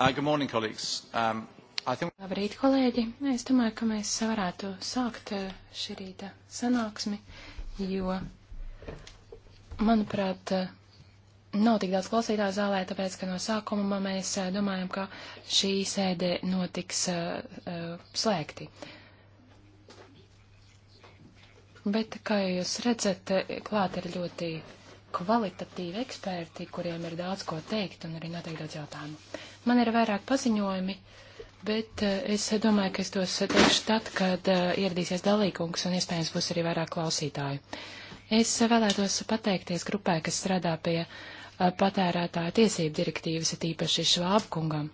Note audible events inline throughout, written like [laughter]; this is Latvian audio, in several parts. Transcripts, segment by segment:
Uh, good morning, colleagues. Um, I think... Labrīt, kolēģi. Es domāju, ka mēs varētu sākt uh, šī rīta sanāksmi, jo, manuprāt, uh, nav tik daudz klausītāju zālē, tāpēc, ka no sākuma mēs uh, domājam, ka šī sēde notiks uh, slēgti. Bet, kā jūs redzat, klāt ir ļoti kvalitatīvi eksperti, kuriem ir daudz ko teikt un arī noteikti daudz jautājumu. Man ir vairāk paziņojumi, bet eh, es domāju, ka es tos teikšu tad, kad eh, ieradīsies dalīkungs un iespējams būs arī vairāk klausītāju. Es vēlētos pateikties grupai, kas strādā pie eh, patērētāja tiesību direktīvas, ir īpaši Švābkungam.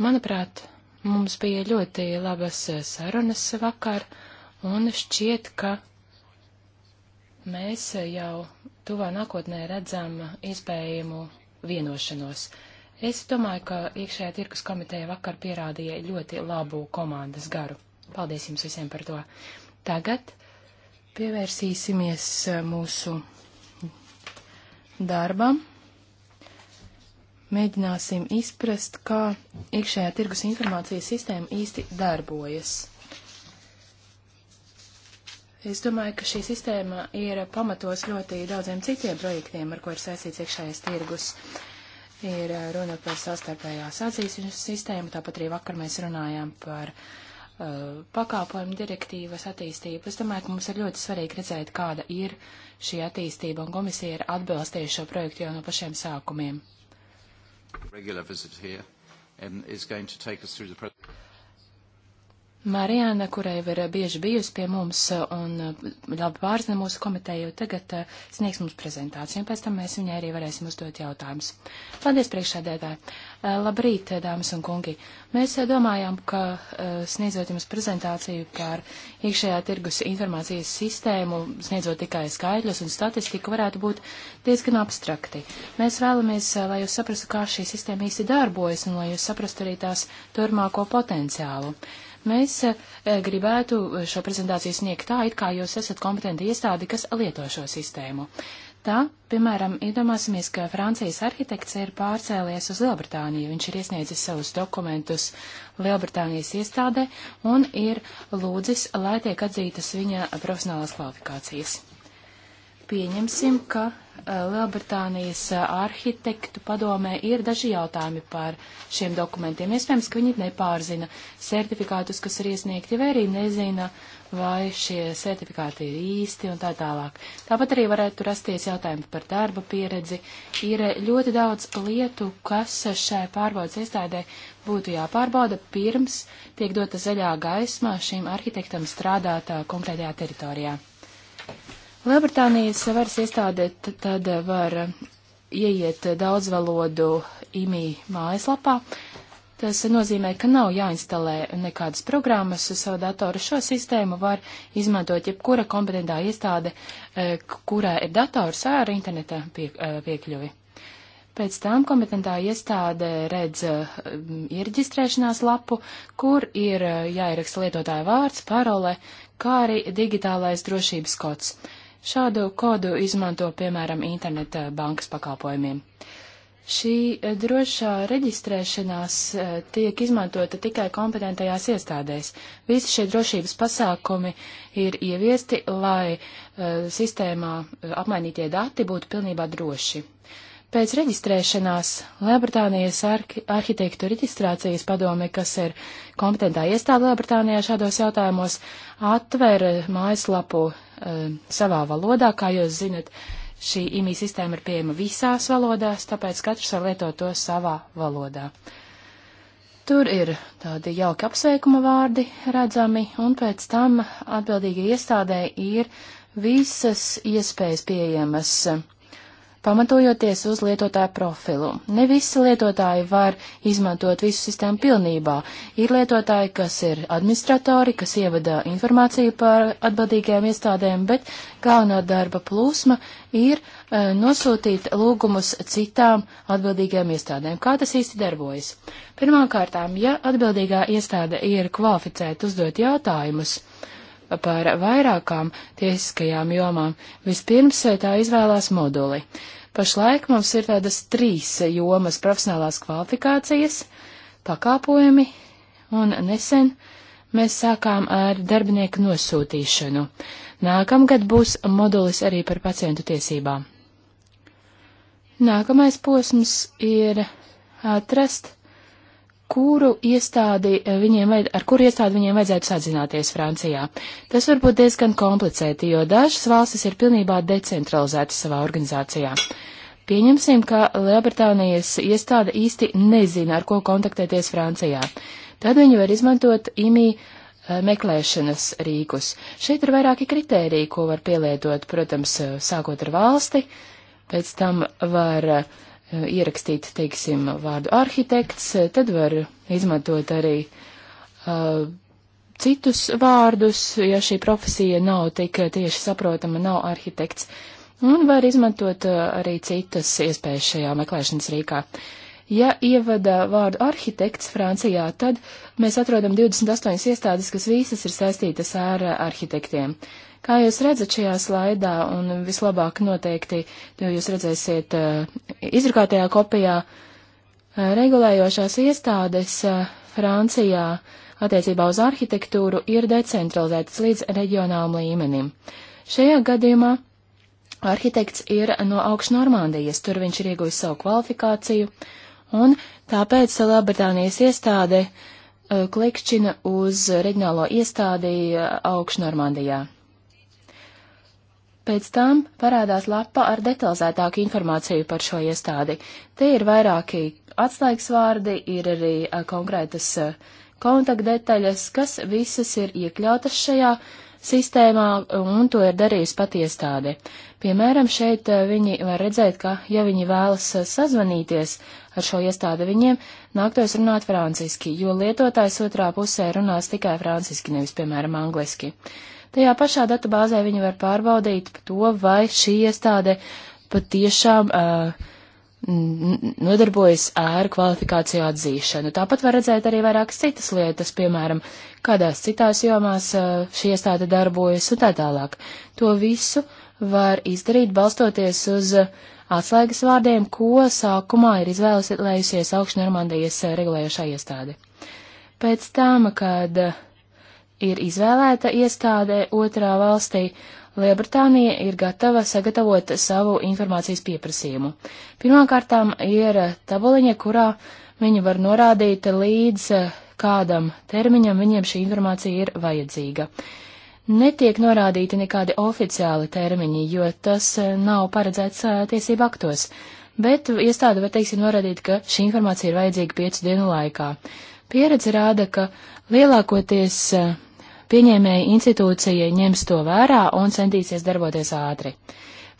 Manuprāt, mums bija ļoti labas sarunas vakar, un šķiet, ka mēs jau tuvā nākotnē redzam iespējamu vienošanos. Es domāju, ka iekšējā tirkus komiteja vakar pierādīja ļoti labu komandas garu. Paldies jums visiem par to. Tagad pievērsīsimies eh, mūsu darbam. Mēģināsim izprast, kā iekšējā tirgus informācijas sistēma īsti darbojas. Es domāju, ka šī sistēma ir pamatos ļoti daudziem citiem projektiem, ar ko ir saistīts iekšējais tirgus. Ir uh, runa par sastarpējās atzīšanas sistēmu, tāpat arī vakar mēs runājām par uh, pakāpojumu direktīvas attīstību. Es domāju, ka mums ir ļoti svarīgi redzēt, kāda ir šī attīstība, un komisija ir atbilstījusi šo projektu jau no pašiem sākumiem. Regular visit here um, is going to take us through the Marijāna, kurai ir eh, bieži bijusi pie mums eh, un eh, labi pārzina mūsu komiteju, tagad sniegs mums prezentāciju, un pēc tam mēs viņai arī varēsim uzdot jautājumus. Paldies, priekšādētāji! Labrīt, dāmas un kungi! Mēs domājām, ka sniedzot jums prezentāciju par iekšējā tirgus informācijas sistēmu, sniedzot tikai skaidrus un statistiku, varētu būt diezgan abstrakti. Mēs vēlamies, lai jūs saprastu, kā šī sistēma īsti darbojas un lai jūs saprastu arī tās turmāko potenciālu. Mēs eh, gribētu eh, šo prezentāciju sniegt tā, it kā jūs esat kompetenti iestādi, kas lieto šo sistēmu. Tā, piemēram, iedomāsimies, ka Francijas arhitekts ir pārcēlies uz Lielbritāniju. Viņš ir iesniedzis savus dokumentus Lielbritānijas iestādē un ir lūdzis, lai tiek atzītas viņa profesionālās kvalifikācijas pieņemsim, ka Lielbritānijas arhitektu padomē ir daži jautājumi par šiem dokumentiem. Iespējams, ka viņi nepārzina certifikātus, kas ir iesniegti, vai arī nezina, vai šie certifikāti ir īsti un tā tālāk. Tāpat arī varētu rasties jautājumi par darba pieredzi. Ir ļoti daudz lietu, kas šai pārbaudas iestādē būtu jāpārbauda pirms tiek dota zaļā gaisma šim arhitektam strādāt konkrētajā teritorijā. Lielbritānijas varas iestāde tad var ieiet daudzvalodu IMI mājaslapā. Tas nozīmē, ka nav jāinstalē nekādas programmas uz savu datoru. Šo sistēmu var izmantot jebkura kompetentā iestāde, e, kurā ir dators ar interneta pie, e, piekļuvi. Pēc tam kompetentā iestāde redz e, iereģistrēšanās lapu, kur ir jāieraksta lietotāja vārds, parole, kā arī digitālais drošības kods. Šādu kodu izmanto, piemēram, interneta eh, bankas pakalpojumiem. Šī eh, drošā reģistrēšanās eh, tiek izmantota tikai kompetentajās iestādēs. Visi šie drošības pasākumi ir ieviesti, lai uh, sistēmā apmainītie dati būtu pilnībā droši. Pēc reģistrēšanās Lielbritānijas arhi arhitektu reģistrācijas padome, kas ir kompetentā iestāde Lielbritānijā šādos jautājumos, atver mājaslapu uh, savā valodā. Kā jūs zinat, šī IMI sistēma ir pieejama visās valodās, tāpēc katrs var lietot to savā valodā. Tur ir tādi jauki apsveikuma vārdi redzami, un pēc tam atbildīgai iestādē ir visas iespējas pieejamas. Uh, pamatojoties uz lietotāju profilu. Ne visi lietotāji var izmantot visu sistēmu pilnībā. Ir lietotāji, kas ir administratori, kas ievada informāciju par atbildīgajām iestādēm, bet galvenā darba plūsma ir e, nosūtīt lūgumus citām atbildīgajām iestādēm. Kā tas īsti darbojas? Pirmkārtām, ja atbildīgā iestāde ir kvalificēta uzdot jautājumus, par vairākām tiesiskajām jomām. Vispirms eh, tā izvēlās moduli. Pašlaik mums ir tādas trīs jomas - profesionālās kvalifikācijas, pakāpojumi, un nesen mēs sākām ar darbinieku nosūtīšanu. Nākamgad būs modulis arī par pacientu tiesībām. Nākamais posms ir atrast kuru iestādi eh, viņiem, ar kuru iestādi viņiem vajadzētu sazināties Francijā. Tas var būt diezgan komplicēti, jo dažas valstis ir pilnībā decentralizētas savā organizācijā. Pieņemsim, ka Lielbritānijas iestāde īsti nezina, ar ko kontaktēties Francijā. Tad viņi var izmantot imī eh, meklēšanas rīkus. Šeit ir vairāki kritēriji, ko var pielietot, protams, eh, sākot ar valsti, pēc tam var uh, Eh, ierakstīt, teiksim, vārdu arhitekts, eh, tad var izmantot arī uh, citus vārdus, ja šī profesija nav tik tieši saprotama, nav arhitekts, un var izmantot uh, arī citas iespējas šajā meklēšanas rīkā. Ja ievada vārdu arhitekts Francijā, tad mēs atrodam 28 iestādes, kas visas ir saistītas ar arhitektiem. Uh, Kā jūs redzat šajā slaidā, un vislabāk noteikti, jo jūs redzēsiet eh, izrukātajā kopijā, eh, regulējošās iestādes eh, Francijā attiecībā uz arhitektūru ir decentralizētas līdz reģionālam līmenim. Šajā gadījumā arhitekts ir no augšnormandijas, tur viņš ir iegūjis savu kvalifikāciju, un tāpēc Lielbritānijas iestāde uh, klikšķina uz reģionālo iestādi augšnormandijā. Pēc tam parādās lapa ar detalizētāku informāciju par šo iestādi. Te ir vairāki atslēgas vārdi, ir arī a, konkrētas a, kontaktdetaļas, kas visas ir iekļautas šajā sistēmā, un to ir darījusi pati iestāde. Piemēram, šeit a, viņi var redzēt, ka, ja viņi vēlas sazvanīties ar šo iestādi, viņiem nāktos runāt franciski, jo lietotājs otrā pusē runās tikai franciski, nevis, piemēram, angliski. Uh, Tajā pašā datubāzē viņi var pārbaudīt to, vai šī iestāde patiešām uh, nodarbojas ar kvalifikāciju atzīšanu. Tāpat var redzēt arī vairākas citas lietas, piemēram, kādās citās jomās uh, šī iestāde darbojas un tā tālāk. To visu var izdarīt balstoties uz atslēgas vārdiem, ko sākumā ir izvēlējusies augšnormandijas uh, regulējošā iestāde. Pēc tam, kad uh, ir izvēlēta iestāde otrā valstī, Lielbritānija ir gatava sagatavot savu informācijas pieprasījumu. Pirmkārtām ir tabuliņa, kurā viņi var norādīt līdz kādam termiņam viņiem šī informācija ir vajadzīga. Netiek norādīti nekādi oficiāli termiņi, jo tas nav paredzēts tiesību aktos, bet iestāde var, teiksim, norādīt, ka šī informācija ir vajadzīga piecu dienu laikā. Pieredze rāda, ka lielākoties uh, pieņēmēja institūcija ņems to vērā un centīsies darboties ātri.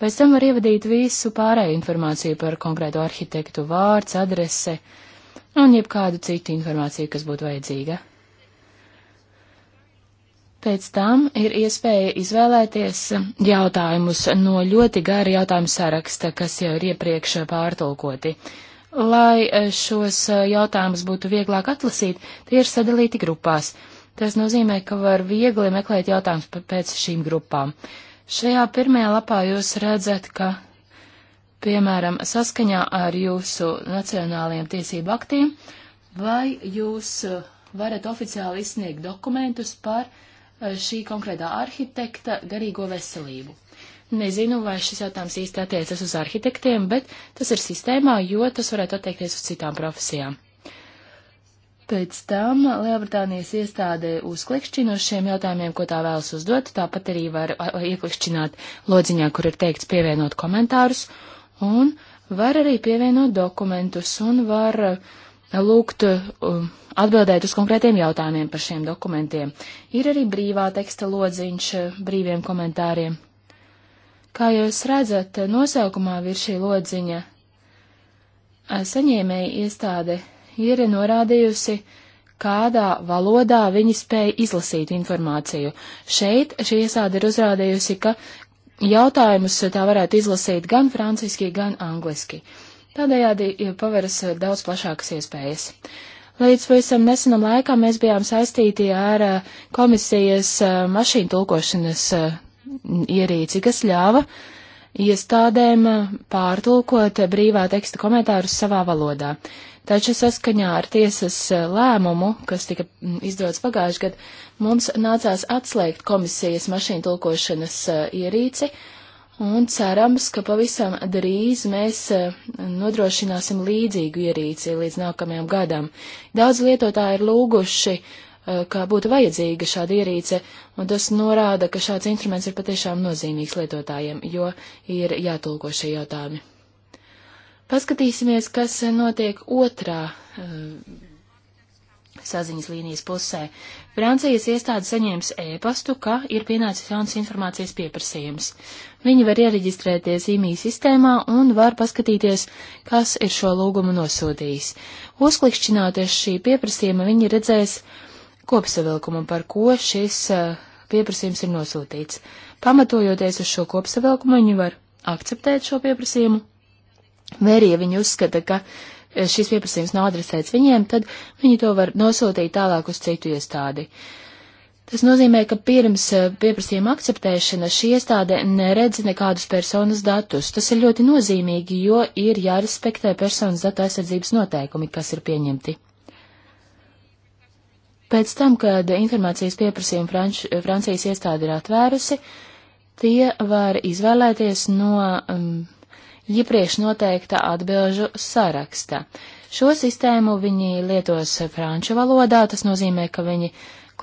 Pēc tam var ievadīt visu pārēju informāciju par konkrēto arhitektu vārds, adrese un jebkādu citu informāciju, kas būtu vajadzīga. Pēc tam ir iespēja izvēlēties jautājumus no ļoti gara jautājumu saraksta, kas jau ir iepriekš pārtulkoti. Lai šos jautājumus būtu vieglāk atlasīt, tie ir sadalīti grupās, Tas nozīmē, ka var viegli meklēt jautājumus pēc šīm grupām. Šajā pirmajā lapā jūs redzat, ka, piemēram, saskaņā ar jūsu nacionālajiem tiesību aktiem, vai jūs uh, varat oficiāli izsniegt dokumentus par uh, šī konkrētā arhitekta garīgo veselību. Nezinu, vai šis jautājums īsti attiecas uz arhitektiem, bet tas ir sistēmā, jo tas varētu attiekties uz citām profesijām. Pēc tam Lielbritānijas iestādē uzklikšķina uz šiem jautājumiem, ko tā vēlas uzdot, tāpat arī var ieklikšķināt lodziņā, kur ir teikts pievienot komentārus, un var arī pievienot dokumentus, un var lūgt atbildēt uz konkrētiem jautājumiem par šiem dokumentiem. Ir arī brīvā teksta lodziņš brīviem komentāriem. Kā jūs redzat, nosaukumā ir šī lodziņa saņēmēja iestāde ir norādījusi, kādā valodā viņi spēja izlasīt informāciju. Šeit šī iesāde ir uzrādījusi, ka jautājumus tā varētu izlasīt gan franciski, gan angliski. Tādējādi paveras daudz plašākas iespējas. Līdz pavisam nesenam laikam mēs bijām saistīti ar eh, komisijas eh, mašīnu tulkošanas eh, ierīci, kas ļāva iestādēm pārtulkot brīvā teksta komentārus savā valodā. Taču saskaņā ar tiesas e, lēmumu, kas tika izdots pagājuši gadu, mums nācās atslēgt komisijas mašīnu tulkošanas e, ierīci, un cerams, ka pavisam drīz mēs e, nodrošināsim līdzīgu ierīci līdz nākamajam gadam. Daudz lietotāji ir lūguši, kā būtu vajadzīga šāda ierīce, un tas norāda, ka šāds instruments ir patiešām nozīmīgs lietotājiem, jo ir jātulko šie jautājumi. Paskatīsimies, kas notiek otrā eh, saziņas līnijas pusē. Francijas iestāde saņēmis ēpastu, e ka ir pienācis jauns informācijas pieprasījums. Viņi var iereģistrēties īmī sistēmā un var paskatīties, kas ir šo lūgumu nosūtījis. Uzklikšķinoties šī pieprasījuma, viņi redzēs kopsavilkumu, par ko šis eh, pieprasījums ir nosūtīts. Pamatojoties uz šo kopsavilkumu, viņi var akceptēt šo pieprasījumu Vai arī, ja viņi uzskata, ka eh, šis pieprasījums nav adresēts viņiem, tad viņi to var nosūtīt tālāk uz citu iestādi. Tas nozīmē, ka pirms eh, pieprasījuma akceptēšanas šī iestāde neredz nekādus personas datus. Tas ir ļoti nozīmīgi, jo ir jārespektē personas datu aizsardzības noteikumi, kas ir pieņemti. Pēc tam, kad informācijas pieprasījumu Franč Francijas iestāde ir atvērusi, tie var izvēlēties no um, iepriekš noteikta atbilžu saraksta. Šo sistēmu viņi lietos franču valodā, tas nozīmē, ka viņi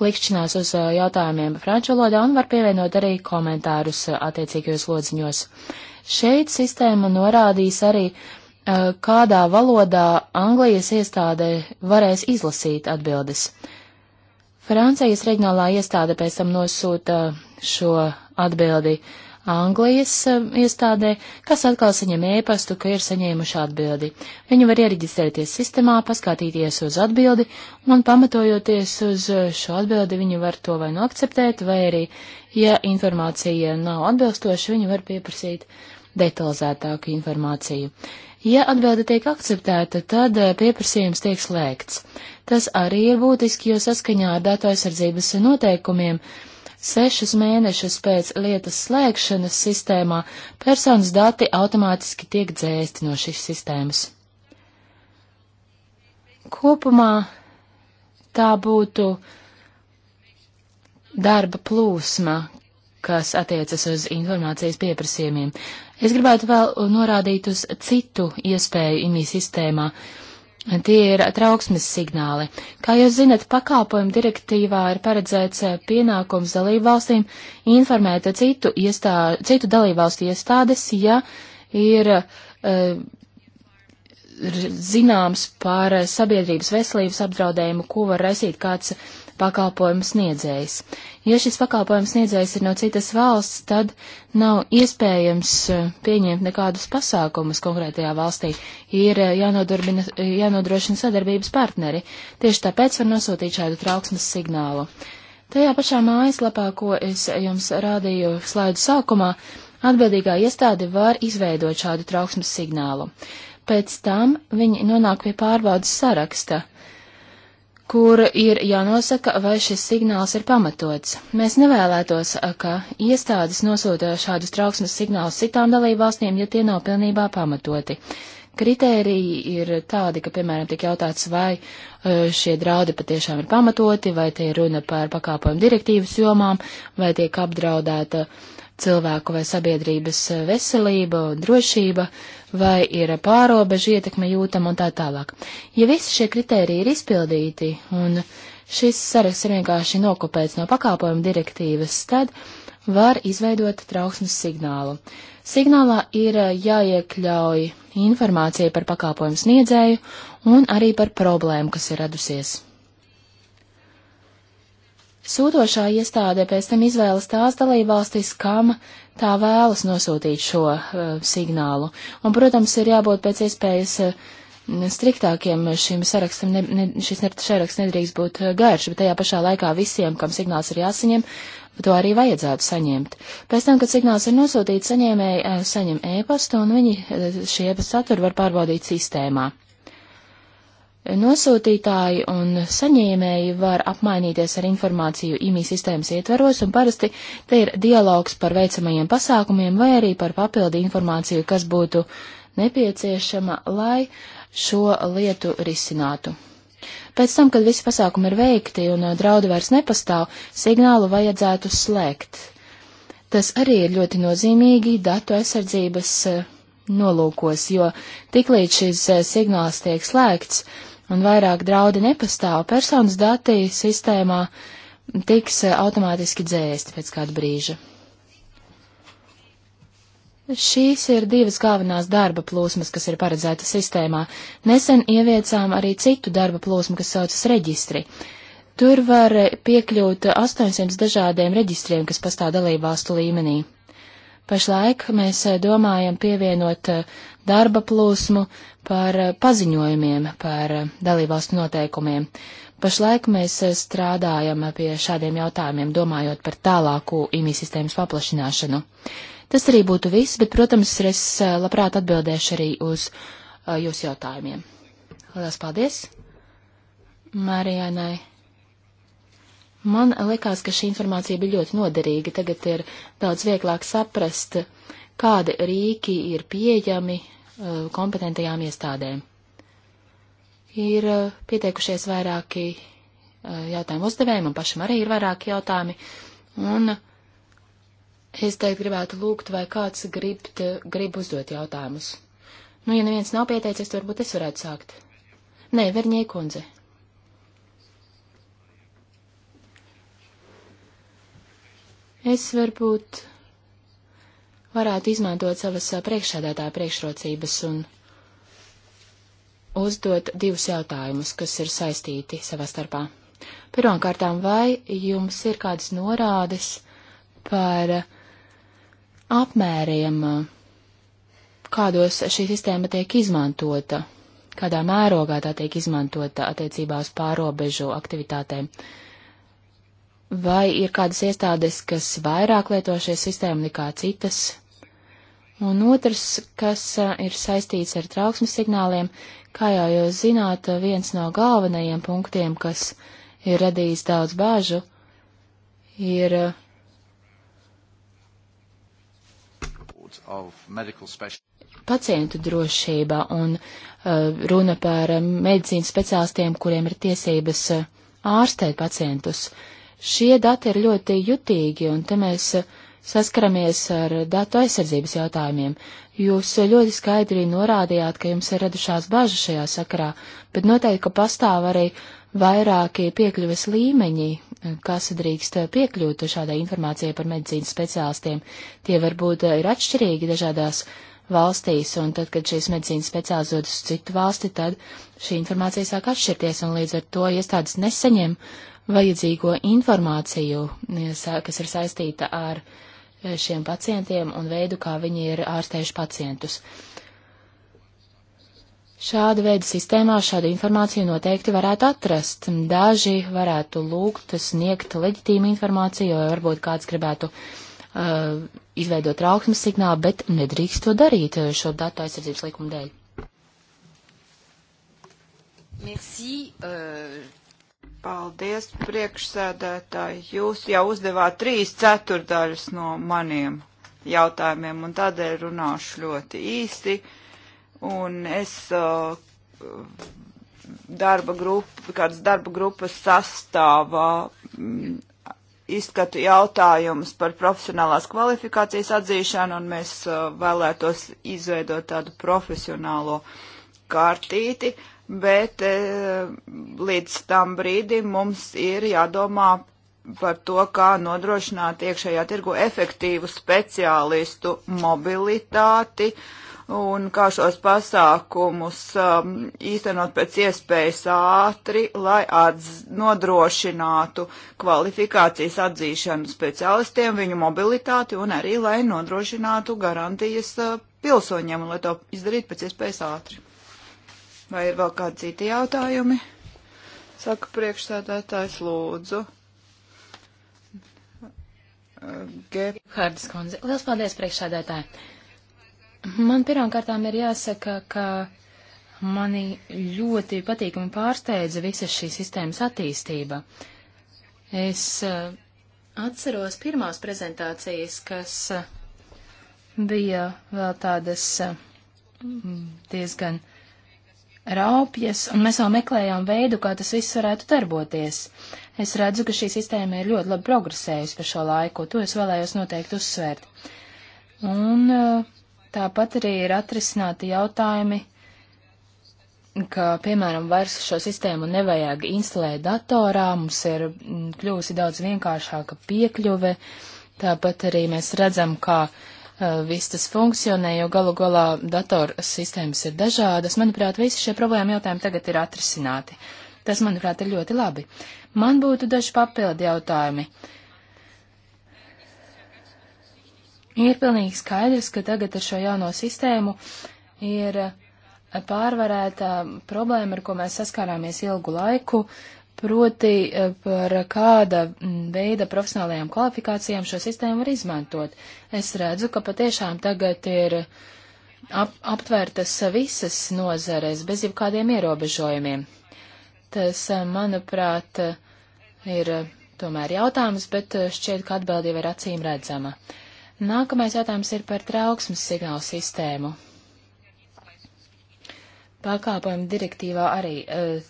klikšķinās uz jautājumiem franču valodā un var pievienot arī komentārus attiecīgajos lodziņos. Šeit sistēma norādīs arī, kādā valodā Anglijas iestādē varēs izlasīt atbildes. Francijas reģionālā iestāde pēc tam nosūta šo atbildi Anglijas eh, iestādē, kas atkal saņem ēpastu, ka ir saņēmuši atbildi. Viņi var iereģistrēties sistemā, paskatīties uz atbildi, un pamatojoties uz eh, šo atbildi, viņi var to vai nu akceptēt, vai arī, ja informācija nav atbilstoša, viņi var pieprasīt detalizētāku informāciju. Ja atbilde tiek akceptēta, tad eh, pieprasījums tiek slēgts. Tas arī ir būtiski, jo saskaņā ar datu aizsardzības noteikumiem Sešus mēnešus pēc lietas slēgšanas sistēmā personas dati automātiski tiek dzēsti no šīs sistēmas. Kopumā tā būtu darba plūsma, kas attiecas uz informācijas pieprasījumiem. Es gribētu vēl norādīt uz citu iespēju imī sistēmā. Uh, Tie ir trauksmes signāli. Kā jūs zinat, pakāpojuma direktīvā ir paredzēts eh, pienākums dalībvalstīm informēt citu, iestā, citu dalībvalstu iestādes, ja ir uh, zināms par sabiedrības veselības apdraudējumu, ko var raisīt kāds pakalpojumu sniedzējs. Ja šis pakalpojumu sniedzējs ir no citas valsts, tad nav iespējams e, pieņemt nekādus pasākumus konkrētajā valstī. Ir e, e, jānodrošina sadarbības partneri. Tieši tāpēc var nosūtīt šādu trauksmes signālu. Tajā pašā mājaslapā, ko es jums rādīju slaidu sākumā, atbildīgā iestāde var izveidot šādu trauksmes signālu. Pēc tam viņi nonāk pie pārbaudas saraksta. Uh, kur ir jānosaka, vai šis signāls ir pamatots. Mēs nevēlētos, ka iestādes nosūta šādus trauksmes signālus citām dalībvalstīm, ja tie nav pilnībā pamatoti. Kritēriji ir tādi, ka, piemēram, tiek jautāts, vai šie draudi patiešām ir pamatoti, vai tie runa par pakāpojumu direktīvas jomām, vai tiek apdraudēta uh, cilvēku vai sabiedrības eh, veselība, drošība, vai ir pārobežu ietekme jūtama un tā tālāk. Ja visi šie kriteriji ir izpildīti un šis saraksts ir vienkārši nokopēts no pakāpojuma direktīvas, tad var izveidot trauksmes signālu. Signālā ir eh, jāiekļauj informācija par pakāpojumu sniedzēju un arī par problēmu, kas ir radusies. Sūtošā iestāde pēc tam izvēlas tās dalībvalstis, kam tā vēlas nosūtīt šo uh, signālu. Un, protams, ir jābūt pēc iespējas uh, striktākiem šim sarakstam, ne, ne, šis saraksts nedrīkst būt eh, garš, bet tajā pašā laikā visiem, kam signāls ir jāsaņem, to arī vajadzētu saņemt. Pēc tam, kad signāls ir nosūtīts, saņēmēji saņem ēpastu un viņi šie ēpastu saturu var pārbaudīt sistēmā. Nosūtītāji un saņēmēji var apmainīties ar informāciju IMI sistēmas ietveros, un parasti te ir dialogs par veicamajiem pasākumiem vai arī par papildu informāciju, kas būtu nepieciešama, lai šo lietu risinātu. Pēc tam, kad visi pasākumi ir veikti un draudi vairs nepastāv, signālu vajadzētu slēgt. Tas arī ir ļoti nozīmīgi datu aizsardzības nolūkos, jo tiklīdz šis signāls tiek slēgts, uh, un vairāk draudi nepastāv, personas dati sistēmā tiks eh, automātiski dzēsti pēc kāda brīža. Šīs ir divas galvenās darba plūsmas, kas ir paredzētas sistēmā. Nesen ieviecām arī citu darba plūsmu, kas saucas reģistri. Tur var eh, piekļūt 800 dažādiem reģistriem, kas pastāv dalībvalstu līmenī. Pašlaik mēs eh, domājam pievienot darba plūsmu, par eh, paziņojumiem par eh, dalībvalstu noteikumiem. Pašlaik mēs eh, strādājam pie šādiem jautājumiem, domājot par tālāku IMI sistēmas paplašināšanu. Tas arī būtu viss, bet, protams, es labprāt atbildēšu arī uz jūsu jautājumiem. Lielas paldies Mārijānai. Man likās, ka šī informācija bija ļoti noderīga. Tagad ir daudz vieglāk saprast, kādi rīki ir pieejami Eh, kompetentajām iestādēm. Ir eh, pieteikušies vairāki eh, jautājumu uzdevējiem, un pašam arī ir vairāki jautājumi. Un es teikt gribētu lūgt, vai kāds grib, grib uzdot jautājumus. Nu, ja neviens nav pieteicies, tad varbūt es varētu sākt. Nē, Verņē kundze. Es varbūt varētu izmantot savas priekšsēdētāja priekšrocības un uzdot divus jautājumus, kas ir saistīti savā starpā. Pirmkārtām, vai jums ir kādas norādes par apmēriem, kādos šī sistēma tiek izmantota, kādā mērogā tā tiek izmantota attiecībā uz pārobežu aktivitātēm? Vai ir kādas iestādes, kas vairāk lieto šie sistēmu nekā citas? Un otrs, kas ir saistīts ar trauksmes signāliem, kā jau jūs zināt, viens no galvenajiem punktiem, kas ir radījis daudz bāžu, ir pacientu drošība un uh, runa par medicīnas speciālistiem, kuriem ir tiesības ārstēt pacientus. Šie dati ir ļoti jutīgi, un te mēs uh, saskaramies ar datu aizsardzības jautājumiem. Jūs ļoti skaidri norādījāt, ka jums ir radušās bažas šajā sakarā, bet noteikti, ka pastāv arī vairākie piekļuves līmeņi, kas drīkst piekļūt šādai informācijai par medicīnas speciālistiem. Tie varbūt ir atšķirīgi dažādās valstīs, un tad, kad šīs medicīnas speciāls dodas uz citu valsti, tad šī informācija sāk atšķirties, un līdz ar to iestādes neseņem vajadzīgo informāciju, kas ir saistīta ar uh, šiem pacientiem un veidu, kā viņi ir ārstējuši pacientus. Šāda veida sistēmā šādu informāciju noteikti varētu atrast. Daži varētu lūgt sniegt leģitīmu informāciju, jo varbūt kāds gribētu uh, izveidot trauksmes signālu, bet nedrīkst to darīt uh, šo datu aizsardzības likuma dēļ. Merci. Uh, Paldies, priekšsēdētāji. Jūs jau uzdevāt trīs ceturdaļas no maniem jautājumiem, un tādēļ runāšu ļoti īsti. Un es uh, darba grupa, kādas darba grupas sastāvā m, mm, izskatu jautājumus par profesionālās kvalifikācijas atzīšanu, un mēs uh, vēlētos izveidot tādu profesionālo kārtīti. Uh, bet eh, līdz tam brīdim mums ir jādomā par to, kā nodrošināt iekšējā tirgu efektīvu speciālistu mobilitāti un kā šos pasākumus um, īstenot pēc iespējas ātri, lai atz, nodrošinātu kvalifikācijas atzīšanu speciālistiem, viņu mobilitāti un arī, lai nodrošinātu garantijas uh, pilsoņiem un lai to izdarītu pēc iespējas ātri. Vai ir vēl kādi citi jautājumi? Saka priekšsēdētājs lūdzu. Gebhardas kundze. Liels paldies, priekšsēdētāji. Man pirmkārtām ir jāsaka, ka mani ļoti patīkami pārsteidza visa šī sistēmas attīstība. Es eh, atceros pirmās prezentācijas, kas eh, bija vēl tādas eh, diezgan raupjas, un mēs vēl meklējām veidu, kā tas viss varētu darboties. Es redzu, ka šī sistēma ir ļoti labi progresējusi pa šo laiku, to es vēlējos noteikti uzsvērt. Un eh, tāpat arī ir atrisināti jautājumi, ka, piemēram, vairs šo sistēmu nevajag instalēt datorā, mums ir mm, kļūsi daudz vienkāršāka piekļuve, tāpat arī mēs redzam, kā ka Eh, viss tas funkcionē, jo galu galā datorsistēmas ir dažādas. Manuprāt, visi šie problēma jautājumi tagad ir atrisināti. Tas, manuprāt, ir ļoti labi. Man būtu daži papildi jautājumi. Ir pilnīgi skaidrs, ka tagad ar šo jauno sistēmu ir pārvarēta problēma, ar ko mēs saskārāmies ilgu laiku. Uh, proti eh, par kāda mm, veida profesionālajām kvalifikācijām šo sistēmu var izmantot. Es redzu, ka patiešām tagad ir ap, aptvērtas visas nozares bez jebkādiem ierobežojumiem. Tas, eh, manuprāt, ir eh, tomēr jautājums, bet šķiet, ka atbildība ir acīm redzama. Nākamais jautājums ir par trauksmes signālu sistēmu. Pakāpojumu direktīvā arī uh,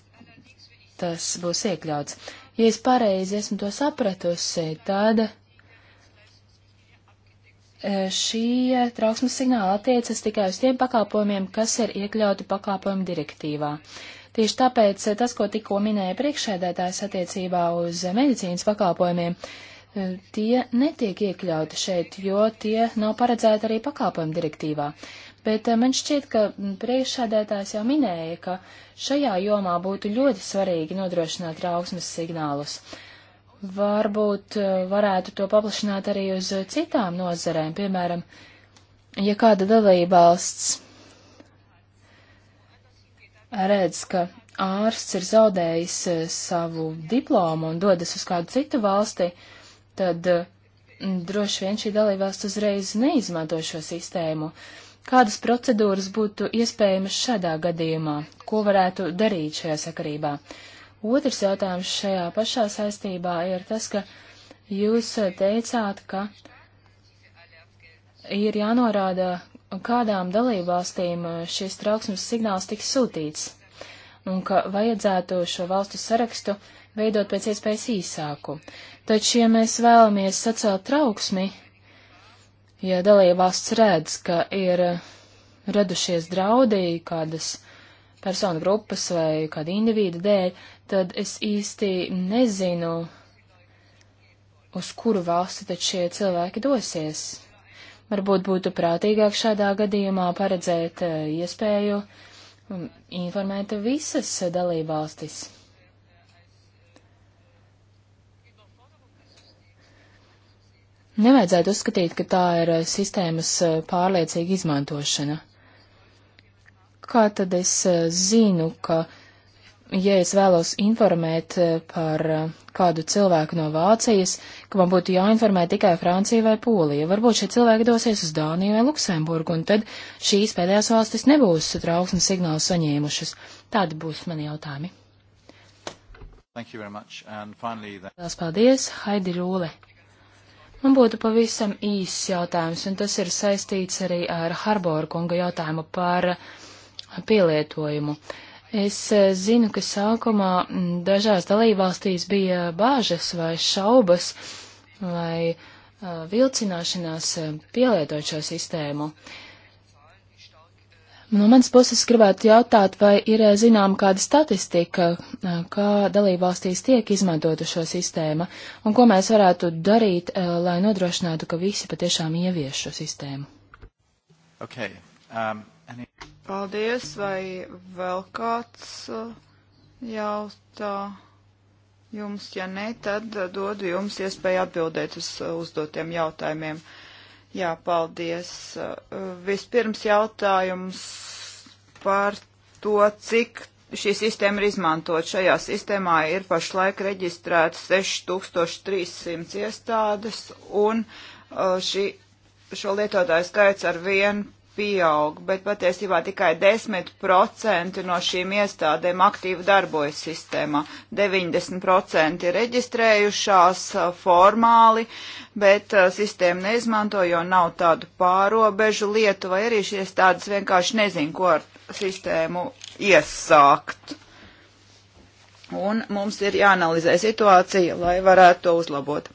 tas būs iekļauts. Ja es pareizi esmu to sapratusi, tad e, šī e, trauksmes signāla attiecas tikai uz tiem pakalpojumiem, kas ir iekļauti pakalpojumu direktīvā. Tieši tāpēc e, tas, ko tikko minēja priekšēdētājs attiecībā uz medicīnas pakalpojumiem, tie netiek iekļauti šeit, jo tie nav paredzēti arī pakalpojumu direktīvā bet eh, man šķiet, ka mm, priekšsādētājs jau minēja, ka šajā jomā būtu ļoti svarīgi nodrošināt trauksmes signālus. Varbūt eh, varētu to paplašināt arī uz citām nozarēm, piemēram, ja kāda dalībvalsts redz, ka ārsts ir zaudējis eh, savu diplomu un dodas uz kādu citu valsti, tad droši vien šī dalībvalsts uzreiz neizmanto šo sistēmu. Uh, Kādas procedūras būtu iespējamas šādā gadījumā? Ko varētu darīt šajā sakarībā? Otrs jautājums šajā pašā saistībā ir tas, ka jūs teicāt, ka ir jānorāda, kādām dalībvalstīm šis trauksmes signāls tiks sūtīts, un ka vajadzētu šo valstu sarakstu veidot pēc iespējas īsāku. Taču, ja mēs vēlamies sacelt trauksmi, ja dalībvalsts redz, ka ir radušies draudi kādas personu grupas vai kāda individa dēļ, tad es īsti nezinu, uz kuru valsti tad šie cilvēki dosies. Varbūt būtu prātīgāk šādā gadījumā paredzēt eh, iespēju mm, informēt visas dalībvalstis. Nevajadzētu uzskatīt, ka tā ir eh, sistēmas eh, pārliecīga izmantošana. Kā tad es eh, zinu, ka, ja es vēlos informēt par kādu cilvēku no Vācijas, ka man būtu jāinformē tikai Francija vai Polija, varbūt šie cilvēki dosies uz Dāniju vai Luksemburgu, un tad šīs pēdējās valstis nebūs trauksmes signālu saņēmušas. Tādi būs mani jautājumi. Thank you very much. And finally, then... Paldies, Haidi Rūle. Man būtu pavisam īss jautājums, un tas ir saistīts arī ar Harboru kunga jautājumu par pielietojumu. Es eh, zinu, ka sākumā dažās dalībvalstīs bija bāžas vai šaubas vai eh, vilcināšanās eh, pielietot šo sistēmu. Uh, No manas puses gribētu jautāt, vai ir eh, zinām kāda statistika, eh, kā dalībvalstīs tiek izmantota šo sistēmu, un ko mēs varētu darīt, eh, lai nodrošinātu, ka visi patiešām ievieš šo sistēmu. Okay. Um, any... Paldies, vai vēl kāds jautā jums, ja ne, tad dodu jums iespēju atbildēt uz uzdotiem jautājumiem. Uh, Jā, paldies. Uh, vispirms jautājums par to, cik šī sistēma ir izmantot. Šajā sistēmā ir pašlaik reģistrēts 6300 iestādes un uh, šī, šo lietotāju skaits ar vienu pieaug, bet patiesībā tikai 10% no šīm iestādēm aktīvi darbojas sistēmā. 90% ir reģistrējušās formāli, bet sistēma neizmanto, jo nav tādu pārobežu lietu, vai arī šīs tādas vienkārši nezin, ko ar sistēmu iesākt. Un mums ir jāanalizē situācija, lai varētu to uzlabot.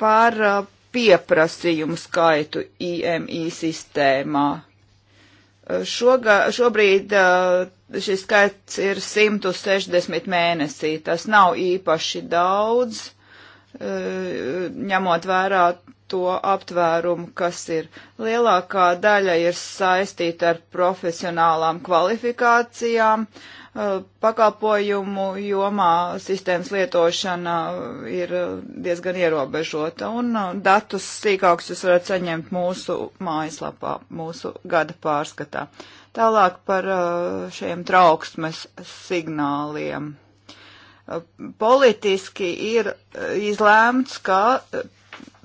Par pieprasījumu skaitu IMI sistēmā. Šogā, šobrīd šis skaits ir 160 mēnesī. Tas nav īpaši daudz, ņemot vērā to aptvērumu, kas ir. Lielākā daļa ir saistīta ar profesionālām kvalifikācijām. Uh, Uh, pakalpojumu jomā sistēmas lietošana ir uh, diezgan ierobežota, un uh, datus sīkāks jūs varat saņemt mūsu mājaslapā, mūsu gada pārskatā. Tālāk par šiem trauksmes signāliem. Politiski ir izlēmts, ka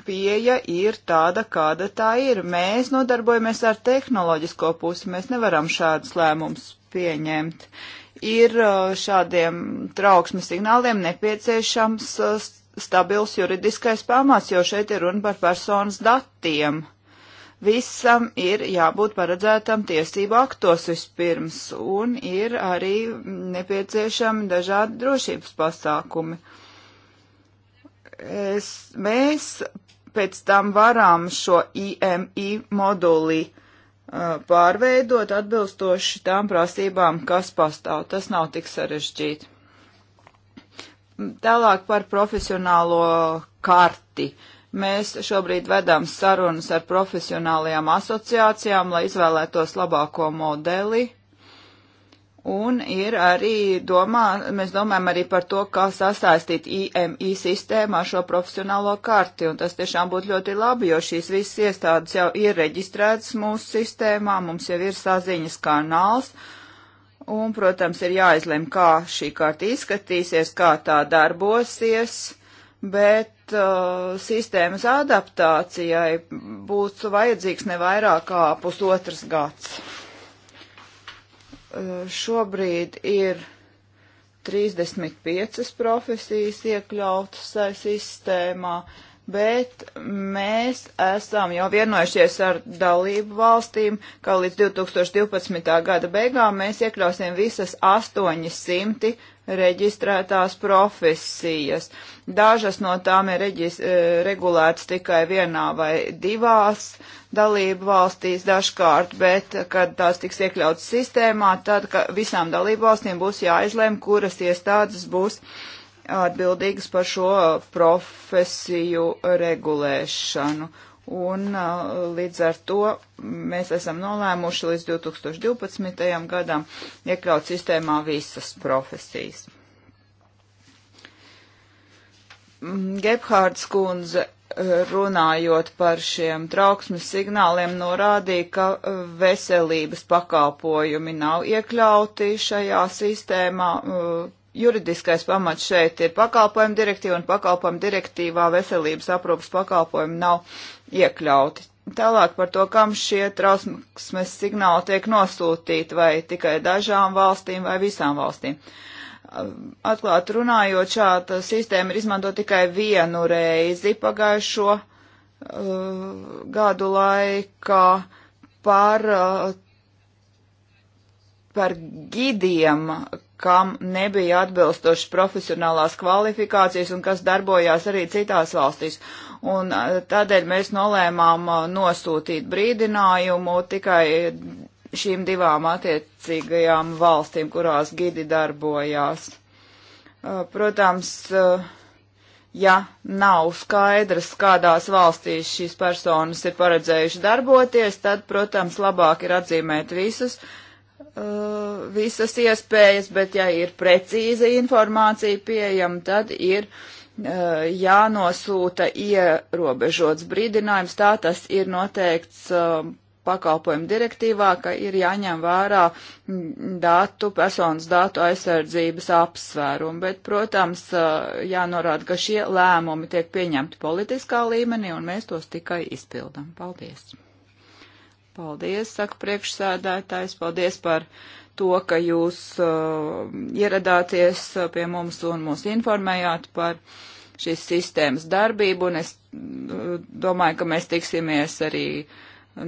pieeja ir tāda, kāda tā ir. Mēs nodarbojamies ar tehnoloģisko pusi, mēs nevaram šādus lēmumus pieņemt ir šādiem trauksmes signāliem nepieciešams stabils juridiskais pamats, jo šeit ir runa par personas datiem. Visam ir jābūt paredzētam tiesību aktos vispirms, un ir arī nepieciešami dažādi drošības pasākumi. Es, mēs pēc tam varam šo IMI modulī uh, pārveidot atbilstoši tām prasībām, kas pastāv. Tas nav tik sarežģīti. Tālāk par profesionālo karti. Mēs šobrīd vedam sarunas ar profesionālajām asociācijām, lai izvēlētos labāko modeli. Uh, Un ir arī domā, mēs domājam arī par to, kā sasaistīt IMI sistēmā šo profesionālo karti, un tas tiešām būtu ļoti labi, jo šīs visas iestādes jau ir reģistrētas mūsu sistēmā, mums jau ir saziņas kanāls, un, protams, ir jāizlem, kā šī karta izskatīsies, kā tā darbosies, bet uh, sistēmas adaptācijai būtu vajadzīgs ne vairāk kā pusotras gads. Eh, šobrīd ir 35 profesijas iekļautas sistēmā. Uh, bet mēs esam jau vienojušies ar dalību valstīm, ka līdz 2012. gada beigām mēs iekļausim visas 800 reģistrētās profesijas. Dažas no tām ir reģis, eh, regulētas tikai vienā vai divās dalību valstīs dažkārt, bet, kad tās tiks iekļautas sistēmā, tad visām dalību valstīm būs jāizlem, kuras iestādes būs uh, atbildīgas par šo profesiju regulēšanu. Un uh, līdz ar to mēs esam nolēmuši līdz 2012. gadam iekļaut sistēmā visas profesijas. Mm, Gebhārds kundze uh, runājot par šiem trauksmes signāliem norādīja, ka uh, veselības pakalpojumi nav iekļauti šajā sistēmā juridiskais pamats šeit ir pakalpojuma direktīva un pakalpojuma direktīvā veselības aprūpas pakalpojumi nav iekļauti. Tālāk par to, kam šie trausmes signāli tiek nosūtīti, vai tikai dažām valstīm vai visām valstīm. Atklāt runājot, šāda sistēma ir izmantota tikai vienu reizi pagājušo uh, gadu laikā par uh, par gidiem, kam nebija atbilstošas profesionālās kvalifikācijas un kas darbojās arī citās valstīs. Un tādēļ mēs nolēmām nosūtīt brīdinājumu tikai šīm divām attiecīgajām valstīm, kurās gidi darbojās. Protams, ja nav skaidrs, kādās valstīs šīs personas ir paredzējuši darboties, tad, protams, labāk ir atzīmēt visus, uh, uh, visas iespējas, bet ja ir precīza informācija pieejama, tad ir uh, jānosūta ierobežots brīdinājums. Tā tas ir noteikts uh, pakalpojumu direktīvā, ka ir jāņem vērā mm, datu, personas datu aizsardzības apsvērumi, bet, protams, uh, jānorāda, ka šie lēmumi tiek pieņemti politiskā līmenī un mēs tos tikai izpildam. Paldies! Paldies, saka priekšsēdētājs, paldies par to, ka jūs uh, ieradāties uh, pie mums un mūs informējāt par šīs sistēmas darbību, un es uh, domāju, ka mēs tiksimies arī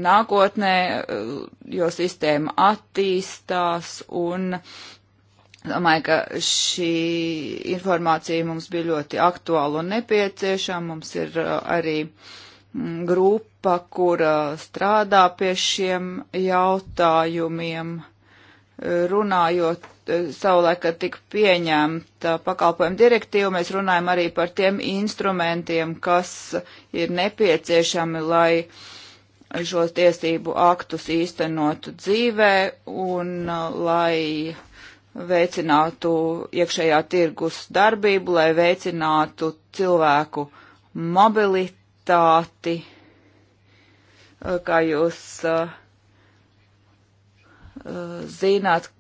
nākotnē, uh, jo sistēma attīstās, un domāju, ka šī informācija mums bija ļoti aktuāla un nepieciešama. Mums ir uh, arī uh, grupa, kura strādā pie šiem jautājumiem, runājot savulaik, kad tika pieņemta pakalpojuma direktīva, mēs runājam arī par tiem instrumentiem, kas ir nepieciešami, lai šos tiesību aktus īstenotu dzīvē un lai veicinātu iekšējā tirgus darbību, lai veicinātu cilvēku mobilitāti kvalitāti, eh, kā jūs eh, eh, zināt,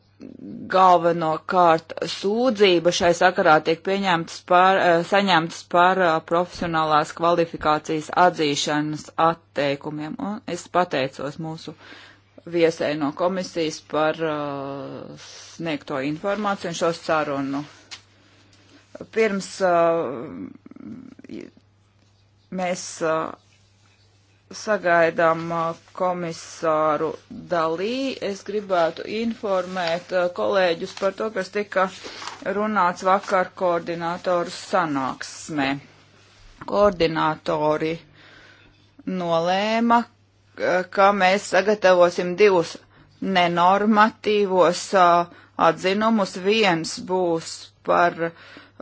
galvenokārt sūdzība šai sakarā tiek pieņemtas par, saņemtas par profesionālās kvalifikācijas atzīšanas atteikumiem. Un es pateicos mūsu viesē no komisijas par uh, sniegto informāciju un šo sarunu. Pirms uh, Mēs uh, sagaidām uh, komisāru dalī. Es gribētu informēt uh, kolēģus par to, kas tika runāts vakar koordinātoru sanāksmē. Koordinātori nolēma, ka mēs sagatavosim divus nenormatīvos uh, atzinumus. Viens būs par uh,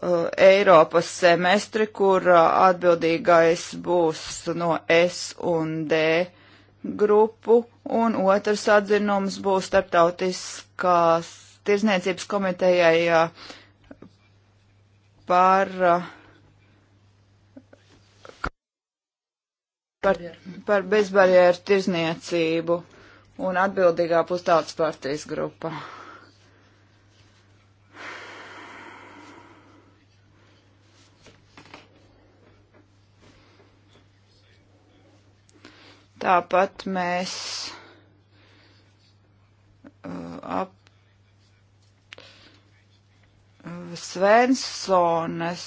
Uh, Eiropas semestri, kur uh, atbildīgais būs no S un D grupu, un otrs atzinums būs starptautiskās tirzniecības komitejai uh, par, par, par bezbarjeru tirzniecību, un atbildīgā būs tautas partijas grupa. Tāpat mēs uh, ap uh, Svensones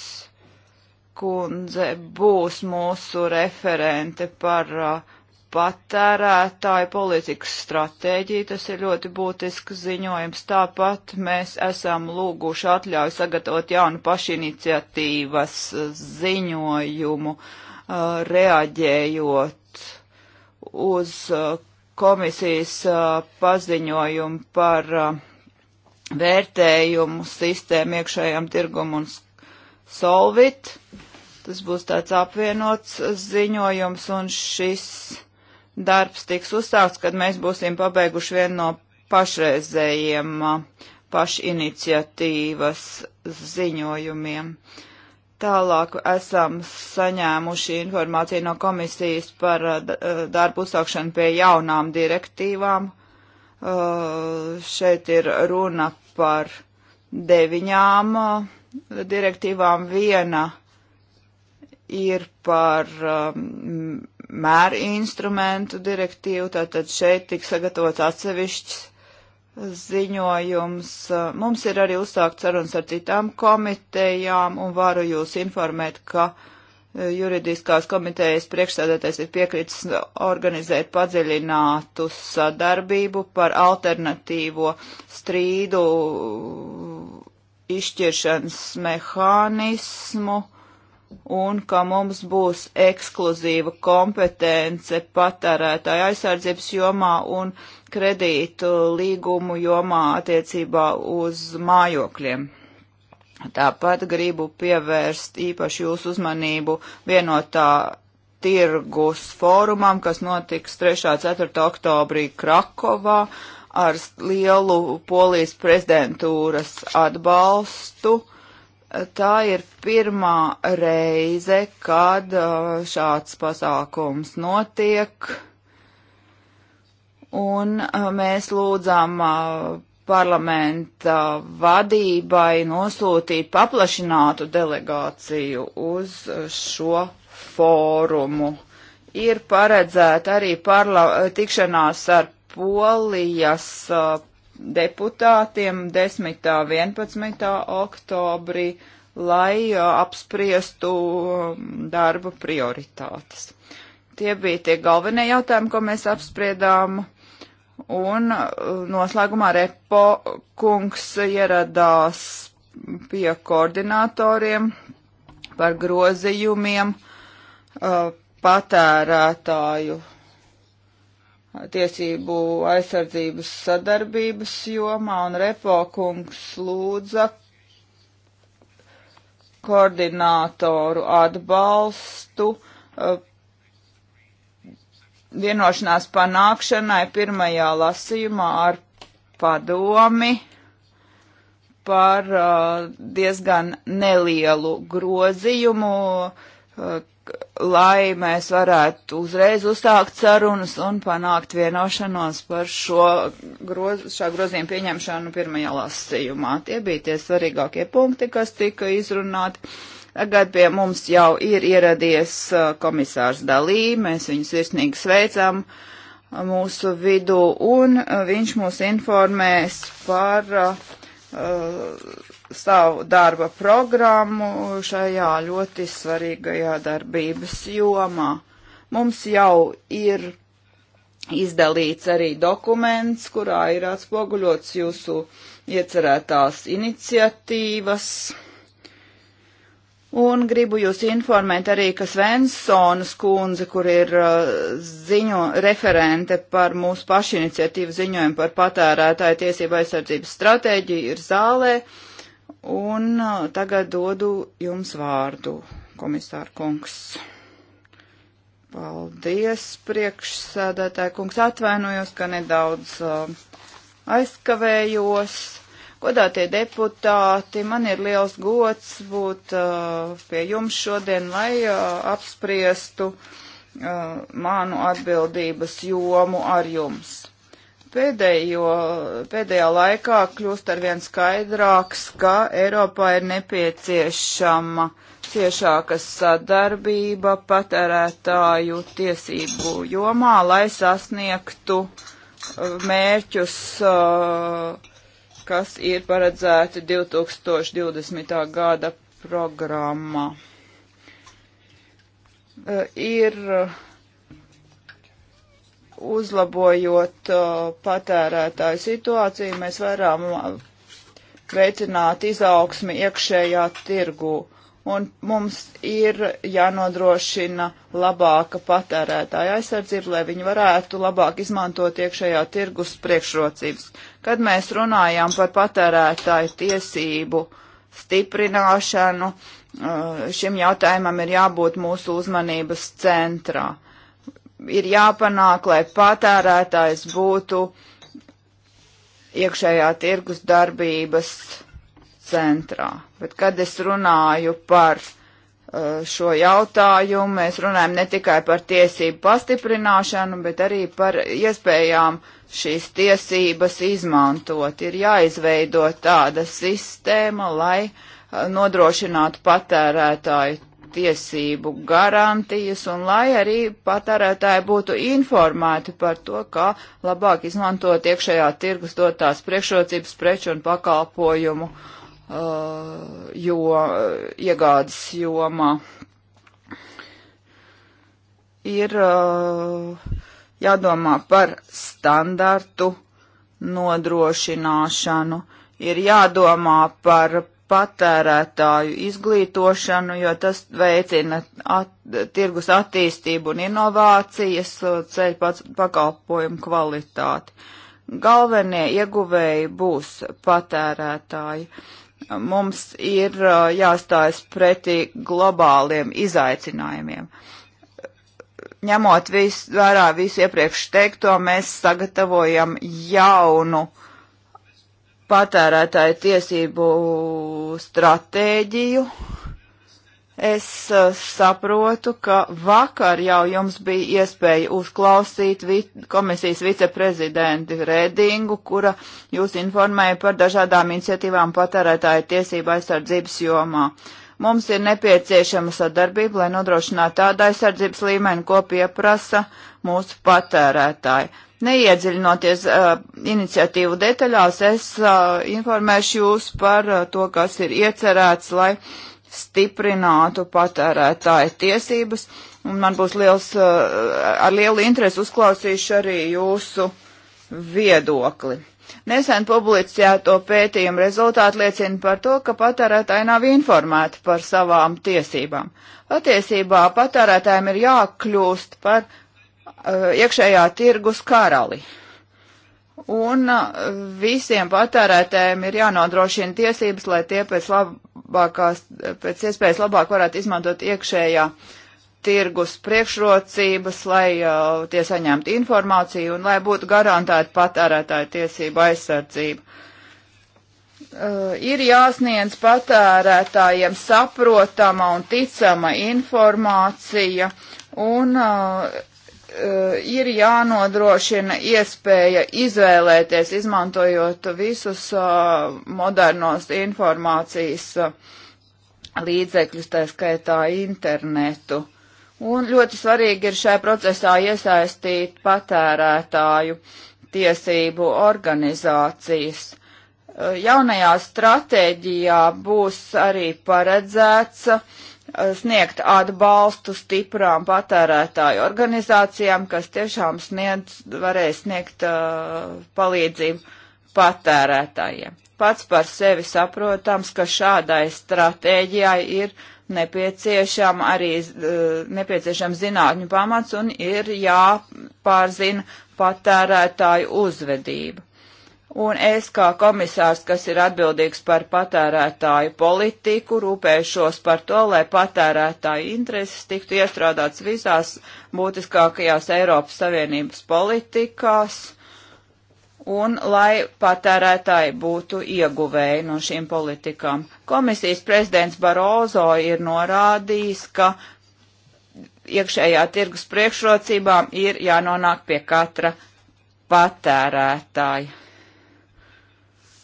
kundze būs mūsu referente par uh, patērētāju politikas stratēģiju. Tas ir ļoti būtisks ziņojums. Tāpat mēs esam lūguši atļauju sagatavot jaunu pašiniciatīvas ziņojumu, uh, reaģējot uz uh, komisijas uh, paziņojumu par uh, vērtējumu sistēmu iekšējām tirgumu un solvit. Tas būs tāds apvienots ziņojums, un šis darbs tiks uzsākts, kad mēs būsim pabeiguši vienu no pašreizējiem pašiniciatīvas ziņojumiem. Uh, Tālāk esam saņēmuši informāciju no komisijas par uh, uh, darbu uzsākšanu pie jaunām direktīvām. Uh, šeit ir runa par deviņām direktīvām. Viena ir par um, mēru instrumentu direktīvu, tātad šeit tiks sagatavots atsevišķs ziņojums. Mums ir arī uzsākt sarunas ar citām komitejām un varu jūs informēt, ka e, juridiskās komitejas priekšsēdētais ir piekritis organizēt padziļinātu sadarbību par alternatīvo strīdu izšķiršanas mehānismu un ka mums būs ekskluzīva kompetence patērētāja aizsardzības jomā un kredītu līgumu jomā attiecībā uz mājokļiem. Tāpat gribu pievērst īpaši jūsu uzmanību vienotā tirgus fórumam, kas notiks 3.4. oktobrī Krakovā ar lielu polijas prezidentūras atbalstu. Uh, tā ir pirmā reize, kad uh, šāds pasākums notiek, un uh, mēs lūdzām uh, parlamenta vadībai nosūtīt paplašinātu delegāciju uz šo fórumu. Ir paredzēta arī tikšanās ar Polijas deputātiem 10. un 11. oktobrī, lai uh, apspriestu um, darba prioritātes. Tie bija tie galvenie jautājumi, ko mēs apspriedām. Un uh, noslēgumā Repo kungs ieradās pie koordinatoriem par grozījumiem uh, patērētāju tiesību aizsardzības sadarbības jomā, un Repokungs lūdza koordinātoru atbalstu uh, vienošanās panākšanai pirmajā lasījumā ar padomi par uh, diezgan nelielu grozījumu uh, lai mēs varētu uzreiz uzstākt sarunas un panākt vienošanos par šo groz, šā grozījuma pieņemšanu pirmajā lasījumā. Tie bija tie svarīgākie punkti, kas tika izrunāti. Tagad pie mums jau ir ieradies uh, komisārs Dalī, mēs viņu sirsnīgi sveicam uh, mūsu vidū, un uh, viņš mūs informēs par uh, savu darba programmu šajā ļoti svarīgajā darbības jomā. Mums jau ir izdalīts arī dokuments, kurā ir atspoguļots jūsu iecerētās iniciatīvas. Un gribu jūs informēt arī, ka Svensonas kundze, kur ir uh, ziņo, referente par mūsu pašiniciatīvu ziņojumu par patērētāju tiesību aizsardzības stratēģiju, ir zālē. Uh, Un uh, tagad dodu jums vārdu, komisāra kungs. Paldies, priekšsēdētāja kungs. Atvainojos, ka nedaudz uh, aizkavējos. Godātie deputāti, man ir liels gods būt uh, pie jums šodien, lai uh, apspriestu uh, manu atbildības jomu ar jums. Pēdējo, pēdējā laikā kļūst arvien skaidrāks, ka Eiropā ir nepieciešama ciešāka sadarbība patērētāju tiesību jomā, lai sasniegtu uh, mērķus, uh, kas ir paredzēti 2020. gada programmā. Uh, ir uzlabojot uh, patērētāju situāciju, mēs varam uh, veicināt izaugsmi iekšējā tirgū. Un mums ir jānodrošina labāka patērētāja aizsardzība, lai viņi varētu labāk izmantot iekšējā tirgus priekšrocības. Kad mēs runājām par patērētāju tiesību stiprināšanu, uh, šim jautājumam ir jābūt mūsu uzmanības centrā ir jāpanāk, lai patērētājs būtu iekšējā tirgus darbības centrā. Bet kad es runāju par uh, šo jautājumu. Mēs runājam ne tikai par tiesību pastiprināšanu, bet arī par iespējām šīs tiesības izmantot. Ir jāizveido tāda sistēma, lai uh, nodrošinātu patērētāju tiesību garantijas un lai arī patērētāji būtu informēti par to, kā labāk izmantot iekšējā tirgus dotās priekšrocības preču un pakalpojumu uh, jo, uh, iegādes jomā. Ir uh, jādomā par standartu nodrošināšanu, ir jādomā par patērētāju izglītošanu, jo tas veicina at, tirgus attīstību un inovācijas, ceļ pats pakalpojumu kvalitāti. Galvenie ieguvēji būs patērētāji. Mums ir jāstājas pretī globāliem izaicinājumiem. Ņemot vis, vērā visu iepriekš teikto, mēs sagatavojam jaunu uh, patērētāju tiesību stratēģiju. Es uh, saprotu, ka vakar jau jums bija iespēja uzklausīt vi komisijas viceprezidenti Redingu, kura jūs informēja par dažādām iniciatīvām patērētāju tiesību aizsardzības jomā. Mums ir nepieciešama sadarbība, lai nodrošinātu tādu aizsardzības līmeni, ko pieprasa mūsu patērētāji Neiedziļinoties uh, iniciatīvu detaļās, es uh, informēšu jūs par uh, to, kas ir iecerēts, lai stiprinātu patērētāju tiesības. Un man būs liels, uh, ar lielu interesi uzklausīšu arī jūsu viedokli. Nesen publicēto pētījumu rezultāti liecina par to, ka patērētāji nav informēti par savām tiesībām. Patiesībā patērētājiem ir jākļūst par Eh, iekšējā tirgus karali. Un eh, visiem patērētējiem ir jānodrošina tiesības, lai tie pēc, labākās, pēc iespējas labāk varētu izmantot iekšējā tirgus priekšrocības, lai uh, tie saņemtu informāciju un lai būtu garantēta patērētāja tiesība aizsardzība. Uh, ir jāsniedz patērētājiem saprotama un ticama informācija, un uh, Eh, ir jānodrošina iespēja izvēlēties, izmantojot visus eh, modernos informācijas eh, līdzekļus, tā skaitā internetu. Un ļoti svarīgi ir šajā procesā iesaistīt patērētāju tiesību organizācijas. Jaunajā stratēģijā būs arī paredzēts Eh, sniegt atbalstu stiprām patērētāju organizācijām, kas tiešām sniedz, varēs sniegt uh, palīdzību patērētājiem. Pats par sevi saprotams, ka šādai stratēģijai ir nepieciešama arī uh, nepieciešams zinātņu pamats un ir jāpārzina patērētāju uzvedība. Un es kā komisārs, kas ir atbildīgs par patērētāju politiku, rūpēšos par to, lai patērētāju intereses tiktu iestrādāts visās būtiskākajās Eiropas Savienības politikās un lai patērētāji būtu ieguvēji no šīm politikām. Komisijas prezidents Barozo ir norādījis, ka iekšējā tirgus priekšrocībām ir jānonāk pie katra patērētāja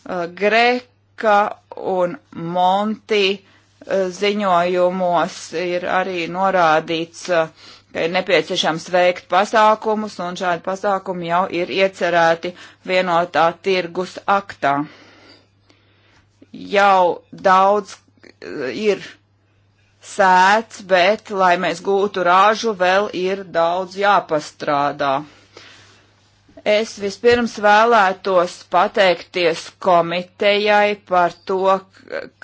Uh, Greka un Monti uh, ziņojumos ir arī norādīts, uh, ka ir nepieciešams veikt pasākumus, un šādi pasākumi jau ir iecerēti vienotā tirgus aktā. Jau daudz ir sēts, bet, lai mēs gūtu rāžu, vēl ir daudz jāpastrādā. Es vispirms vēlētos pateikties komitejai par to,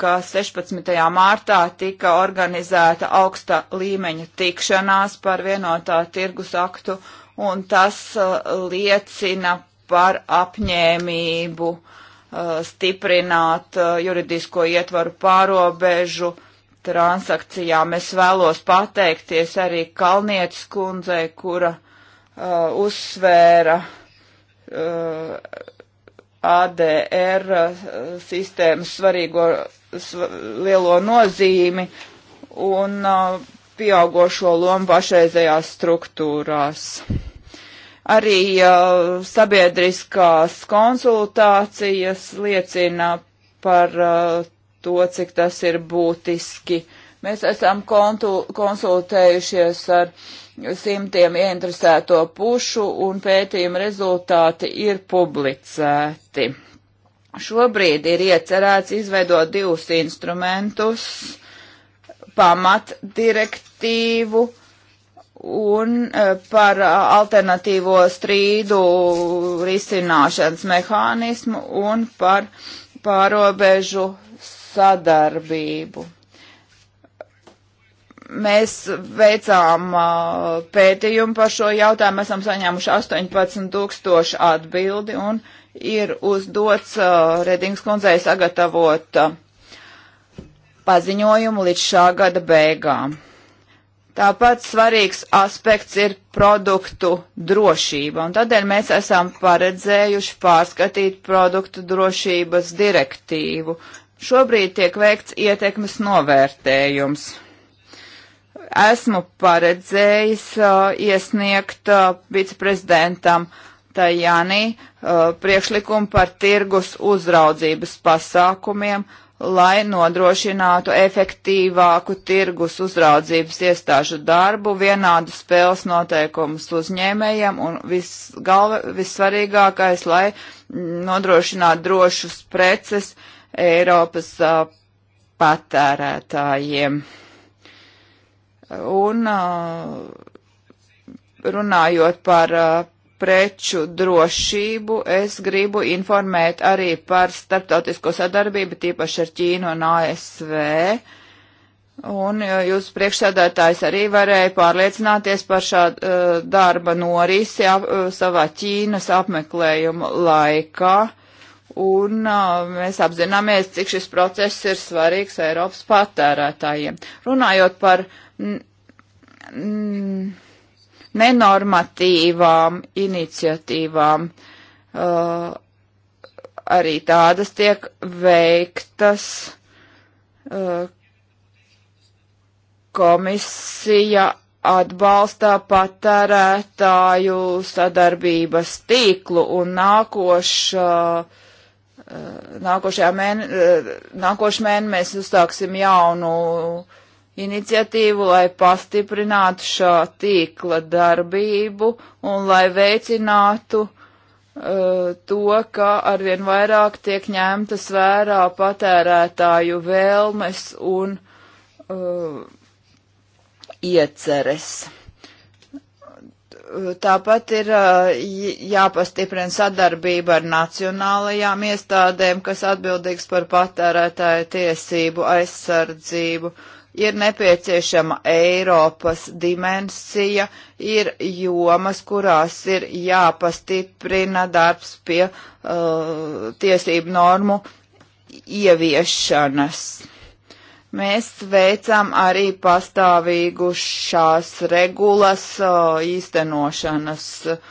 ka 16. mārtā tika organizēta augsta līmeņa tikšanās par vienotā tirgus aktu, un tas uh, liecina par apņēmību uh, stiprināt uh, juridisko ietvaru pārobežu transakcijām. Es vēlos pateikties arī Kalnietes kundzei, kura uh, uzsvēra uh, uh, ADR uh, sistēmas svarīgo sva, lielo nozīmi un uh, pieaugošo lomu pašreizējās struktūrās. Arī uh, sabiedriskās konsultācijas liecina par uh, to, cik tas ir būtiski. Mēs esam kontu, konsultējušies ar uh, simtiem ieinteresēto pušu un pētījuma rezultāti ir publicēti. Šobrīd ir iecerēts izveidot divus instrumentus - pamatdirektīvu un e, par e, alternatīvo strīdu risināšanas mehānismu un par pārobežu sadarbību Mēs veicām uh, pētījumu par šo jautājumu, esam saņēmuši 18 tūkstoši atbildi un ir uzdots uh, Redings kundzei sagatavot uh, paziņojumu līdz šā gada beigām. Tāpat svarīgs aspekts ir produktu drošība, un tādēļ mēs esam paredzējuši pārskatīt produktu drošības direktīvu. Šobrīd tiek veikts ietekmes novērtējums esmu paredzējis uh, iesniegt uh, viceprezidentam Tajānī uh, priekšlikumu par tirgus uzraudzības pasākumiem, lai nodrošinātu efektīvāku tirgus uzraudzības iestāžu darbu, vienādu spēles noteikumus uzņēmējiem un vis, galva, vissvarīgākais, lai nodrošinātu drošus preces Eiropas uh, patērētājiem. Uh, Un runājot par preču drošību, es gribu informēt arī par starptautisko sadarbību, tīpaši ar Ķīnu un ASV. Un jūs priekšsēdētājs arī varēja pārliecināties par šā uh, darba norisi ap, savā Ķīnas apmeklējuma laikā. Un uh, mēs apzināmies, cik šis process ir svarīgs Eiropas patērētājiem. Runājot par nenormatīvām iniciatīvām. Uh, arī tādas tiek veiktas. Uh, komisija atbalstā patērētāju sadarbības tīklu un nākošā, uh, nākošajā mēne, uh, nākošajā mēnē mēs uzsāksim jaunu uh, iniciatīvu, lai pastiprinātu šā tīkla darbību un lai veicinātu uh, to, ka arvien vairāk tiek ņemtas vērā patērētāju vēlmes un uh, ieceres. Tāpat ir uh, jāpastiprina sadarbība ar nacionālajām iestādēm, kas atbildīgs par patērētāju tiesību aizsardzību. Uh, ir nepieciešama Eiropas dimensija, ir jomas, kurās ir jāpastiprina darbs pie uh, tiesību normu ieviešanas. Mēs veicam arī pastāvīgu šās regulas uh, īstenošanas uh,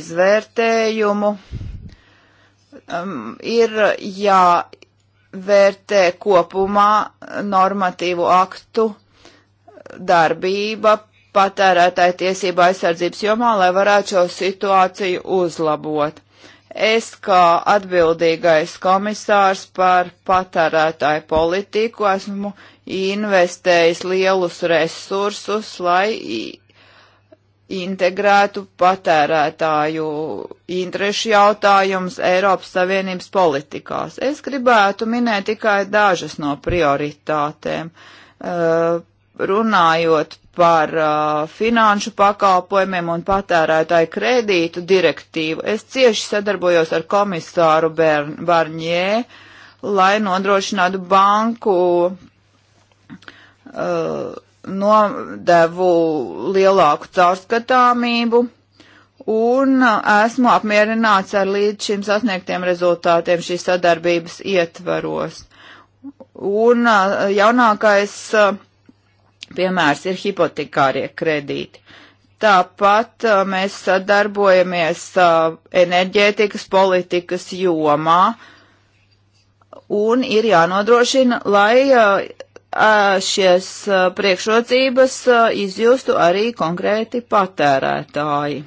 izvērtējumu. Um, ir jā. Ja vērtē kopumā normatīvu aktu darbība patērētāja tiesība aizsardzības jomā, lai varētu šo situāciju uzlabot. Es kā atbildīgais komisārs par patērētāju politiku esmu investējis lielus resursus, lai integrētu patērētāju interešu jautājumus Eiropas Savienības politikās. Es gribētu minēt tikai dažas no prioritātēm. Uh, runājot par uh, finanšu pakalpojumiem un patērētāju kredītu direktīvu, es cieši sadarbojos ar komisāru Barņē, lai nodrošinātu banku uh, nodevu lielāku caurskatāmību un esmu apmierināts ar līdz šim sasniegtiem rezultātiem šīs sadarbības ietvaros. Un jaunākais piemērs ir hipotekārie kredīti. Tāpat mēs sadarbojamies enerģētikas politikas jomā, un ir jānodrošina, lai šies priekšrocības izjustu arī konkrēti patērētāji.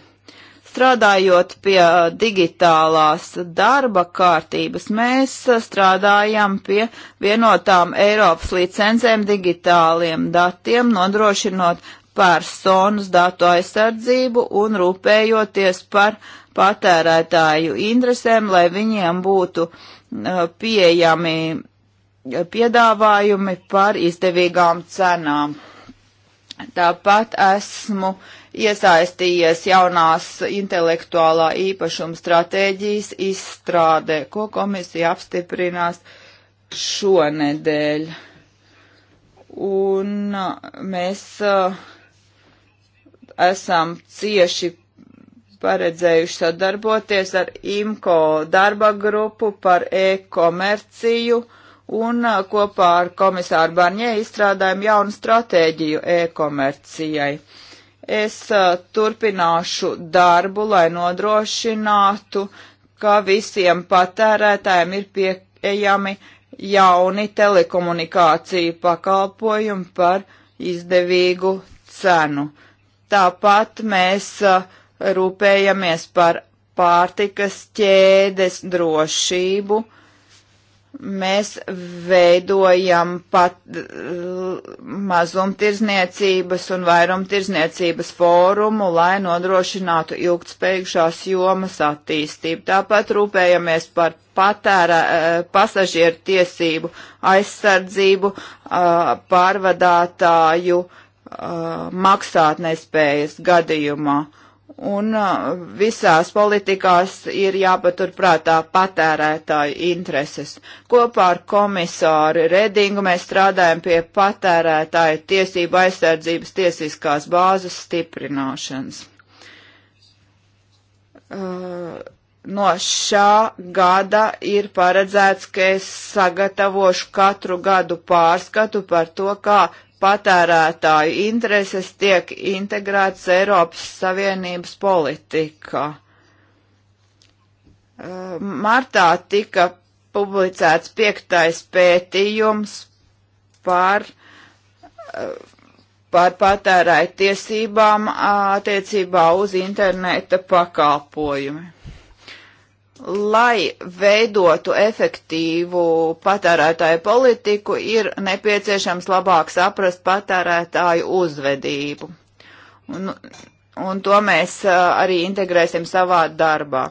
Strādājot pie digitālās darba kārtības, mēs strādājam pie vienotām Eiropas licencēm digitāliem datiem, nodrošinot personas datu aizsardzību un rūpējoties par patērētāju interesēm, lai viņiem būtu pieejami piedāvājumi par izdevīgām cenām. Tāpat esmu iesaistījies jaunās intelektuālā īpašuma stratēģijas izstrādē, ko komisija apstiprinās šonedēļ. Un uh, mēs uh, esam cieši paredzējuši sadarboties ar IMCO darba grupu par e-komerciju. Uh, un kopā ar komisāru Barņē izstrādājam jaunu stratēģiju e-komercijai. Es uh, turpināšu darbu, lai nodrošinātu, ka visiem patērētājiem ir pieejami jauni telekomunikāciju pakalpojumi par izdevīgu cenu. Tāpat mēs uh, rūpējamies par pārtikas ķēdes drošību, uh, mēs veidojam pat mazumtirzniecības un vairumtirzniecības fórumu, lai nodrošinātu ilgtspējīgšās jomas attīstību. Tāpat rūpējamies par patērā, e, pasažieru tiesību aizsardzību, pārvadātāju maksātnespējas gadījumā. Un visās politikās ir jāpaturprātā patērētāju intereses. Kopā ar komisāru Redingu mēs strādājam pie patērētāju tiesību aizsardzības tiesiskās bāzes stiprināšanas. Uh, no šā gada ir paredzēts, ka es sagatavošu katru gadu pārskatu par to, kā patērētāju intereses tiek integrētas Eiropas Savienības politikā. Martā tika publicēts piektais pētījums par, par patērēju tiesībām attiecībā uz interneta pakalpojumiem lai veidotu efektīvu patērētāju politiku, ir nepieciešams labāk saprast patērētāju uzvedību. Un, un to mēs arī integrēsim savā darbā.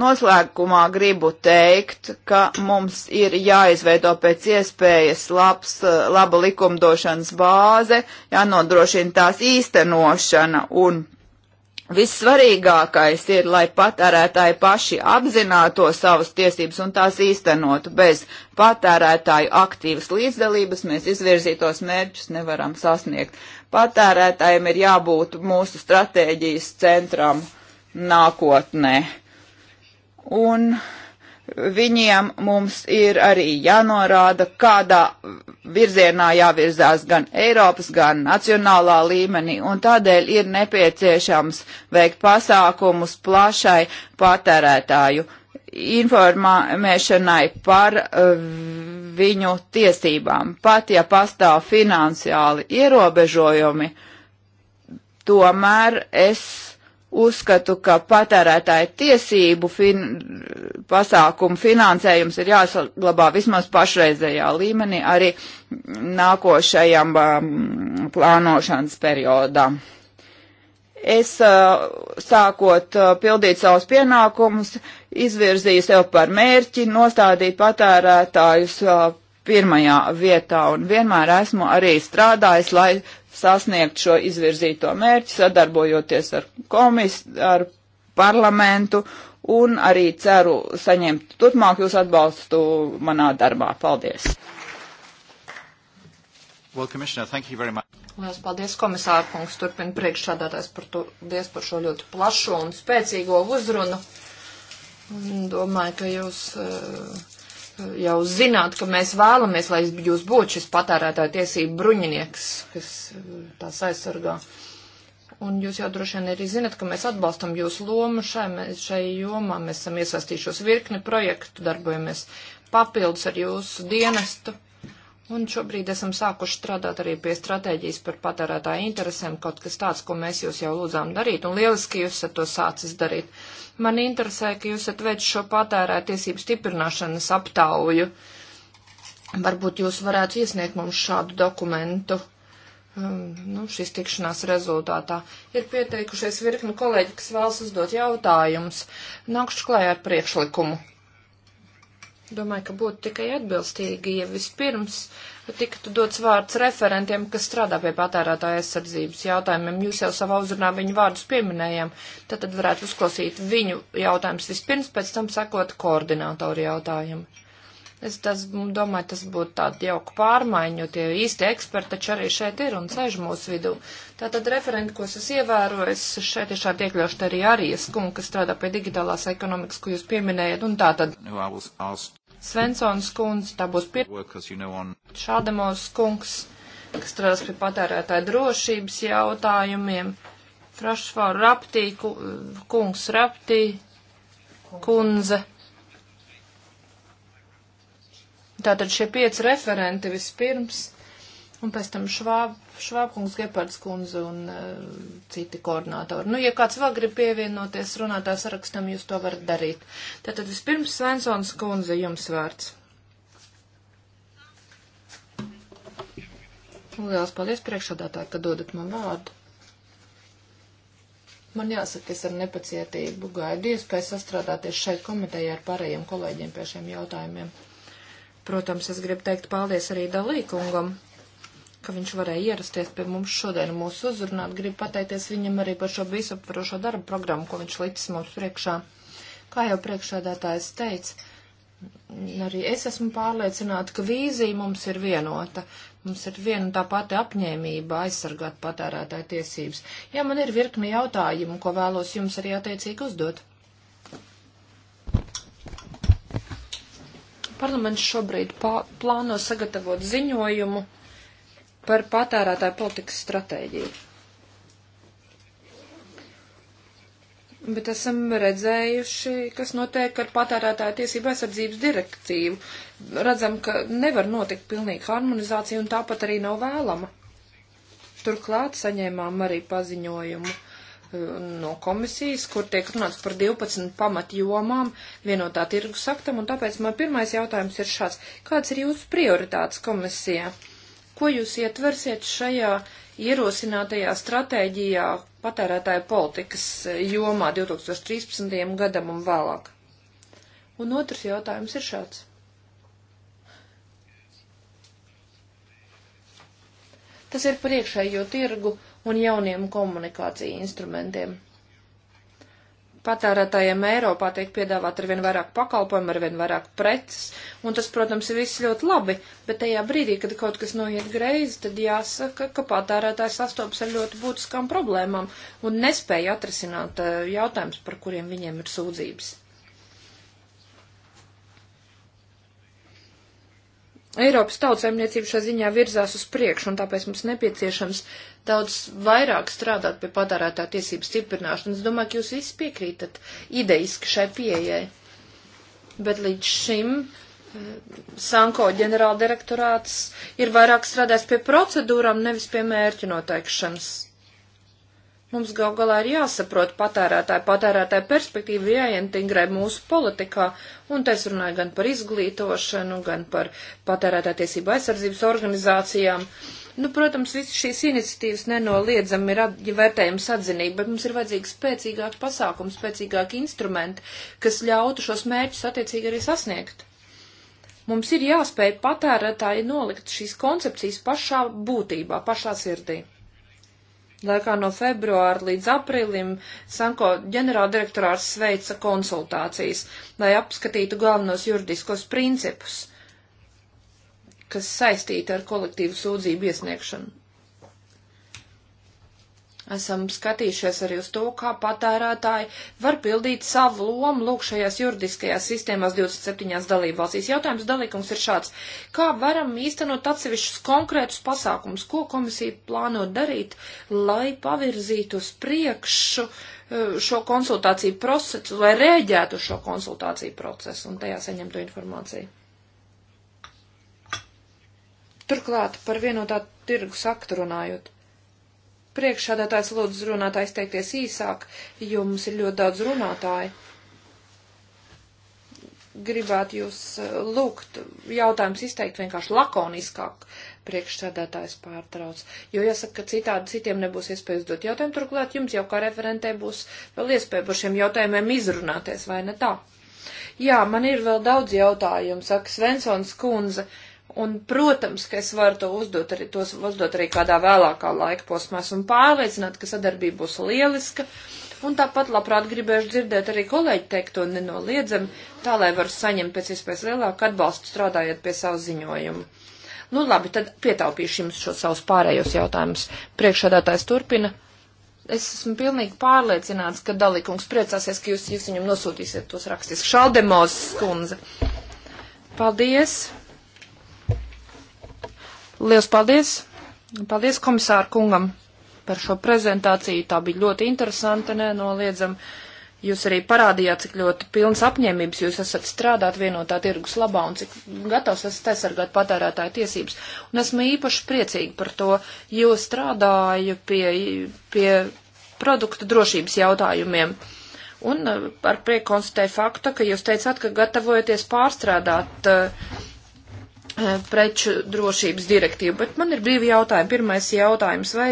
Noslēgumā gribu teikt, ka mums ir jāizveido pēc iespējas labs, laba likumdošanas bāze, jānodrošina tās īstenošana un Vissvarīgākais ir, lai patērētāji paši apzināto savas tiesības un tās īstenotu. Bez patērētāju aktīvas līdzdalības mēs izvirzītos mērķus nevaram sasniegt. Patērētājiem ir jābūt mūsu stratēģijas centram nākotnē. Un uh, viņiem mums ir arī jānorāda, kādā virzienā jāvirzās gan Eiropas, gan nacionālā līmenī, un tādēļ ir nepieciešams veikt pasākumus plašai patērētāju informēšanai par uh, viņu tiesībām. Pat ja pastāv finansiāli ierobežojumi, tomēr es uzskatu, ka patērētāja tiesību fin pasākumu finansējums ir jāsaglabā vismaz pašreizējā līmenī arī nākošajam um, plānošanas periodam. Es uh, sākot uh, pildīt savus pienākumus, izvirzīju sev par mērķi nostādīt patērētājus uh, pirmajā vietā un vienmēr esmu arī strādājis, lai sasniegt šo izvirzīto mērķi, sadarbojoties ar komisiju, ar parlamentu un arī ceru saņemt turpmāk jūs atbalstu manā darbā. Paldies! Well, Lielas paldies, komisāra kungs, turpina priekšsādātājs par, to, par šo ļoti plašo un spēcīgo uzrunu. Domāju, ka jūs uh, jau zināt, ka mēs vēlamies, lai jūs būtu šis patērētāja tiesība bruņinieks, kas eh, tās aizsargā. Un jūs jau droši vien arī zinat, ka mēs atbalstam jūsu lomu šai, šai jomā. Mēs esam iesaistījušos virkni projektu, darbojamies papildus ar jūsu dienestu. Un šobrīd esam sākuši strādāt arī pie stratēģijas par patērētāju interesēm, kaut kas tāds, ko mēs jūs jau lūdzām darīt, un lieliski jūs esat to sācis darīt. Man interesē, ka jūs esat veids šo patērētāju tiesību stiprināšanas aptauju. Varbūt jūs varētu iesniegt mums šādu dokumentu. Um, nu, šīs tikšanās rezultātā ir pieteikušies virkni kolēģi, kas vēlas uzdot jautājumus. Nākšu klājā ar priekšlikumu. Domāju, ka būtu tikai atbilstīgi, ja vispirms tiktu dots vārds referentiem, kas strādā pie patērētāja aizsardzības jautājumiem. Jūs jau savā uzrunā viņu vārdus pieminējām, tad, tad varētu uzklausīt viņu jautājumus vispirms, pēc tam sakot koordinātoru jautājumu. Es tas, domāju, tas būtu tāda jauka pārmaiņa, jo tie īsti eksperti taču arī šeit ir un sēž mūsu vidū. Tātad referenti, ko es ievēroju, es šeit tiešām iekļaušu arī Arijas kungu, kas strādā pie digitālās ekonomikas, ko jūs pieminējat, un tātad. No, Svensons kundze, tā būs pirmā. Šādamos kungs, kas strādās pie patērētāja drošības jautājumiem. Frašvāra Raptī, kungs Raptī, kundze. Tātad šie pieci referenti vispirms un pēc tam Švāb, Švābkungs, Gepards kundze un uh, citi koordinātori. Nu, ja kāds vēl grib pievienoties runātā sarakstam, jūs to varat darīt. Tātad vispirms Svensons kundze jums vārds. Lielas paldies priekšādātāji, ka dodat man vārdu. Man jāsaka, es ar nepacietību gaidu iespēju sastrādāties šai komitejai ar pārējiem kolēģiem pie šiem jautājumiem. Protams, es gribu teikt paldies arī Dalīkungam ka viņš varēja ierasties pie mums šodien un mūs uzrunāt. Gribu pateikties viņam arī par šo visaptvarošo darbu programmu, ko viņš licis mums priekšā. Kā jau priekšādātājs teica, arī es esmu pārliecināta, ka vīzija mums ir vienota. Mums ir viena un tā pati apņēmība aizsargāt patērētāju tiesības. Jā, man ir virkni jautājumu, ko vēlos jums arī attiecīgi uzdot. Parlaments šobrīd plāno sagatavot ziņojumu par patērētāju politikas stratēģiju. Bet esam redzējuši, kas notiek ar patērētāju tiesību aizsardzības direktīvu. Redzam, ka nevar notikt pilnīga harmonizācija un tāpat arī nav vēlama. Turklāt saņēmām arī paziņojumu uh, no komisijas, kur tiek runāts par 12 pamatjomām vienotā tirgus aktam, un tāpēc man pirmais jautājums ir šāds. Kāds ir jūsu prioritātes komisijā? ko jūs ietversiet šajā ierosinātajā stratēģijā patērētāja politikas jomā 2013. gadam un vēlāk? Un otrs jautājums ir šāds. Tas ir par iekšējo tirgu un jauniem komunikāciju instrumentiem patērētājiem Eiropā tiek piedāvāt ar vien vairāk pakalpojumu, ar vien vairāk preces, un tas, protams, ir viss ļoti labi, bet tajā brīdī, kad kaut kas noiet greizi, tad jāsaka, ka patērētājs sastopas ar ļoti būtiskām problēmām un nespēja atrisināt eh, jautājumus, par kuriem viņiem ir sūdzības. Eiropas tautsēmniecība šā ziņā virzās uz priekšu, un tāpēc mums nepieciešams daudz vairāk strādāt pie patērētā tiesību stiprināšanas. Es domāju, ka jūs visi piekrītat ideiski šai pieejai. Bet līdz šim eh, Sanko ģenerāldirektorāts ir vairāk strādājis pie procedūrām, nevis pie mērķu noteikšanas Mums gal galā ir jāsaprot patērētāju, patērētāju perspektīvu jāieintegrē mūsu politikā, un te es runāju gan par izglītošanu, gan par patērētāju tiesību aizsardzības organizācijām. Nu, protams, visas šīs iniciatīvas nenoliedzami ir ja vērtējums atzinība, bet mums ir vajadzīgi spēcīgāki pasākumi, spēcīgāki instrumenti, kas ļautu šos mērķus attiecīgi arī sasniegt. Mums ir jāspēj patērētāji nolikt šīs koncepcijas pašā būtībā, pašā sirdī. Laikā no februāra līdz aprīlim Sanko ģenerāldirektorārs sveica konsultācijas, lai apskatītu galvenos juridiskos principus, kas saistīti ar kolektīvu sūdzību iesniegšanu. Esam skatījušies arī uz to, kā patērētāji var pildīt savu lomu lūk šajās juridiskajās sistēmās 27 dalībvalstīs. Jautājums dalīkums ir šāds. Kā varam īstenot atsevišķus konkrētus pasākumus? Ko komisija plāno darīt, lai pavirzītu uz priekšu eh, šo konsultāciju procesu, lai rēģētu šo konsultāciju procesu un tajā saņemtu informāciju? Turklāt par vienotā tirgus aktu runājot. Priekšādātājs lūdzu runātājs teikties īsāk, jo mums ir ļoti daudz runātāju. Gribētu jūs eh, lūgt jautājums izteikt vienkārši lakoniskāk, priekšsēdētājs pārtrauc. Jo jāsaka, ka citādi citiem nebūs iespējas dot jautājumu, turklāt jums jau kā referentē būs vēl iespēja par šiem jautājumiem izrunāties, vai ne tā? Jā, man ir vēl daudz jautājumu, saka Svensons kundze. Uh, Un, protams, ka es varu to uzdot arī, tos uzdot arī kādā vēlākā laika posmā. Esmu pārliecināta, ka sadarbība būs lieliska. Un tāpat labprāt gribēšu dzirdēt arī kolēģi teikt to nenoliedzami, tā lai varu saņemt pēc iespējas lielāku atbalstu strādājot pie savu ziņojumu. Nu labi, tad pietaupīšu jums šo savus pārējos jautājumus. Priekšādātājs turpina. Es esmu pilnīgi pārliecināts, ka Dalīkungs priecāsies, ka jūs, jūs viņam nosūtīsiet tos rakstus. Šaldemos skundze. Paldies! Liels paldies! Paldies komisāru kungam par šo prezentāciju. Tā bija ļoti interesanta, nenoliedzam. Jūs arī parādījāt, cik ļoti pilns apņēmības jūs esat strādāt vienotā tirgus labā un cik gatavs esat aizsargāt patērētāju tiesības. Un esmu īpaši priecīgi par to, jo strādāju pie, pie produktu drošības jautājumiem. Un eh, ar prieku konstatēju faktu, ka jūs teicāt, ka gatavojaties pārstrādāt uh, Eh, preču drošības direktīvu, bet man ir brīvi jautājumi. Pirmais jautājums, vai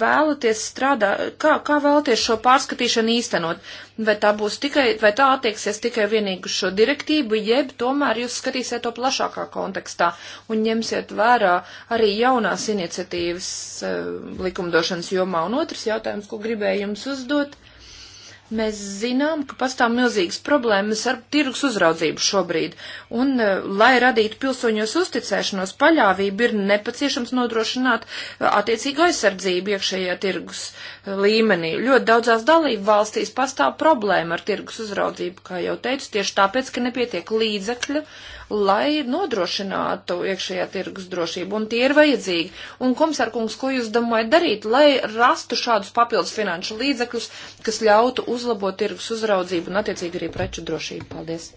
vēlaties strādāt, kā, kā vēlaties šo pārskatīšanu īstenot? Vai tā būs tikai, vai tā attieksies tikai vienīgi uz šo direktīvu, jeb tomēr jūs skatīsiet to plašākā kontekstā un ņemsiet vērā arī jaunās iniciatīvas uh, likumdošanas jomā? Un otrs jautājums, ko gribēju jums uzdot. Uh, Mēs zinām, ka pastāv milzīgas problēmas ar tirgus uzraudzību šobrīd, un, eh, lai radītu pilsoņos uzticēšanos, paļāvību ir nepaciešams nodrošināt eh, attiecīgu aizsardzību iekšējā tirgus eh, līmenī. Ļoti daudzās dalību valstīs pastāv problēma ar tirgus uzraudzību, kā jau teicu, tieši tāpēc, ka nepietiek līdzekļu lai nodrošinātu iekšējā tirgus drošību, un tie ir vajadzīgi. Un, komisārkungs, ko jūs domājat darīt, lai rastu šādus papildus finanšu līdzekļus, kas ļautu uzlabot tirgus uzraudzību un, attiecīgi, arī preču drošību? Paldies!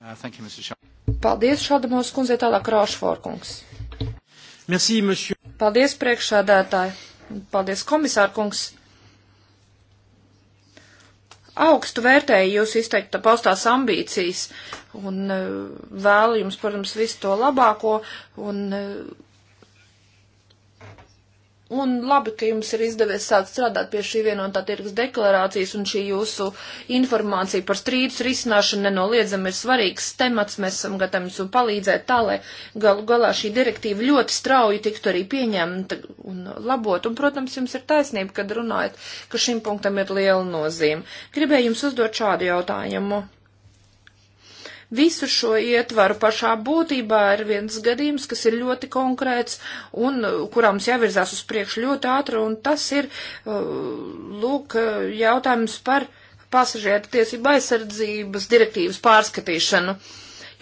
Uh, you, Paldies, Šādamos kundzei, tālāk Raušforkungs. Merci, monsieur. Paldies, priekšādātāji. Paldies, komisārkungs augstu vērtēju jūs izteikta paustās ambīcijas un eh, vēlu jums, protams, visu to labāko un eh, Un labi, ka jums ir izdevies sākt strādāt pie šī vienotā tirgus deklarācijas un šī jūsu informācija par strīdus risināšanu nenoliedzami ir svarīgs temats. Mēs esam gatavi jums palīdzēt tā, lai galu galā šī direktīva ļoti strauji tiktu arī pieņemta un labot. Un, protams, jums ir taisnība, kad runājat, ka šim punktam ir liela nozīme. Gribēju jums uzdot šādu jautājumu. Visu šo ietvaru pašā būtībā ir viens gadījums, kas ir ļoti konkrēts un uh, kurā mums jāvirzās uz priekšu ļoti ātri, un tas ir, uh, lūk, uh, jautājums par pasažieru tiesību aizsardzības direktīvas pārskatīšanu.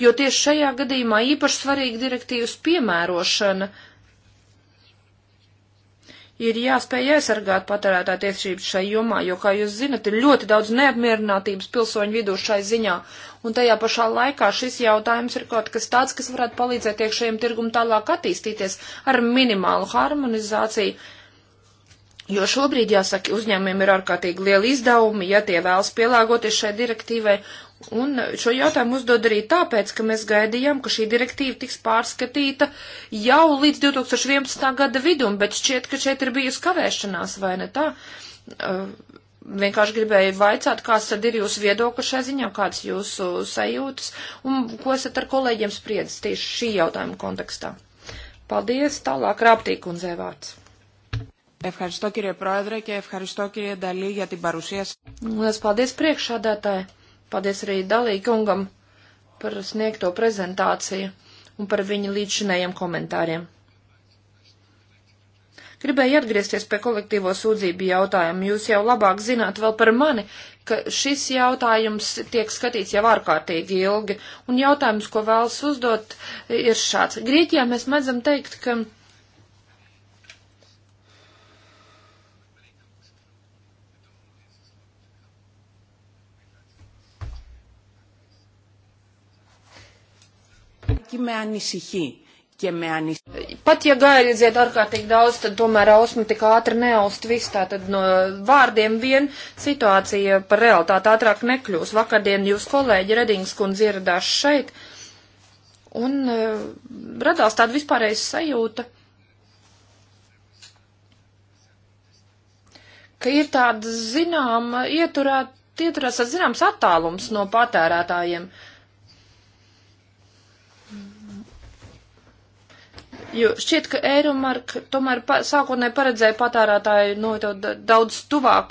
Jo tieši šajā gadījumā īpaši svarīga direktīvas piemērošana uh, ir jāspēj aizsargāt patērētāju tiesības šai jomā, jo, kā jūs zinat, ir ļoti daudz neapmierinātības pilsoņu vidū šai ziņā, un tajā pašā laikā šis jautājums ir kaut kas tāds, kas varētu palīdzēt iekšējiem tirgum tālāk attīstīties ar minimālu harmonizāciju. Jo šobrīd, jāsaka, uzņēmumiem ir ārkārtīgi liela izdevumi, ja tie vēlas pielāgoties šai direktīvai, Un šo jautājumu uzdod arī tāpēc, ka mēs gaidījām, ka šī direktīva tiks pārskatīta jau līdz 2011. gada vidum, bet šķiet, ka šeit ir bijusi kavēšanās, vai ne tā? Uh, vienkārši gribēju vaicāt, kāds tad ir jūsu viedoklis šai ziņā, kāds jūsu sajūtas un ko esat ar kolēģiem spriedzis tieši šī jautājuma kontekstā. Paldies, tālāk rāptīkundzē vārds. Ευχαριστώ κύριε Πρόεδρε και ευχαριστώ κύριε Νταλή για την παρουσία σας. Λες παλδίες πρέξα, δατάι. Paldies arī Dalī kungam par sniegto prezentāciju un par viņa līdzšinējiem komentāriem. Gribēju atgriezties pie kolektīvo sūdzību jautājumu. Jūs jau labāk zināt vēl par mani, ka šis jautājums tiek skatīts jau ārkārtīgi ilgi, un jautājums, ko vēlas uzdot, ir šāds. Grieķijā mēs mēdzam teikt, ka cilvēki me anisihī. Ja mēs... Pat ja gaļa iziet ārkārtīgi daudz, tad tomēr ausma tik ātri neaust viss, tā tad no vārdiem vien situācija par realitāti ātrāk nekļūs. Vakardien jūs kolēģi Redings kundze ieradās šeit un uh, radās tāda vispārējais sajūta, ka ir tāda zināma ieturēt, ieturēts zināms attālums no patērētājiem. Uh, Jo šķiet, ka Eiromark tomēr pa, sākotnē paredzēja patērētāju no nu, daudz tuvāk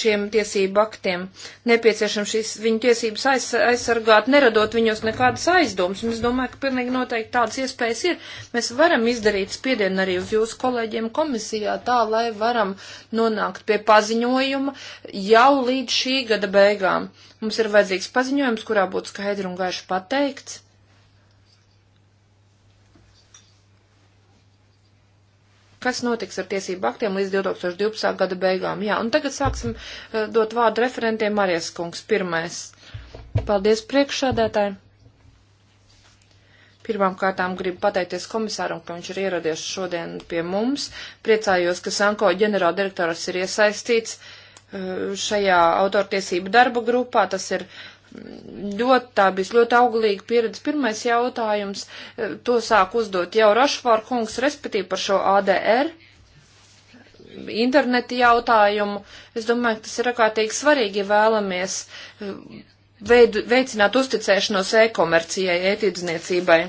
šiem tiesību aktiem. Nepieciešams šīs viņu tiesības aiz, aizsargāt, neradot viņos nekādas aizdomas. Un es domāju, ka pilnīgi noteikti tādas iespējas ir. Mēs varam izdarīt spiedienu arī uz jūsu kolēģiem komisijā tā, lai varam nonākt pie paziņojuma jau līdz šī gada beigām. Mums ir vajadzīgs paziņojums, kurā būtu skaidri un gaiši pateikts kas notiks ar tiesību aktiem līdz 2012. gada beigām. Jā, un tagad sāksim eh, dot vārdu referentiem Marijas kungs pirmais. Paldies priekšsādētāji. Pirmām kārtām gribu pateikties komisāram, ka viņš ir ieradies šodien pie mums. Priecājos, ka Sanko ģenerāldirektors ir iesaistīts eh, šajā autortiesību darba grupā. Tas ir uh, ļoti, tā bija ļoti auglīga pieredze. Pirmais jautājums, eh, to sāk uzdot jau Rašvār kungs, respektīvi par šo ADR internetu jautājumu. Es domāju, ka tas ir ārkārtīgi svarīgi, ja vēlamies eh, veidu, veicināt uzticēšanos e-komercijai, e-tirdzniecībai.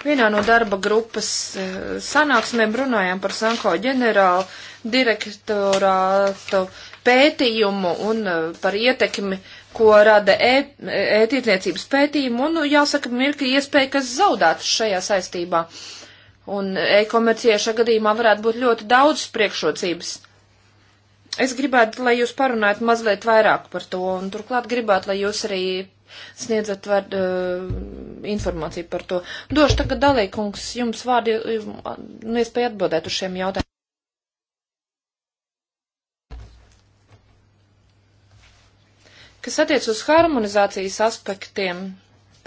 Vienā no darba grupas eh, sanāksmēm runājām par Sanko ģenerālu direktorātu pētījumu un par ietekmi uh, ko rada ētītniecības e, e pētījumu, un, nu, jāsaka, mirkļi iespēja, kas zaudētas šajā saistībā. Un e-komercijai šajā gadījumā varētu būt ļoti daudz priekšrocības. Es gribētu, lai jūs parunājat mazliet vairāk par to, un turklāt gribētu, lai jūs arī sniedzat var, uh, informāciju par to. Došu tagad dalīkungs jums vārdu, nu, iespēju atbildēt uz šiem jautājumiem. Kas attiec uz harmonizācijas aspektiem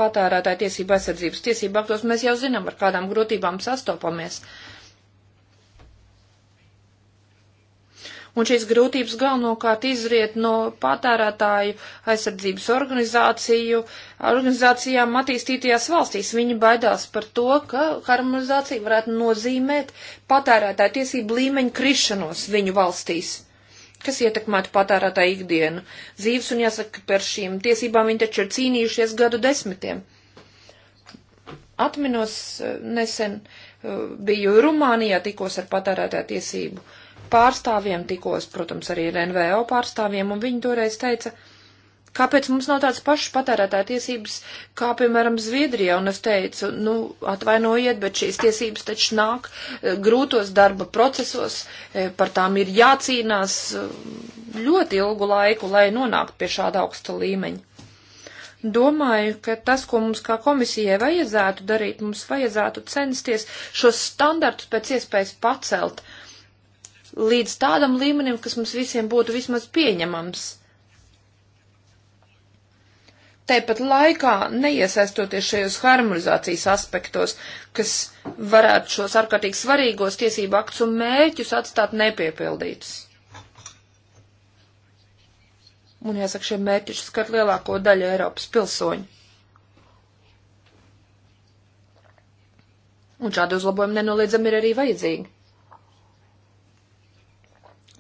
patērētāja tiesība aizsardzības tiesību aktos, mēs jau zinām, ar kādām grūtībām sastopamies. Un šīs grūtības galvenokārt izriet no patērētāju aizsardzības organizāciju, organizācijām attīstītajās valstīs. Viņi baidās par to, ka harmonizācija varētu nozīmēt patērētāju tiesību līmeņu krišanos viņu valstīs kas ietekmētu patērētāju ikdienu. Zīves un jāsaka par šīm tiesībām viņi taču ir cīnījušies gadu desmitiem. Atminos eh, nesen eh, biju Rumānijā, tikos ar patērētāju tiesību pārstāvjiem, tikos, protams, arī ar NVO pārstāvjiem, un viņi toreiz teica, ka Kāpēc mums nav tādas pašas patērētāja tiesības, kā, piemēram, Zviedrijā? Un es teicu, nu, atvainojiet, bet šīs tiesības taču nāk eh, grūtos darba procesos, eh, par tām ir jācīnās eh, ļoti ilgu laiku, lai nonāktu pie šāda augsta līmeņa. Domāju, ka tas, ko mums kā komisijai vajadzētu darīt, mums vajadzētu censties šos standartus pēc iespējas pacelt līdz tādam līmenim, kas mums visiem būtu vismaz pieņemams Tāpat laikā neiesaistoties šajos harmonizācijas aspektos, kas varētu šos ārkārtīgi svarīgos tiesību aktu mērķus atstāt nepiepildītus. Un jāsaka, šie mērķi skat lielāko daļu Eiropas pilsoņu. Un šādi uzlabojumi nenoliedzami ir arī vajadzīgi.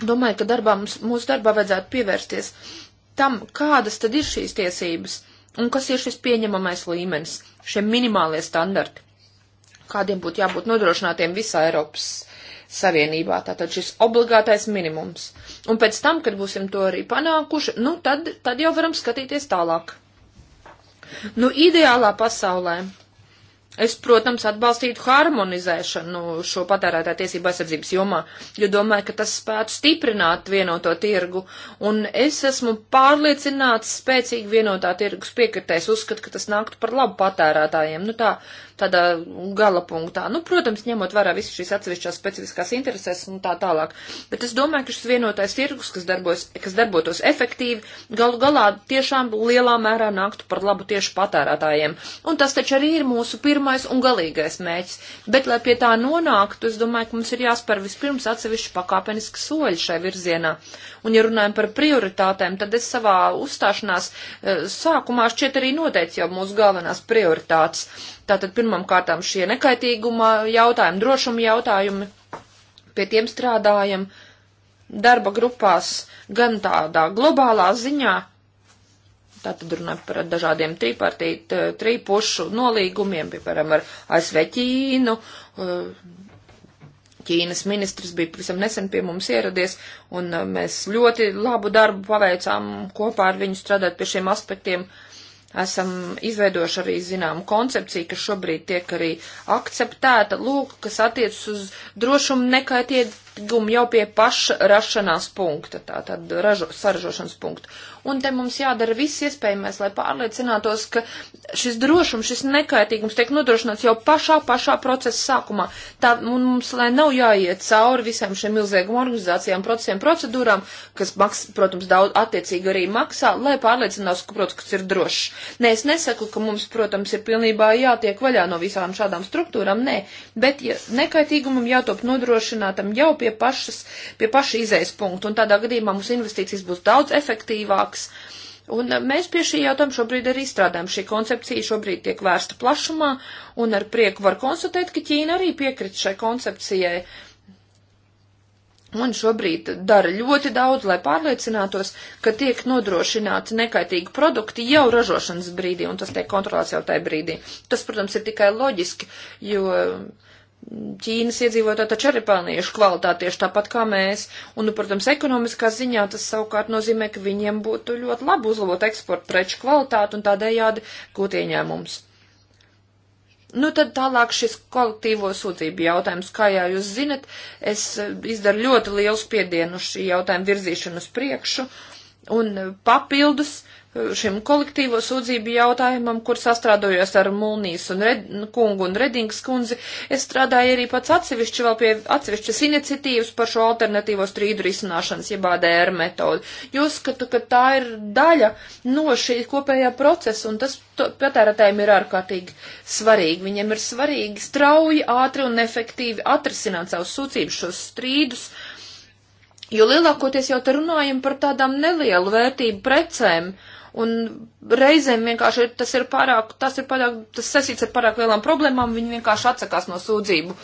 Domāju, ka darbā mums, mūsu darbā vajadzētu pievērsties tam, kādas tad ir šīs tiesības Un kas ir šis pieņemamais līmenis, šie minimālie standarti, kādiem būtu jābūt nodrošinātiem visā Eiropas Savienībā, tātad šis obligātais minimums. Un pēc tam, kad būsim to arī panākuši, nu tad, tad jau varam skatīties tālāk. Nu, ideālā pasaulē Es, protams, atbalstītu harmonizēšanu šo patērētāju tiesību aizsardzības jomā, jo domāju, ka tas spētu stiprināt vienoto tirgu, un es esmu pārliecināts spēcīgi vienotā tirgus piekritēs, uzskatu, ka tas nāktu par labu patērētājiem, nu tā, tādā gala punktā. Nu, protams, ņemot vērā visas šīs atsevišķās specifiskās intereses un tā tālāk, bet es domāju, ka šis vienotais tirgus, kas, darbos, kas darbotos efektīvi, galu galā tiešām lielā mērā nāktu par labu tieši patērētājiem, un tas taču arī ir mūsu pirmā pirmais un galīgais mēķis. Bet, lai pie tā nonāktu, es domāju, ka mums ir jāspēr vispirms atsevišķi pakāpeniski soļi šai virzienā. Un, ja runājam par prioritātēm, tad es savā uzstāšanās eh, sākumā šķiet arī noteicu jau mūsu galvenās prioritātes. Tātad pirmam kārtām šie nekaitīguma jautājumi, drošuma jautājumi, pie tiem strādājam darba grupās gan tādā globālā ziņā, Tātad runājam par dažādiem tripartīt, tripušu nolīgumiem, piemēram, ar ASV Ķīnu. Uh, Ķīnas ministrs bija pavisam nesen pie mums ieradies, un uh, mēs ļoti labu darbu paveicām kopā ar viņu strādāt pie šiem aspektiem. Esam izveidojuši arī zināmu koncepciju, kas šobrīd tiek arī akceptēta, lūk, kas attiec uz drošumu nekaitiet gumi jau pie paša rašanās punkta, tātad ražo, saražošanas punkta. Un te mums jādara viss iespējamais, lai pārliecinātos, ka šis drošums, šis nekaitīgums tiek nodrošināts jau pašā, pašā procesa sākumā. Tā mums, lai nav jāiet cauri visām šiem milzīgām organizācijām, procesiem, procedūrām, kas, maks, protams, daudz attiecīgi arī maksā, lai pārliecinātos, ka produkts ir drošs. Nē, es nesaku, ka mums, protams, ir pilnībā jātiek vaļā no visām šādām struktūrām, nē, bet ja nekaitīgumam jātop nodrošinātam jau pie pie, pašas, pie paša izējas punkta, un tādā gadījumā mums investīcijas būs daudz efektīvākas. Un e, mēs pie šī jautājuma šobrīd arī strādājam. Šī koncepcija šobrīd tiek vērsta plašumā, un ar prieku var konstatēt, ka Ķīna arī piekrit šai koncepcijai. Un šobrīd dara ļoti daudz, lai pārliecinātos, ka tiek nodrošināti nekaitīgi produkti jau ražošanas brīdī, un tas tiek kontrolēts jau tajā brīdī. Tas, protams, ir tikai loģiski, jo Ķīnas iedzīvotāji taču arī pelnījuši kvalitāti tieši tāpat kā mēs. Un, nu, protams, ekonomiskā ziņā tas savukārt nozīmē, ka viņiem būtu ļoti labi uzlabot eksporta preču kvalitāti un tādējādi gūt ieņēmumus. Nu, tad tālāk šis kolektīvo sūtību jautājums, kā jau jūs zinat, es eh, izdaru ļoti lielu spiedienu šī jautājuma virzīšanu uz priekšu un eh, papildus uh, šim kolektīvo sūdzību jautājumam, kur sastrādojos ar Mulnijas un Red, kungu un Redings kundzi, es strādāju arī pats atsevišķi vēl pie atsevišķas iniciatīvas par šo alternatīvo strīdu risināšanas, jeb ADR metodi. Jūs skatu, ka tā ir daļa no šī kopējā procesa, un tas patērētājiem ir ārkārtīgi svarīgi. Viņiem ir svarīgi strauji, ātri un efektīvi atrisināt savus sūdzības, šos strīdus, jo lielākoties jau te runājam par tādām nelielu vērtību precēm, uh, un reizēm vienkārši ir, tas ir pārāk, tas ir pārāk, tas sasīts ar pārāk lielām problēmām, viņi vienkārši atsakās no sūdzību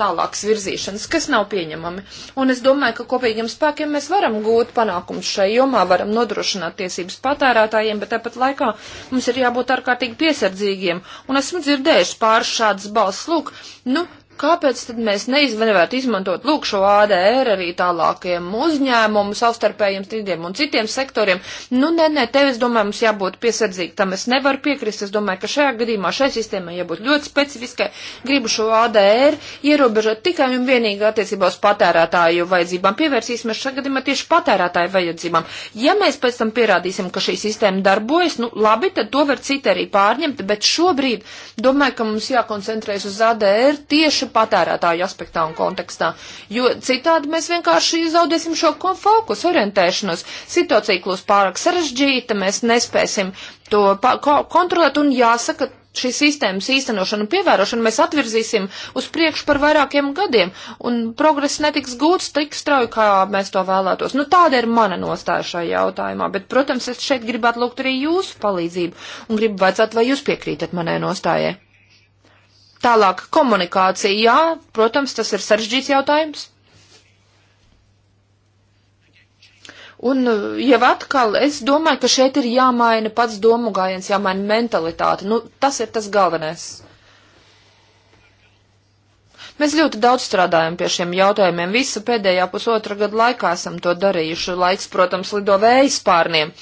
tālākas virzīšanas, kas nav pieņemami. Un es domāju, ka kopīgiem spēkiem mēs varam gūt panākumus šai jomā, varam nodrošināt tiesības patērētājiem, bet tāpat laikā mums ir jābūt ārkārtīgi piesardzīgiem. Un esmu dzirdējuši pāris šādas balss, lūk, nu, kāpēc tad mēs neizvarētu izmantot lūk šo ADR arī tālākiem uzņēmumu, savstarpējiem strīdiem un citiem sektoriem? Nu, nē, nē, tev es domāju, mums jābūt piesardzīgi, tam es nevaru piekrist. Es domāju, ka šajā gadījumā šai sistēmai jābūt ļoti specifiskai. Gribu šo ADR ierobežot tikai un vienīgi attiecībā uz patērētāju vajadzībām. Pievērsīsimies šajā gadījumā tieši patērētāju vajadzībām. Ja mēs pēc tam pierādīsim, ka šī sistēma darbojas, nu, labi, tad to var citi arī pārņemt, bet šobrīd domāju, ka mums jākoncentrējas uz ADR tieši tīpaši patērētāju aspektā un kontekstā, jo citādi mēs vienkārši zaudēsim šo fokusu orientēšanos. Situācija kļūs pārāk sarežģīta, mēs nespēsim to ko kontrolēt un jāsaka, šīs sistēmas īstenošanu un pievērošanu mēs atvirzīsim uz priekšu par vairākiem gadiem, un progress netiks gūts tik strauji, kā mēs to vēlētos. Nu, tāda ir mana nostāja šajā jautājumā, bet, protams, es šeit gribētu lūgt arī jūsu palīdzību, un gribu vajadzētu, vai jūs piekrītat manai nostājai. Tālāk komunikācija, jā, protams, tas ir sarežģīts jautājums. Un eh, jau atkal es domāju, ka šeit ir jāmaina pats domu gājiens, jāmaina mentalitāte. Nu, tas ir tas galvenais. Mēs ļoti daudz strādājam pie šiem jautājumiem. Visu pēdējā pusotra gada laikā esam to darījuši. Laiks, protams, lido vējas pārniem.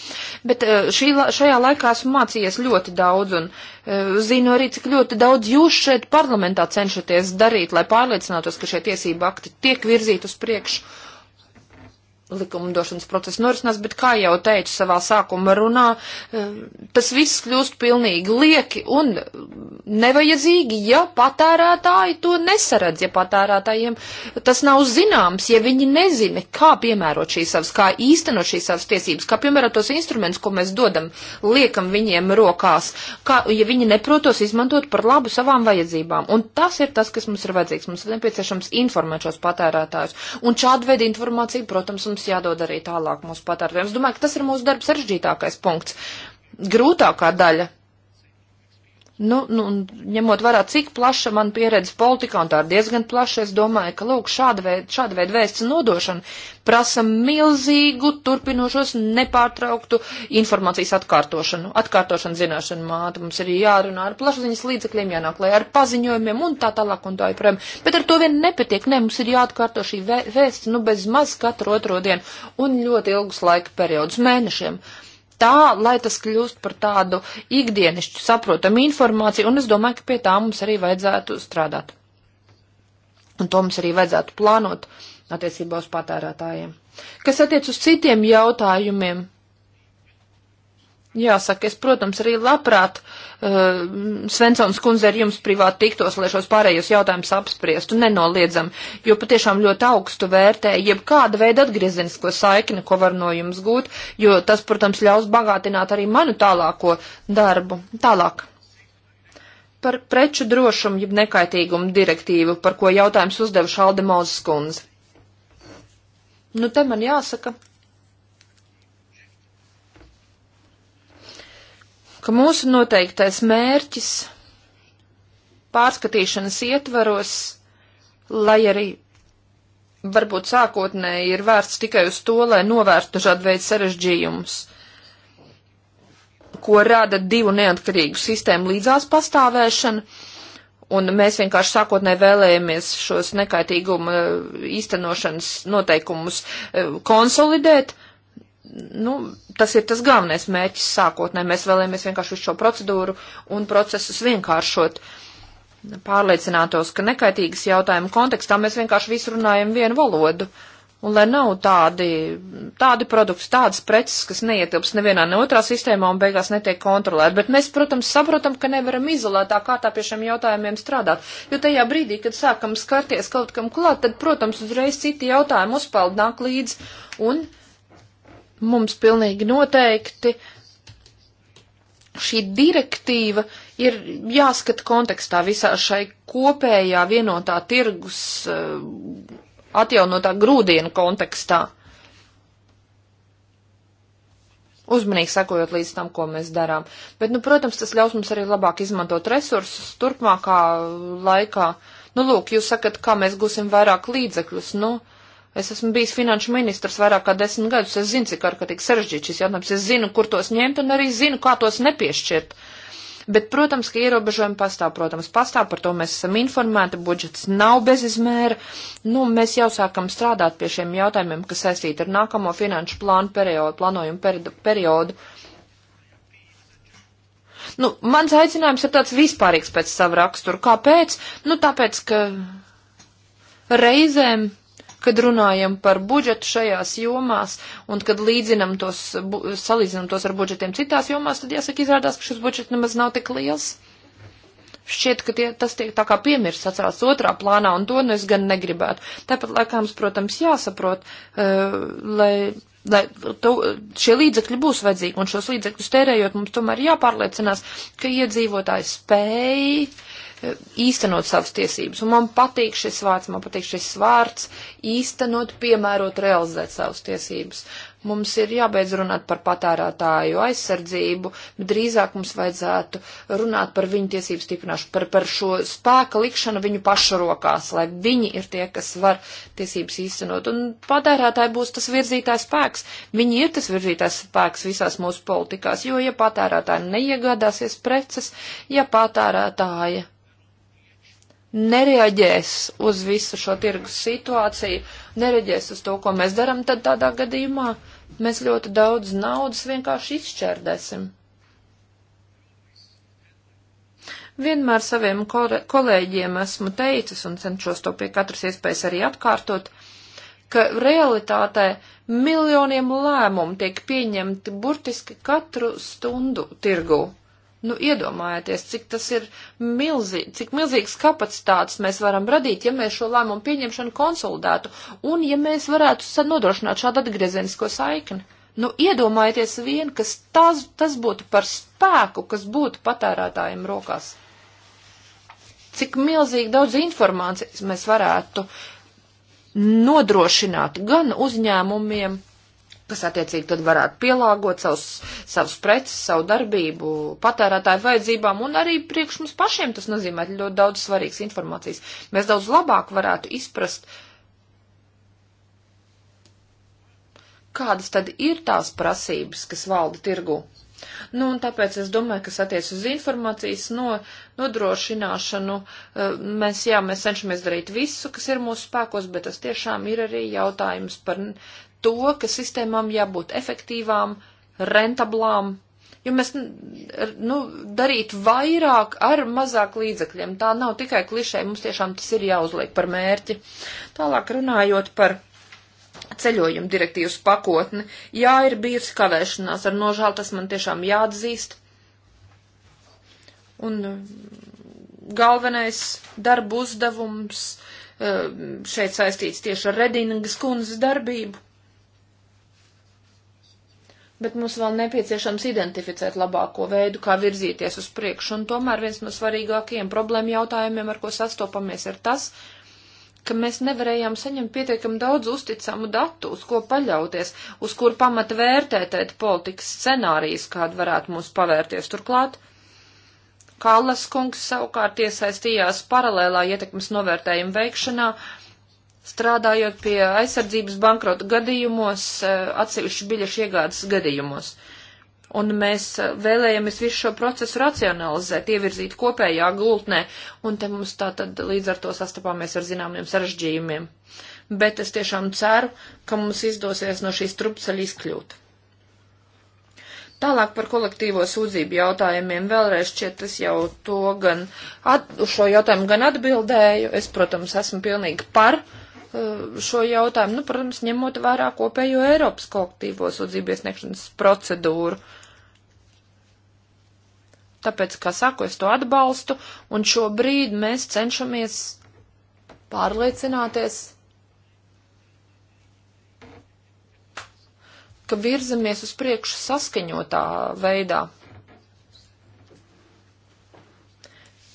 Bet eh, šī, šajā laikā esmu mācījies ļoti daudz un eh, zinu arī, cik ļoti daudz jūs šeit parlamentā cenšaties darīt, lai pārliecinātos, ka šie tiesība akti tiek virzīti uz priekšu likumdošanas process norisinās, bet, kā jau teicu savā sākuma runā, eh, tas viss kļūst pilnīgi lieki un nevajadzīgi, ja patērētāji to nesaredz, ja patērētājiem tas nav zināms, ja viņi nezina, kā piemērot šīs savas, kā īstenot šīs savas tiesības, kā piemērot tos instrumentus, ko mēs dodam, liekam viņiem rokās, kā, ja viņi neprotos izmantot par labu savām vajadzībām. Un tas ir tas, kas mums ir vajadzīgs. Mums ir nepieciešams informēt šos patērētājus. Un šāda veida informācija, protams, mums mums jādod arī tālāk mūsu patērviem. Es domāju, ka tas ir mūsu darba sarežģītākais punkts. Grūtākā daļa Nu, nu, ņemot vērā, cik plaša man pieredze politikā, un tā ir diezgan plaša, es domāju, ka, lūk, šāda veida, šāda veida vēsts nodošana prasa milzīgu, turpinošos, nepārtrauktu informācijas atkārtošanu, atkārtošanu zināšanu mātu. Mums ir jārunā ar plašsaziņas līdzekļiem, jānāk lai ar paziņojumiem un tā tālāk un tā joprojām. Bet ar to vien nepatiek, nē, mums ir jāatkārto šī vēsts, nu, bez maz katru otro dienu un ļoti ilgus laika periodus mēnešiem. Uh, tā, lai tas kļūst par tādu ikdienišķu saprotamu informāciju, un es domāju, ka pie tā mums arī vajadzētu strādāt. Un to mums arī vajadzētu plānot attiecībā uz patērētājiem. Kas attiec uz citiem jautājumiem, Jāsaka, es, protams, arī labprāt uh, Svensons kundze ar jums privāti tiktos, lai šos pārējos jautājumus apspriestu nenoliedzam, jo patiešām ļoti augstu vērtē jebkāda veida atgriezenisko saikni, ko var no jums gūt, jo tas, protams, ļaus bagātināt arī manu tālāko darbu. Tālāk par preču drošumu, jeb nekaitīgumu direktīvu, par ko jautājums uzdeva Šalde Mozes kundze. Nu, te man jāsaka, ka mūsu noteiktais mērķis pārskatīšanas ietvaros, lai arī varbūt sākotnēji ir vērts tikai uz to, lai novērstu dažādu veidu sarežģījumus, ko rada divu neatkarīgu sistēmu līdzās pastāvēšana, un mēs vienkārši sākotnēji vēlējamies šos nekaitīguma eh, īstenošanas noteikumus eh, konsolidēt, nu, tas ir tas galvenais mērķis sākotnē. Mēs vēlamies vienkārši visu šo procedūru un procesus vienkāršot. Pārliecinātos, ka nekaitīgas jautājuma kontekstā mēs vienkārši visu runājam vienu valodu. Un lai nav tādi, tādi produkti, tādas preces, kas neietilps nevienā ne otrā sistēmā un beigās netiek kontrolēti. Bet mēs, protams, saprotam, ka nevaram izolētā kārtā pie šiem jautājumiem strādāt. Jo tajā brīdī, kad sākam skarties kaut kam klāt, tad, protams, uzreiz citi jautājumi uzpeld nāk līdz. Un mums pilnīgi noteikti šī direktīva ir jāskata kontekstā visā šai kopējā vienotā tirgus eh, atjaunotā grūdienu kontekstā. Uzmanīgi sekojot līdz tam, ko mēs darām. Bet, nu, protams, tas ļaus mums arī labāk izmantot resursus turpmākā laikā. Nu, lūk, jūs sakat, kā mēs gūsim vairāk līdzekļus. Nu, uh, Es esmu bijis finanšu ministrs vairāk kā desmit gadus. Es zinu, cik ārkārtīgi sarežģīts šis jautājums. Es zinu, kur tos ņemt un arī zinu, kā tos nepiešķirt. Bet, protams, ka ierobežojumi pastāv, protams, pastāv, par to mēs esam informēti, budžets nav bezizmēra. Nu, mēs jau sākam strādāt pie šiem jautājumiem, kas saistīti ar nākamo finanšu plānu periodu, plānojumu periodu. periodu. Nu, mans aicinājums ir tāds vispārīgs pēc sava rakstura. Kāpēc? Nu, tāpēc, ka reizēm kad runājam par budžetu šajās jomās un kad līdzinam tos, salīdzinam tos ar budžetiem citās jomās, tad jāsaka, izrādās, ka šis budžets nemaz nav tik liels. Šķiet, ka tie, tas tiek tā kā piemirsts atcerās otrā plānā, un to nu es gan negribētu. Tāpat laikā mums, protams, jāsaprot, uh, lai lai to, šie līdzekļi būs vajadzīgi, un šos līdzekļus tērējot, mums tomēr jāpārliecinās, ka iedzīvotāji spēj īstenot savas tiesības. Un man patīk šis vārds, man patīk šis vārds īstenot, piemērot, realizēt savas tiesības. Mums ir jābeidz runāt par patērētāju aizsardzību, bet drīzāk mums vajadzētu runāt par viņu tiesību stiprināšanu, par, par šo spēka likšanu viņu pašu rokās, lai viņi ir tie, kas var tiesības īstenot. Un patērētāji būs tas virzītājs spēks. Viņi ir tas virzītājs spēks visās mūsu politikās, jo ja patērētāji neiegādāsies preces, ja patērētāji nereaģēs uz visu šo tirgus situāciju, nereaģēs uz to, ko mēs darām, tad tādā gadījumā mēs ļoti daudz naudas vienkārši izšķērdēsim. Vienmēr saviem kolēģiem esmu teicis un cenšos to pie katras iespējas arī atkārtot, ka realitātē miljoniem lēmumu tiek pieņemti burtiski katru stundu tirgū Nu, iedomājieties, cik tas ir milzīgi, cik milzīgs kapacitātes mēs varam radīt, ja mēs šo lēmumu pieņemšanu konsolidētu un ja mēs varētu nodrošināt šādu atgriezenisko saikni. Nu, iedomājieties vien, kas tas, tas būtu par spēku, kas būtu patērētājiem rokās. Cik milzīgi daudz informācijas mēs varētu nodrošināt gan uzņēmumiem, kas attiecīgi tad varētu pielāgot savus, savus preces, savu darbību patērētāju vajadzībām, un arī priekš mums pašiem tas nozīmē ļoti daudz svarīgas informācijas. Mēs daudz labāk varētu izprast, kādas tad ir tās prasības, kas valda tirgu. Nu, un tāpēc es domāju, kas attiec uz informācijas no, nodrošināšanu, eh, mēs, jā, mēs cenšamies darīt visu, kas ir mūsu spēkos, bet tas tiešām ir arī jautājums par to, ka sistēmām jābūt efektīvām, rentablām, jo mēs, nu, darīt vairāk ar mazāk līdzekļiem. Tā nav tikai klišē, mums tiešām tas ir jāuzliek par mērķi. Tālāk runājot par ceļojumu direktīvas pakotni, jā, ir bijusi kavēšanās, ar nožēlu tas man tiešām jāatzīst. Un mm, galvenais darba uzdevums eh, šeit saistīts tieši ar Redingas kundzes darbību bet mums vēl nepieciešams identificēt labāko veidu, kā virzīties uz priekšu. Un tomēr viens no svarīgākajiem problēma jautājumiem, ar ko sastopamies, ir tas, ka mēs nevarējām saņemt pietiekami daudz uzticamu datu, uz ko paļauties, uz kur pamata vērtētēt politikas scenārijas, kāda varētu mums pavērties turklāt. Kallas kungs savukārt iesaistījās paralēlā ietekmes novērtējuma veikšanā, uh, strādājot pie aizsardzības bankrota gadījumos, eh, atsevišķu biļešu iegādes gadījumos. Un mēs eh, vēlējamies visu šo procesu racionalizēt, ievirzīt kopējā gultnē, un te mums tā tad līdz ar to sastapāmies ar zināmiem sarežģījumiem. Bet es tiešām ceru, ka mums izdosies no šīs trupceļa izkļūt. Tālāk par kolektīvo sūdzību jautājumiem vēlreiz šķiet, es jau to gan, at, uz šo jautājumu gan atbildēju. Es, protams, esmu pilnīgi par uh, Eh, šo jautājumu, nu, protams, ņemot vērā kopējo Eiropas kolektīvo sūdzību iesniegšanas procedūru. Tāpēc, kā saku, es to atbalstu, un šobrīd mēs cenšamies pārliecināties, ka virzamies uz priekšu saskaņotā veidā.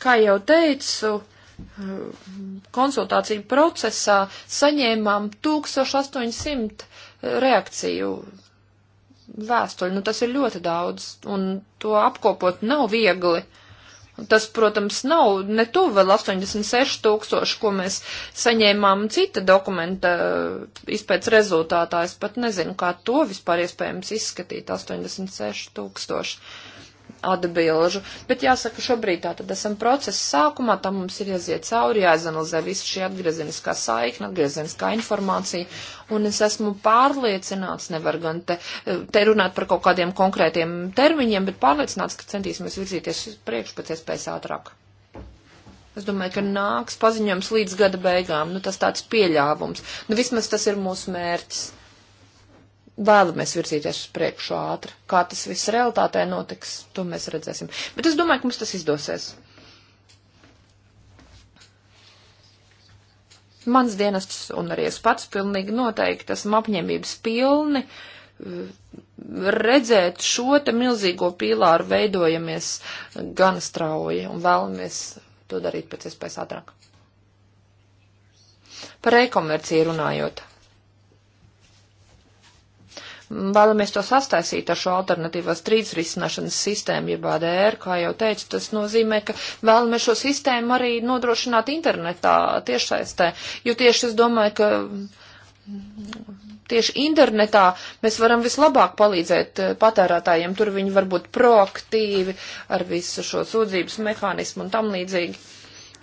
Kā jau teicu, Eh, konsultāciju procesā saņēmām 1800 eh, reakciju vēstuļu. Nu, tas ir ļoti daudz, un to apkopot nav viegli. Tas, protams, nav ne tuvu vēl 86 tūkstoši, ko mēs saņēmām cita dokumenta eh, izpēc rezultātā. Es pat nezinu, kā to vispār iespējams izskatīt 86 tūkstoši atbilžu, bet jāsaka, šobrīd tā tad esam procesa sākumā, tam mums ir jāiziet cauri, jāizanalizē visu šī atgriezeniskā saikna, atgriezeniskā informācija, un es esmu pārliecināts, nevar gan te, te runāt par kaut kādiem konkrētiem termiņiem, bet pārliecināts, ka centīsimies virzīties priekš pēc iespējas ātrāk. Es domāju, ka nāks paziņojums līdz gada beigām, nu tas tāds pieļāvums, nu vismaz tas ir mūsu mērķis vēlamies virzīties uz priekšu ātri. Kā tas viss realitātē notiks, to mēs redzēsim. Bet es domāju, ka mums tas izdosies. Mans dienests un arī es pats pilnīgi noteikti esmu apņēmības pilni eh, redzēt šo te milzīgo pīlāru veidojamies gan strauji un vēlamies to darīt pēc iespējas ātrāk. Par e-komerciju runājot. Vēlamies to sastaisīt ar šo alternatīvās strīdus risināšanas sistēmu, jeb ADR, kā jau teicu, tas nozīmē, ka vēlamies šo sistēmu arī nodrošināt internetā tiešsaistē, jo tieši es domāju, ka mm, tieši internetā mēs varam vislabāk palīdzēt eh, patērētājiem. Tur viņi var būt proaktīvi ar visu šo sūdzības mehānismu un tam līdzīgi.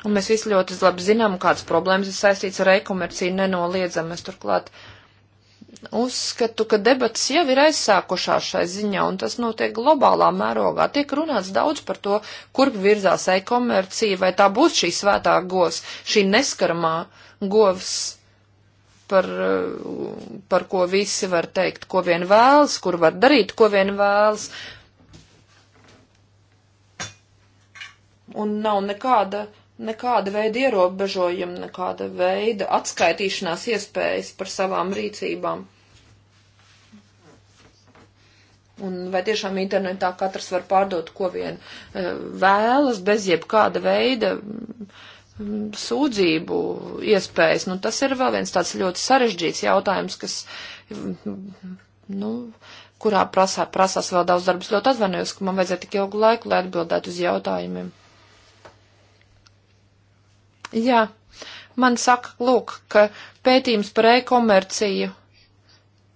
Un mēs visi ļoti labi zinām, kādas problēmas ir saistīts ar e-komerciju nenoliedzam. Mēs turklāt uh, uzskatu, ka debats jau ir aizsākušās šai ziņā, un tas notiek globālā mērogā. Tiek runāts daudz par to, kurp virzās e-komercija, vai tā būs šī svētā govs, šī neskaramā govs, par, par ko visi var teikt, ko vien vēlas, kur var darīt, ko vien vēlas. Un nav nekāda nekāda veida ierobežojumi, nekāda veida atskaitīšanās iespējas par savām rīcībām. Un vai tiešām internetā katrs var pārdot, ko vien eh, vēlas, bez jebkāda veida mm, sūdzību iespējas. Nu, tas ir vēl viens tāds ļoti sarežģīts jautājums, kas, mm, nu, kurā prasā, prasās vēl daudz darbas. Ļoti atvainojos, ka man vajadzēja tik ilgu laiku, lai atbildētu uz jautājumiem. Jā, man saka, lūk, ka pētījums par e-komerciju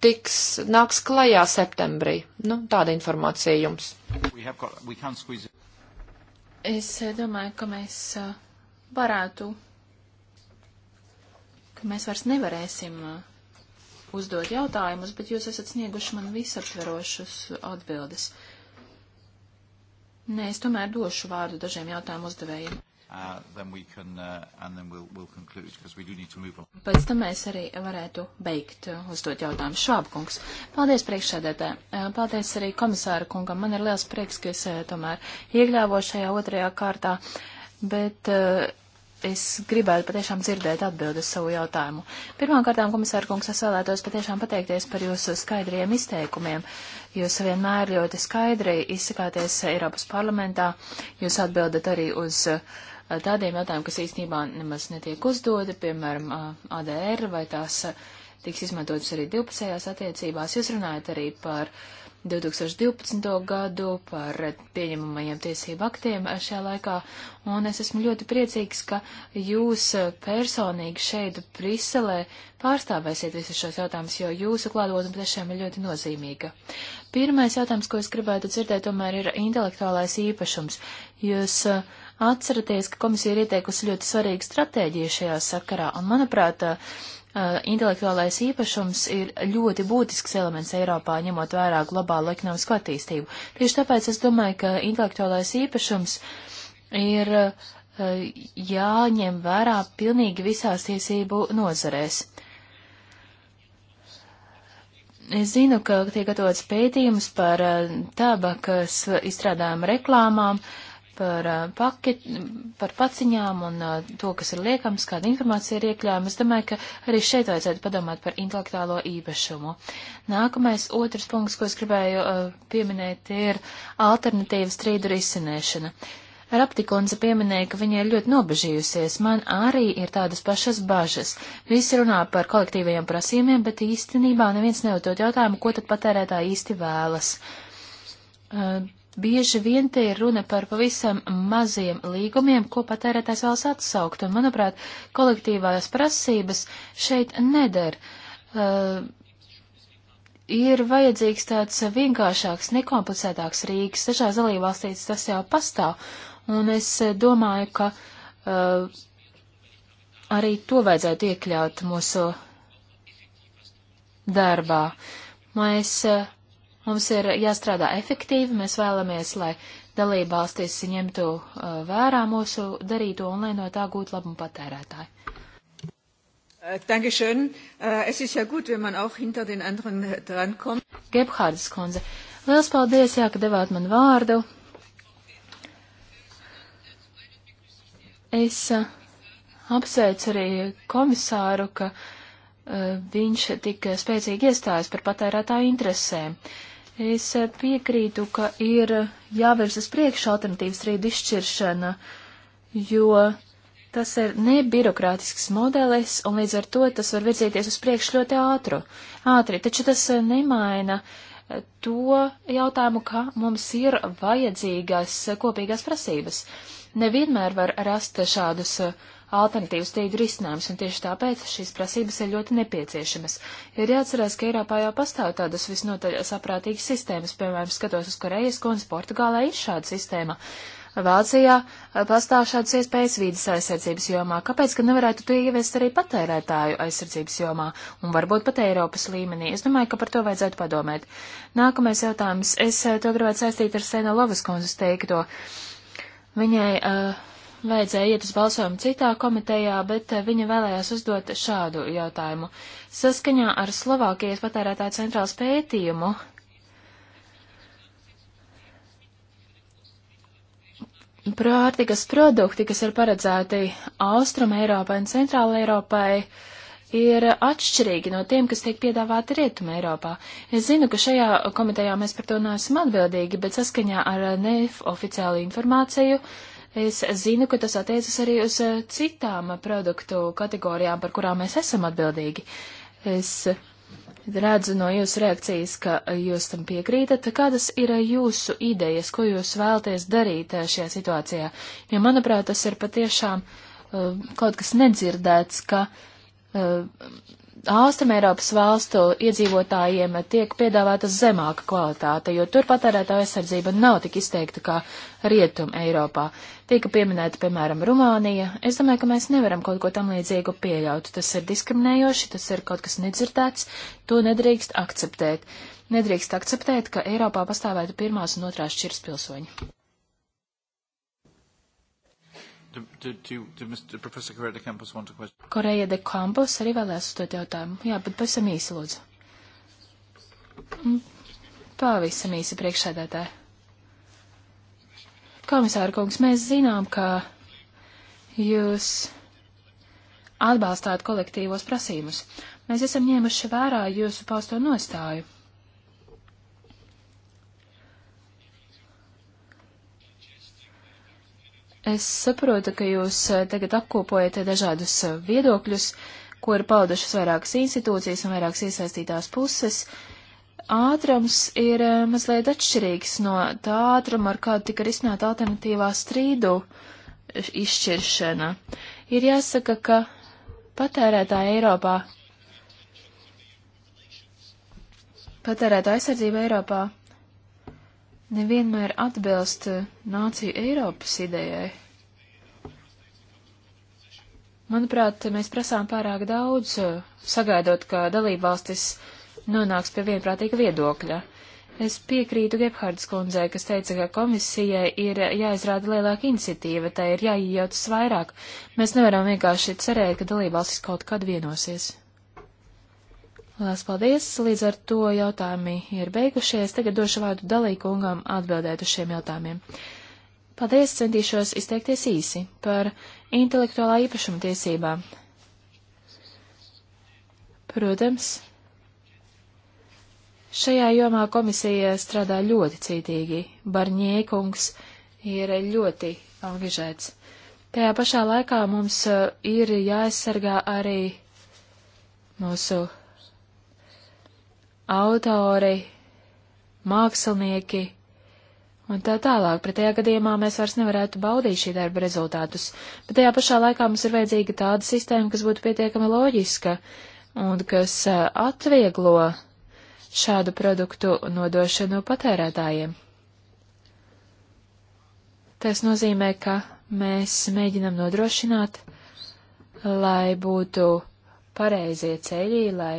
tiks, nāks klajā septembrī. Nu, tāda informācija jums. Got, es eh, domāju, ka mēs eh, varētu, ka mēs vairs nevarēsim eh, uzdot jautājumus, bet jūs esat snieguši man visaptverošus atbildes. Nē, es tomēr došu vārdu dažiem jautājumu uzdevējiem uh, then we can, uh, and then we'll, we'll conclude, because we do need to move on. Pēc tam mēs arī varētu beigt uh, uzdot jautājumu. Švābkungs, paldies priekšsēdētē. Uh, paldies arī komisāra kungam. Man ir liels prieks, ka es uh, tomēr iekļāvos šajā otrajā kārtā, bet uh, es gribētu patiešām dzirdēt atbildes savu jautājumu. Pirmkārtām, komisāra kungs, es vēlētos patiešām pateikties par jūsu skaidriem izteikumiem. Jūs vienmēr ļoti skaidri izsakāties Eiropas parlamentā, jūs atbildat arī uz uh, tādiem jautājumiem, kas īstenībā nemaz netiek uzdodi, piemēram, ADR vai tās tiks izmantotas arī 12. attiecībās. Jūs runājat arī par 2012. gadu, par pieņemamajiem tiesību aktiem šajā laikā, un es esmu ļoti priecīgs, ka jūs personīgi šeit Briselē pārstāvēsiet visus šos jautājumus, jo jūsu klātbūtne tiešām ir ļoti nozīmīga. Pirmais jautājums, ko es gribētu dzirdēt, tomēr ir intelektuālais īpašums. Jūs uh, Atceraties, ka komisija ir ieteikusi ļoti svarīgu stratēģiju šajā sakarā, un, manuprāt, uh, intelektuālais īpašums ir ļoti būtisks elements Eiropā, ņemot vērā globālu ekonomisko attīstību. Tieši tāpēc es domāju, ka intelektuālais īpašums ir uh, jāņem vērā pilnīgi visās tiesību nozarēs. Es zinu, ka tiek gatavots pētījums par uh, tabakas izstrādājumu reklāmām, uh, par, eh, paket, par paciņām un eh, to, kas ir liekams, kāda informācija ir iekļaujama. Es domāju, ka arī šeit vajadzētu padomāt par intelektuālo īpašumu. Nākamais otrs punkts, ko es gribēju uh, pieminēt, ir alternatīva strīdu risinēšana. Raptikundze pieminēja, ka viņa ir ļoti nobežījusies. Man arī ir tādas pašas bažas. Visi runā par kolektīvajiem prasījumiem, bet īstenībā neviens neuzdod jautājumu, ko tad patērētāji īsti vēlas. Uh, Bieži vien te ir runa par pavisam maziem līgumiem, ko patērētājs vēlas atsaukt, un, manuprāt, kolektīvās prasības šeit neder. Uh, ir vajadzīgs tāds vienkāršāks, nekomplicētāks rīks, dažās dalībvalstīs tas jau pastāv, un es domāju, ka uh, arī to vajadzētu iekļaut mūsu darbā. Mēs uh, Mums ir jāstrādā efektīvi, mēs vēlamies, lai dalībvalstis ņemtu uh, vērā mūsu darīto un lai no tā gūtu labumu patērētāji. Äh, Dankeschön. Äh, es ist ja gut, wenn man auch hinter den anderen äh, drankommt. Gebhardas kundze, liels paldies, jā, ka devāt man vārdu. Es uh, apsveicu arī komisāru, ka uh, viņš tik spēcīgi iestājas par patērētāju interesēm. Uh, Es piekrītu, ka ir jāvirzas priekš alternatīvas strīdu izšķiršana, jo tas ir nebirokrātisks modelis, un līdz ar to tas var virzīties uz priekšu ļoti ātru, ātri, taču tas nemaina to jautājumu, ka mums ir vajadzīgas kopīgās prasības. Nevienmēr var rast šādus uh, alternatīvas strīdu risinājums, un tieši tāpēc šīs prasības ir ļoti nepieciešamas. Ir jāatcerās, ka Eiropā jau pastāv tādas visnotaļ saprātīgas sistēmas, piemēram, skatos uz Korejas kundzi, Portugālē ir šāda sistēma. Vācijā eh, pastāv šādas iespējas vīdas aizsardzības jomā. Kāpēc, ka nevarētu to ieviest arī patērētāju aizsardzības jomā un varbūt pat Eiropas līmenī? Es domāju, ka par to vajadzētu padomēt. Nākamais jautājums. Es eh, to gribētu saistīt ar Sēna Lovas kundzes teikto. Viņai uh, vajadzēja iet uz balsojumu citā komitejā, bet eh, viņa vēlējās uzdot šādu jautājumu. Saskaņā ar Slovākijas patērētāju centrāls pētījumu. Pārtikas produkti, kas ir paredzēti Austrum Eiropai un Centrāla Eiropai, uh, ir atšķirīgi no tiem, kas tiek piedāvāti Rietuma Eiropā. Es zinu, ka šajā komitejā mēs par to neesam atbildīgi, bet saskaņā ar neoficiālu informāciju es zinu, ka tas attiecas arī uz citām produktu kategorijām, par kurām mēs esam atbildīgi. Es redzu no jūsu reakcijas, ka jūs tam piekrītat. Kādas ir jūsu idejas, ko jūs vēlties darīt šajā situācijā? Jo, manuprāt, tas ir patiešām uh, kaut kas nedzirdēts, ka uh, Austrumēropas eh, valstu iedzīvotājiem tiek piedāvāta zemāka kvalitāte, jo tur patērētāja aizsardzība nav tik izteikta kā Rietum Eiropā. Tika pieminēta, piemēram, Rumānija. Es domāju, ka mēs nevaram kaut ko tam līdzīgu pieļaut. Tas ir diskriminējoši, tas ir kaut kas nedzirdēts, to nedrīkst akceptēt. Nedrīkst akceptēt, ka Eiropā pastāvētu pirmās un otrās šķirs pilsoņi. Koreja de Campos arī vēlēs uzdot jautājumu. Jā, bet pavisam īsi lūdzu. Mm, pavisam īsi priekšsēdētāji. Komisāra kungs, mēs zinām, ka jūs atbalstāt kolektīvos prasījumus. Mēs esam ņēmuši vērā jūsu pausto nostāju. Es saprotu, ka jūs eh, tagad apkopojat dažādus eh, viedokļus, ko ir paudušas vairākas institūcijas un vairākas iesaistītās puses. Ātrums ir eh, mazliet atšķirīgs no tā ātruma, ar kādu tika risināta alternatīvā strīdu izšķiršana. Ir jāsaka, ka patērētāja Eiropā, patērētāja aizsardzība Eiropā nevienmēr atbilst eh, nāciju Eiropas idejai. Manuprāt, mēs prasām pārāk daudz, eh, sagaidot, ka dalībvalstis nonāks pie vienprātīga viedokļa. Es piekrītu Gebhardas kundzei, kas teica, ka komisijai ir jāizrāda lielāka iniciatīva, tai ir jāiejautas vairāk. Mēs nevaram vienkārši cerēt, ka dalībvalstis kaut kad vienosies. Lielas paldies! Līdz ar to jautājumi ir beigušies. Tagad došu vārdu dalīkungam atbildēt uz šiem jautājumiem. Paldies! Centīšos izteikties īsi par intelektuālā īpašuma tiesībām. Protams, šajā jomā komisija strādā ļoti cītīgi. Barņiekungs ir ļoti angažēts. Tajā pašā laikā mums uh, ir jāaizsargā arī mūsu autori, mākslinieki un tā tālāk. Pretējā gadījumā mēs vairs nevarētu baudīt šī darba rezultātus, bet tajā pašā laikā mums ir vajadzīga tāda sistēma, kas būtu pietiekami loģiska un kas eh, atvieglo šādu produktu nodošanu patērētājiem. Tas nozīmē, ka mēs mēģinam nodrošināt, lai būtu pareizie ceļi, lai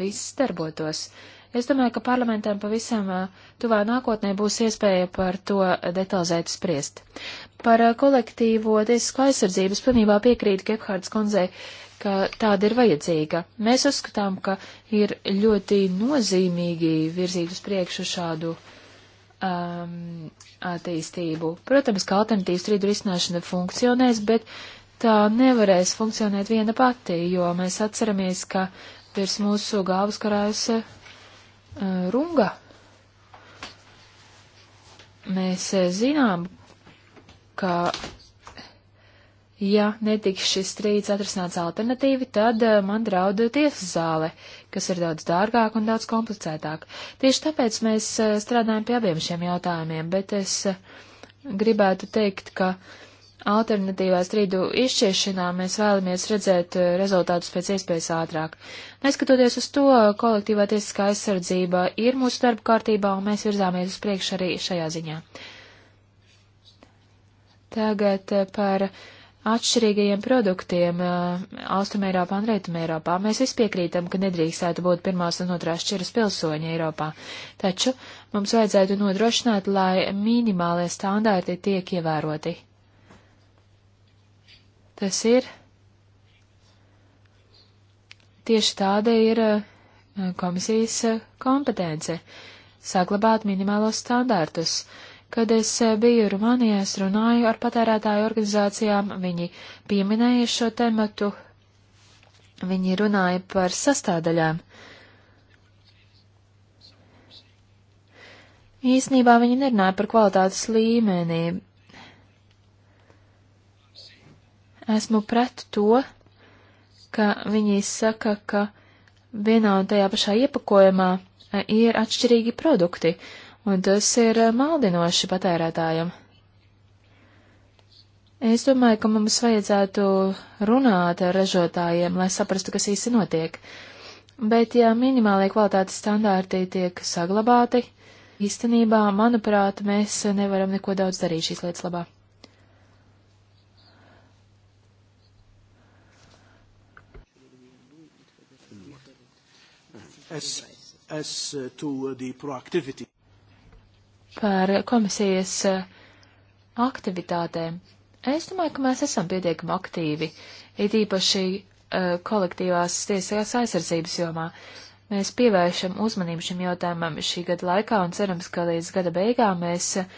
viss darbotos. Es domāju, ka parlamentam pavisam tuvā nākotnē būs iespēja par to detalizēti spriest. Par kolektīvo tiesisko aizsardzības pilnībā piekrītu Gebhards kundzei, ka tāda ir vajadzīga. Mēs uzskatām, ka ir ļoti nozīmīgi virzīt uz priekšu šādu um, attīstību. Protams, ka alternatīvas strīdu risināšana funkcionēs, bet tā nevarēs funkcionēt viena pati, jo mēs atceramies, ka virs mūsu galvas karājas uh, runga. Mēs uh, zinām, ka ja netiks šis strīds atrisināts alternatīvi, tad uh, man draud tiesas zāle, kas ir daudz dārgāk un daudz komplicētāk. Tieši tāpēc mēs uh, strādājam pie abiem šiem jautājumiem, bet es uh, gribētu teikt, ka uh, alternatīvā strīdu izšķiešanā mēs vēlamies redzēt eh, rezultātus pēc iespējas ātrāk. Neskatoties uz to, kolektīvā tiesiskā aizsardzība ir mūsu darba kārtībā, un mēs virzāmies uz priekšu arī šajā ziņā. Tagad eh, par atšķirīgajiem produktiem eh, Austrumērāpā un Rietumērāpā. Mēs visi piekrītam, ka nedrīkstētu būt pirmās un otrās šķiras pilsoņi Eiropā, taču mums vajadzētu nodrošināt, lai minimālie standarti tiek ievēroti. Tas ir tieši tāda ir eh, komisijas eh, kompetence - saglabāt minimālos standārtus. Kad es eh, biju Rumānijā, es runāju ar patērētāju organizācijām, viņi pieminēja šo tematu, viņi runāja par sastādaļām. Īsnībā viņi nerunāja par kvalitātes līmeni, Esmu pret to, ka viņi saka, ka vienā un tajā pašā iepakojumā e, ir atšķirīgi produkti, un tas ir e, maldinoši patērētājiem. Es domāju, ka mums vajadzētu runāt ar ražotājiem, lai saprastu, kas īsti notiek. Bet, ja minimālie kvalitātes standārti tiek saglabāti, īstenībā, manuprāt, mēs nevaram neko daudz darīt šīs lietas labā. as, as to uh, the proactivity. Par komisijas uh, aktivitātēm. Es domāju, ka mēs esam pietiekami aktīvi, it īpaši uh, kolektīvās tiesajās aizsardzības jomā. Mēs pievēršam uzmanību šim jautājumam šī gada laikā un cerams, ka līdz gada beigām mēs uh,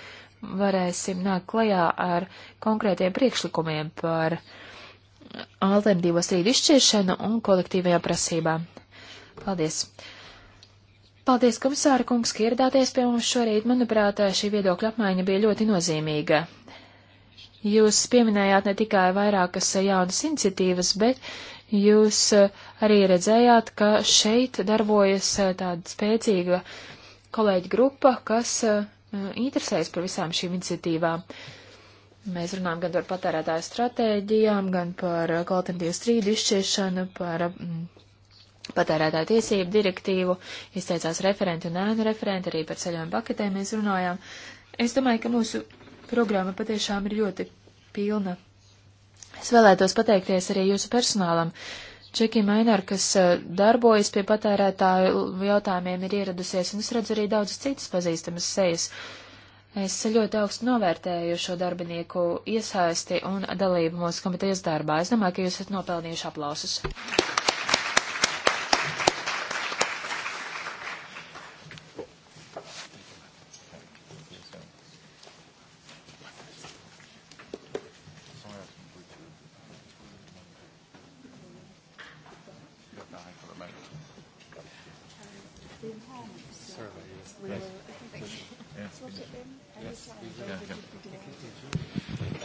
varēsim nākt klajā ar konkrētiem priekšlikumiem par alternatīvo strīdu izšķiršanu un kolektīvajām prasībām. Paldies! Paldies, komisāra kungs, ka ieradāties pie mums šorīt. Manuprāt, šī viedokļa apmaiņa bija ļoti nozīmīga. Jūs pieminējāt ne tikai vairākas jaunas iniciatīvas, bet jūs eh, arī redzējāt, ka šeit darbojas eh, tāda spēcīga kolēģa grupa, kas eh, interesējas par visām šīm iniciatīvām. Mēs runājam gan par patērētāju stratēģijām, gan par kvalitatīvu strīdu izšķiešanu, par mm, patērētāju tiesību direktīvu, izteicās referenti un ēnu referenti, arī par ceļojumu paketēm mēs runājām. Es domāju, ka mūsu programma patiešām ir ļoti pilna. Es vēlētos pateikties arī jūsu personālam. Čeki Maināra, kas eh, darbojas pie patērētāju jautājumiem, ir ieradusies, un es redzu arī daudzas citas pazīstamas sejas. Es ļoti augstu novērtēju šo darbinieku iesaisti un dalību mūsu komitejas darbā. Es domāju, ka jūs esat nopelnījuši aplausus.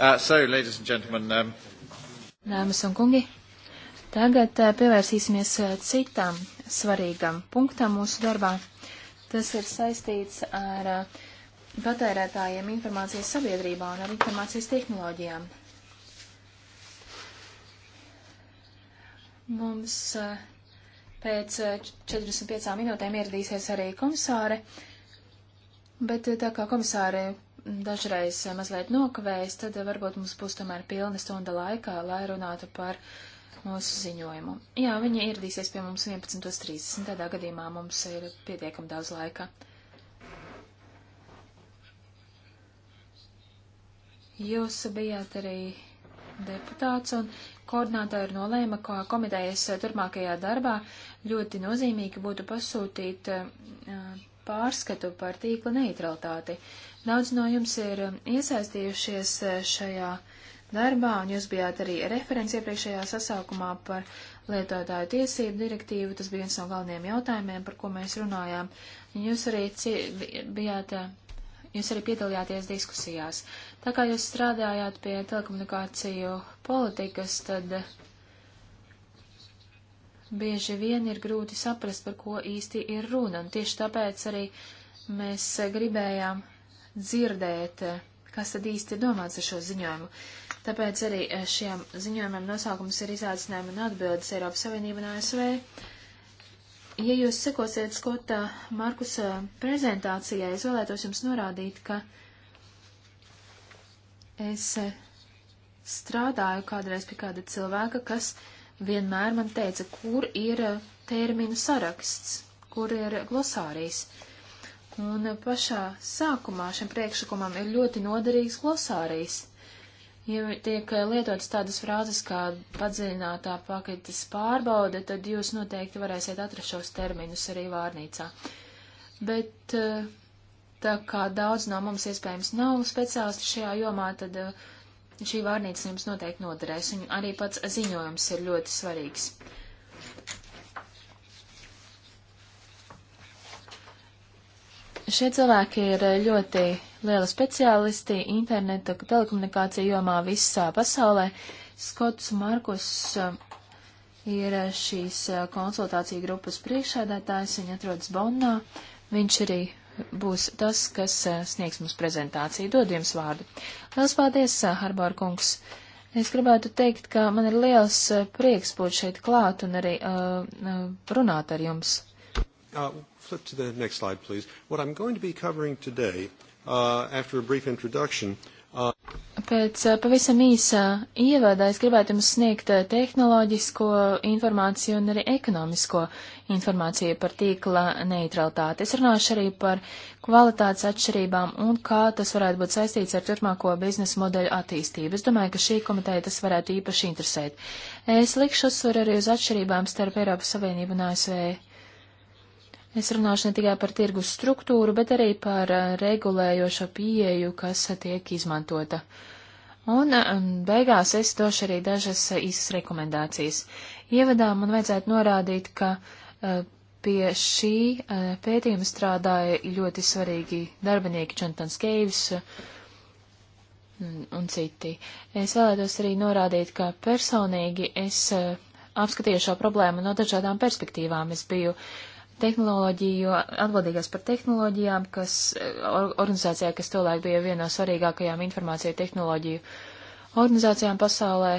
Uh, so, ladies and gentlemen. Um... Dāmas un kungi, tagad uh, pievērsīsimies uh, citam svarīgam punktam mūsu darbā. Tas ir saistīts ar uh, patērētājiem informācijas sabiedrībā un ar informācijas tehnoloģijām. Mums uh, pēc uh, 45 minūtēm ieradīsies arī komisāre, bet uh, tā kā komisāre dažreiz eh, mazliet nokavējis, tad eh, varbūt mums būs tomēr pilna stunda laikā, lai runātu par mūsu ziņojumu. Jā, viņi ieradīsies pie mums 11.30. Tādā gadījumā mums ir pietiekami daudz laika. Jūs bijāt arī deputāts, un koordinātori nolēma, ka ko komitejas turpmākajā darbā ļoti nozīmīgi būtu pasūtīt uh, pārskatu par tīkla neutralitāti. Daudz no jums ir um, iesaistījušies uh, šajā darbā, un jūs bijāt arī referents iepriekšējā sasaukumā par lietotāju tiesību direktīvu. Tas bija viens no galvenajiem jautājumiem, par ko mēs runājām. Jūs arī bijāt uh, jūs arī piedalījāties diskusijās. Tā kā jūs strādājāt pie telekomunikāciju politikas, tad uh, bieži vien ir grūti saprast, par ko īsti ir runa, un tieši tāpēc arī mēs gribējām dzirdēt, kas tad īsti ir domāts ar šo ziņojumu. Tāpēc arī eh, šiem ziņojumiem nosaukums ir izaicinājumi un atbildes Eiropas Savienība un ASV. Ja jūs sekosiet Skota Markusa prezentācijai, es vēlētos jums norādīt, ka es eh, strādāju kādreiz pie kāda cilvēka, kas uh, vienmēr man teica, kur ir eh, terminu saraksts, kur ir glosārijas. Un eh, pašā sākumā šim priekšlikumam ir ļoti noderīgs glosārijas. Ja tiek eh, lietotas tādas frāzes kā padziļinātā paketes pārbaude, tad jūs noteikti varēsiet atrast šos terminus arī vārnīcā. Bet tā kā daudz no mums iespējams nav speciālisti šajā jomā, tad uh, Šī vārnīca jums noteikti noderēs, un arī pats ziņojums ir ļoti svarīgs. Šie cilvēki ir ļoti liela speciālisti interneta telekomunikāciju jomā visā pasaulē. Skots Markus eh, ir šīs eh, konsultāciju grupas priekšādātājs, viņa atrodas Bonnā. Viņš arī būs tas, kas sniegs mums prezentāciju. Dod jums vārdu. Lielas paldies, Harbor kungs. Es gribētu teikt, ka man ir liels prieks būt šeit klāt un arī uh, runāt ar jums. Uh, flip to the next slide, please. What I'm going to be covering today, uh, after a brief introduction, uh, Pēc eh, pavisam īsā ievada es gribētu jums sniegt eh, tehnoloģisko informāciju un arī ekonomisko informāciju par tīkla neutralitāti. Es runāšu arī par kvalitātes atšķirībām un kā tas varētu būt saistīts ar turpmāko biznesa modeļu attīstību. Es domāju, ka šī komiteja tas varētu īpaši interesēt. Es likšu uzsvaru arī uz atšķirībām starp Eiropas Savienību un ASV. Es runāšu ne tikai par tirgus struktūru, bet arī par eh, regulējošo pieeju, kas tiek izmantota. Un eh, beigās es došu arī dažas eh, īsas rekomendācijas. Ievadā man vajadzētu norādīt, ka pie šī pētījuma strādāja ļoti svarīgi darbinieki Čantans Keivs un citi. Es vēlētos arī norādīt, ka personīgi es apskatīju šo problēmu no dažādām perspektīvām. Es biju uh, tehnoloģiju, atbildīgais par tehnoloģijām, kas organizācijā, kas tolaik bija viena no svarīgākajām informāciju tehnoloģiju organizācijām pasaulē.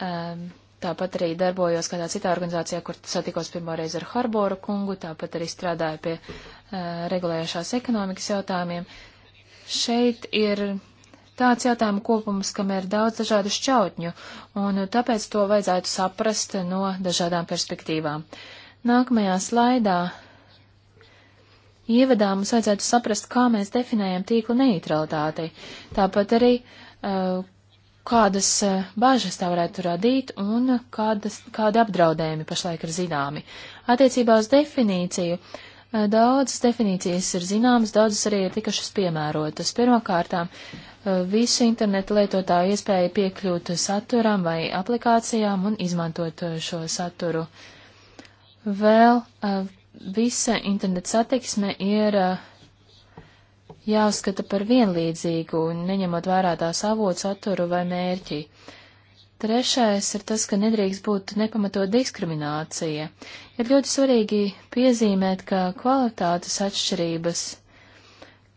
Um, tāpat arī darbojos kādā citā organizācijā, kur satikos pirmoreiz ar Harboru kungu, tāpat arī strādāju pie uh, e, regulējušās ekonomikas jautājumiem. Šeit ir tāds jautājumu kopums, kam ir daudz dažādu šķautņu, un tāpēc to vajadzētu saprast no dažādām perspektīvām. Uh, Nākamajā slaidā ievadā mums vajadzētu saprast, kā mēs definējam tīkla neutralitāti, tāpat arī uh, kādas eh, bažas tā varētu radīt un kādas, kādi apdraudējumi pašlaik ir zināmi. Attiecībā uz definīciju, uh, daudzas definīcijas ir zināmas, daudzas arī ir tikušas piemērotas. Pirmkārtām, uh, visu internetu lietotāju iespēja piekļūt saturam vai aplikācijām un izmantot šo saturu. Uh, Vēl eh, visa interneta satiksme ir eh, jāuzskata par vienlīdzīgu, neņemot vērā tās avotu saturu vai mērķi. Trešais ir tas, ka nedrīkst būt nepamatot diskriminācija. Ir ļoti svarīgi piezīmēt, ka kvalitātes atšķirības,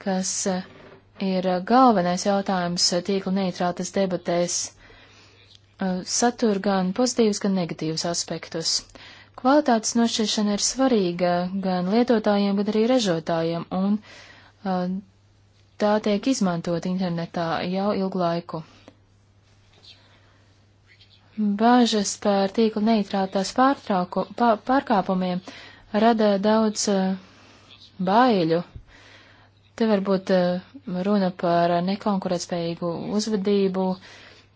kas eh, ir galvenais jautājums tīkla neitrātas debatēs, satur gan pozitīvus, gan negatīvus aspektus. Kvalitātes nošķiršana ir svarīga gan lietotājiem, gan arī ražotājiem, un uh, tā tiek izmantot internetā jau ilgu laiku. Bāžas par tīkla neitrātās pār, pārkāpumiem rada daudz uh, baiļu. Te varbūt uh, runa par nekonkurētspējīgu uzvedību,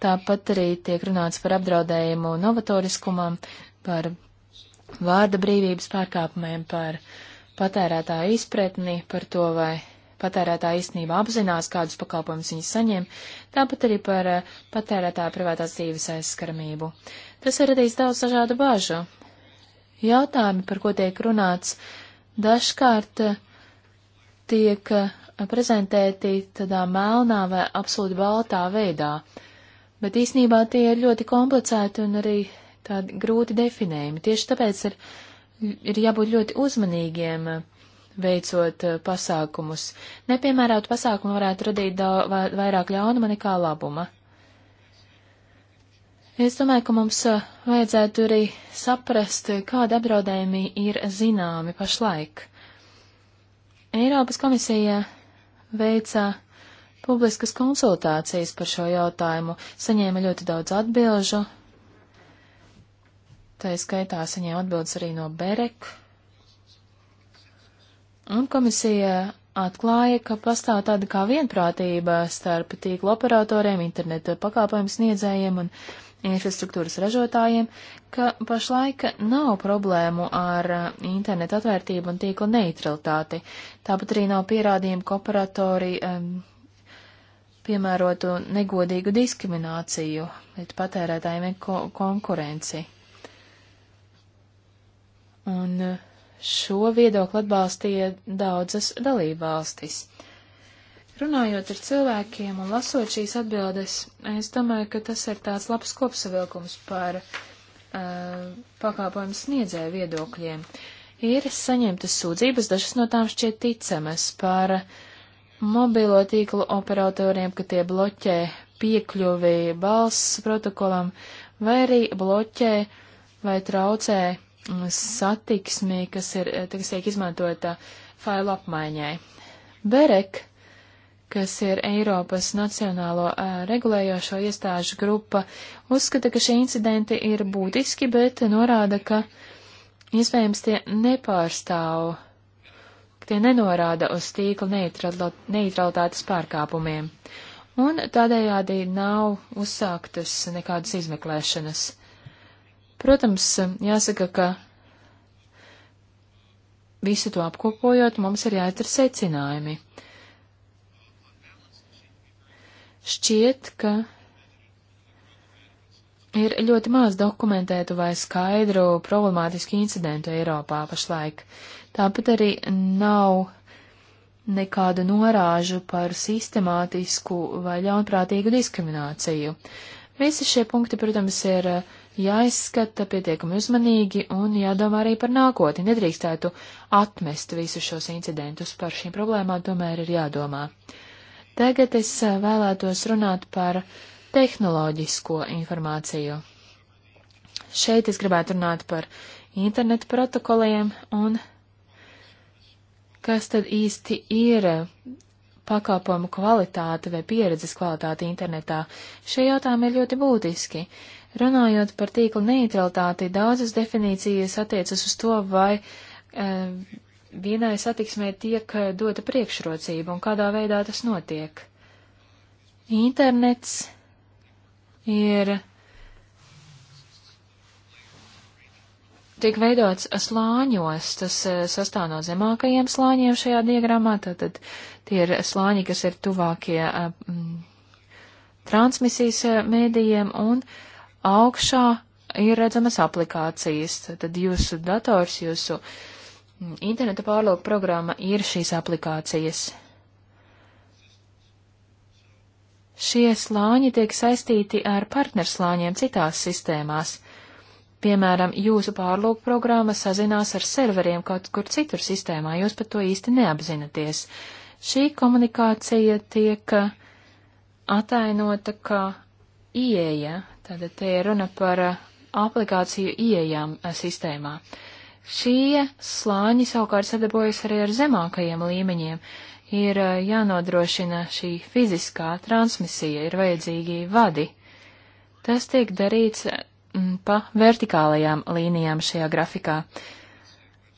tāpat arī tiek runāts par apdraudējumu novatoriskumam, par vārda brīvības pārkāpumiem, par patērētāju izpratni, par to, vai patērētāja īstenībā apzinās, kādus pakalpojumus viņi saņem, tāpat arī par eh, patērētāja privātās dzīves aizskaramību. Tas ir radījis daudz dažādu bāžu. Jautājumi, par ko tiek runāts, dažkārt eh, tiek eh, prezentēti tādā melnā vai absolūti baltā veidā, bet īsnībā tie ir ļoti komplicēti un arī tādi grūti definējami. Tieši tāpēc ir, ir jābūt ļoti uzmanīgiem veicot eh, pasākumus. Nepiemērot pasākumu varētu radīt vairāk ļaunuma nekā labuma. Es domāju, ka mums eh, vajadzētu arī saprast, kādi apdraudējumi ir zināmi pašlaik. Eiropas komisija veica publiskas konsultācijas par šo jautājumu, saņēma ļoti daudz atbilžu, Tā skaitā saņēma atbildes arī no Berek. Un komisija atklāja, ka pastāv tāda kā vienprātība starp tīklu operatoriem, interneta pakāpojumu sniedzējiem un infrastruktūras ražotājiem, ka pašlaika nav problēmu ar interneta atvērtību un tīkla neutralitāti. Tāpat arī nav pierādījumu, ka operatori um, piemērotu negodīgu diskrimināciju, bet patērētājiem ko konkurenci. Un eh, šo viedokli atbalstīja daudzas dalībvalstis. Runājot ar cilvēkiem un lasot šīs atbildes, es domāju, ka tas ir tāds labs kopsavilkums par uh, eh, pakāpojumu sniedzēju viedokļiem. Ir saņemtas sūdzības, dažas no tām šķiet ticamas par mobilo tīklu operatoriem, ka tie bloķē piekļuvi balss protokolam vai arī bloķē vai traucē satiksmi, kas, ir, eh, kas tiek izmantota failu apmaiņai. Berek, kas ir Eiropas Nacionālo eh, regulējošo iestāžu grupa, uzskata, ka šie incidenti ir būtiski, bet norāda, ka iespējams tie nepārstāv, ka tie nenorāda uz tīkla neutralitātes pārkāpumiem. Un tādējādi nav uzsāktas nekādas izmeklēšanas. Protams, jāsaka, ka visu to apkopojot, mums ir jāizdara secinājumi. Šķiet, ka ir ļoti maz dokumentētu vai skaidru problemātisku incidentu Eiropā pašlaik. Tāpat arī nav nekādu norāžu par sistemātisku vai ļaunprātīgu diskrimināciju. Visi šie punkti, protams, ir uh, jāizskata pietiekami uzmanīgi un jādomā arī par nākotni. Nedrīkstētu atmest visus šos incidentus, par šīm problēmām tomēr ir jādomā. Tagad es eh, vēlētos runāt par tehnoloģisko informāciju. Šeit es gribētu runāt par internetu protokoliem un kas tad īsti ir pakalpojumu kvalitāte vai pieredzes kvalitāte internetā. Šie jautājumi ir ļoti būtiski. Uh, Runājot par tīkla neutralitāti, daudzas definīcijas attiecas uz to, vai e, vienai satiksmē tiek eh, dota priekšrocība un kādā veidā tas notiek. Internets ir. Tiek veidots slāņos, tas eh, sastāv no zemākajiem slāņiem šajā diagramā, tātad tie ir slāņi, kas ir tuvākie m, transmisijas mēdījiem, un uh, Augšā ir redzamas aplikācijas, tad jūsu dators, jūsu mm, interneta pārlūk programma ir šīs aplikācijas. Šie slāņi tiek saistīti ar partnerslāņiem citās sistēmās. Piemēram, jūsu pārlūk programma sazinās ar serveriem kaut kur citur sistēmā, jūs pat to īsti neapzināties. Šī komunikācija tiek atainota kā ieeja Tātad te ir runa par eh, aplikāciju ieejām eh, sistēmā. Šie slāņi savukārt sadarbojas arī ar zemākajiem līmeņiem. Ir eh, jānodrošina šī fiziskā transmisija, ir vajadzīgi vadi. Tas tiek darīts mm, pa vertikālajām līnijām šajā grafikā.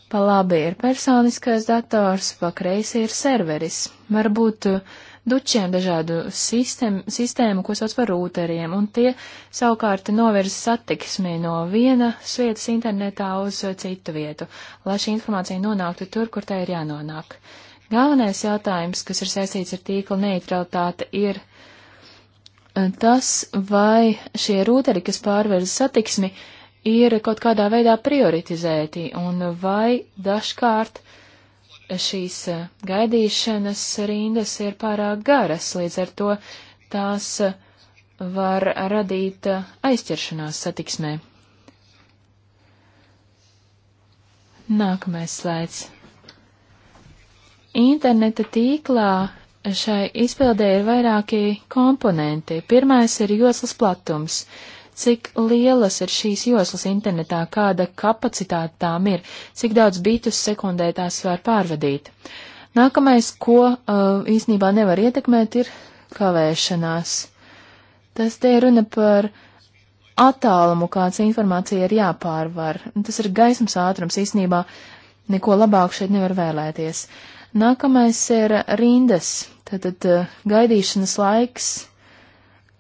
Pa labi ir personiskais dators, pa kreisi ir serveris. Varbūt uh, dučiem dažādu sistēmu, sistēmu, ko sauc par rūteriem, un tie savukārt novirza satiksmi no vienas vietas internetā uz uh, citu vietu, lai šī informācija nonāktu tur, kur tai ir jānonāk. Galvenais jautājums, kas ir saistīts ar tīkla neutralitāti, ir uh, tas, vai šie rūteri, kas pārvirza satiksmi, ir kaut kādā veidā prioritizēti, un vai dažkārt uh, šīs e, gaidīšanas rindas ir pārāk garas, līdz ar to tās e, var radīt e, aizķeršanās satiksmē. Nākamais slaids. Interneta tīklā šai izpildē ir vairāki komponenti. Pirmais ir joslas platums. Uh, cik lielas ir šīs joslas internetā, kāda kapacitāte tām ir, cik daudz bītus sekundē tās var pārvadīt. Nākamais, ko uh, īsnībā nevar ietekmēt, ir kavēšanās. Tas te ir runa par attālumu, kāds informācija ir jāpārvar. Tas ir gaismas ātrums īsnībā, neko labāk šeit nevar vēlēties. Nākamais ir rindas, tātad uh, gaidīšanas laiks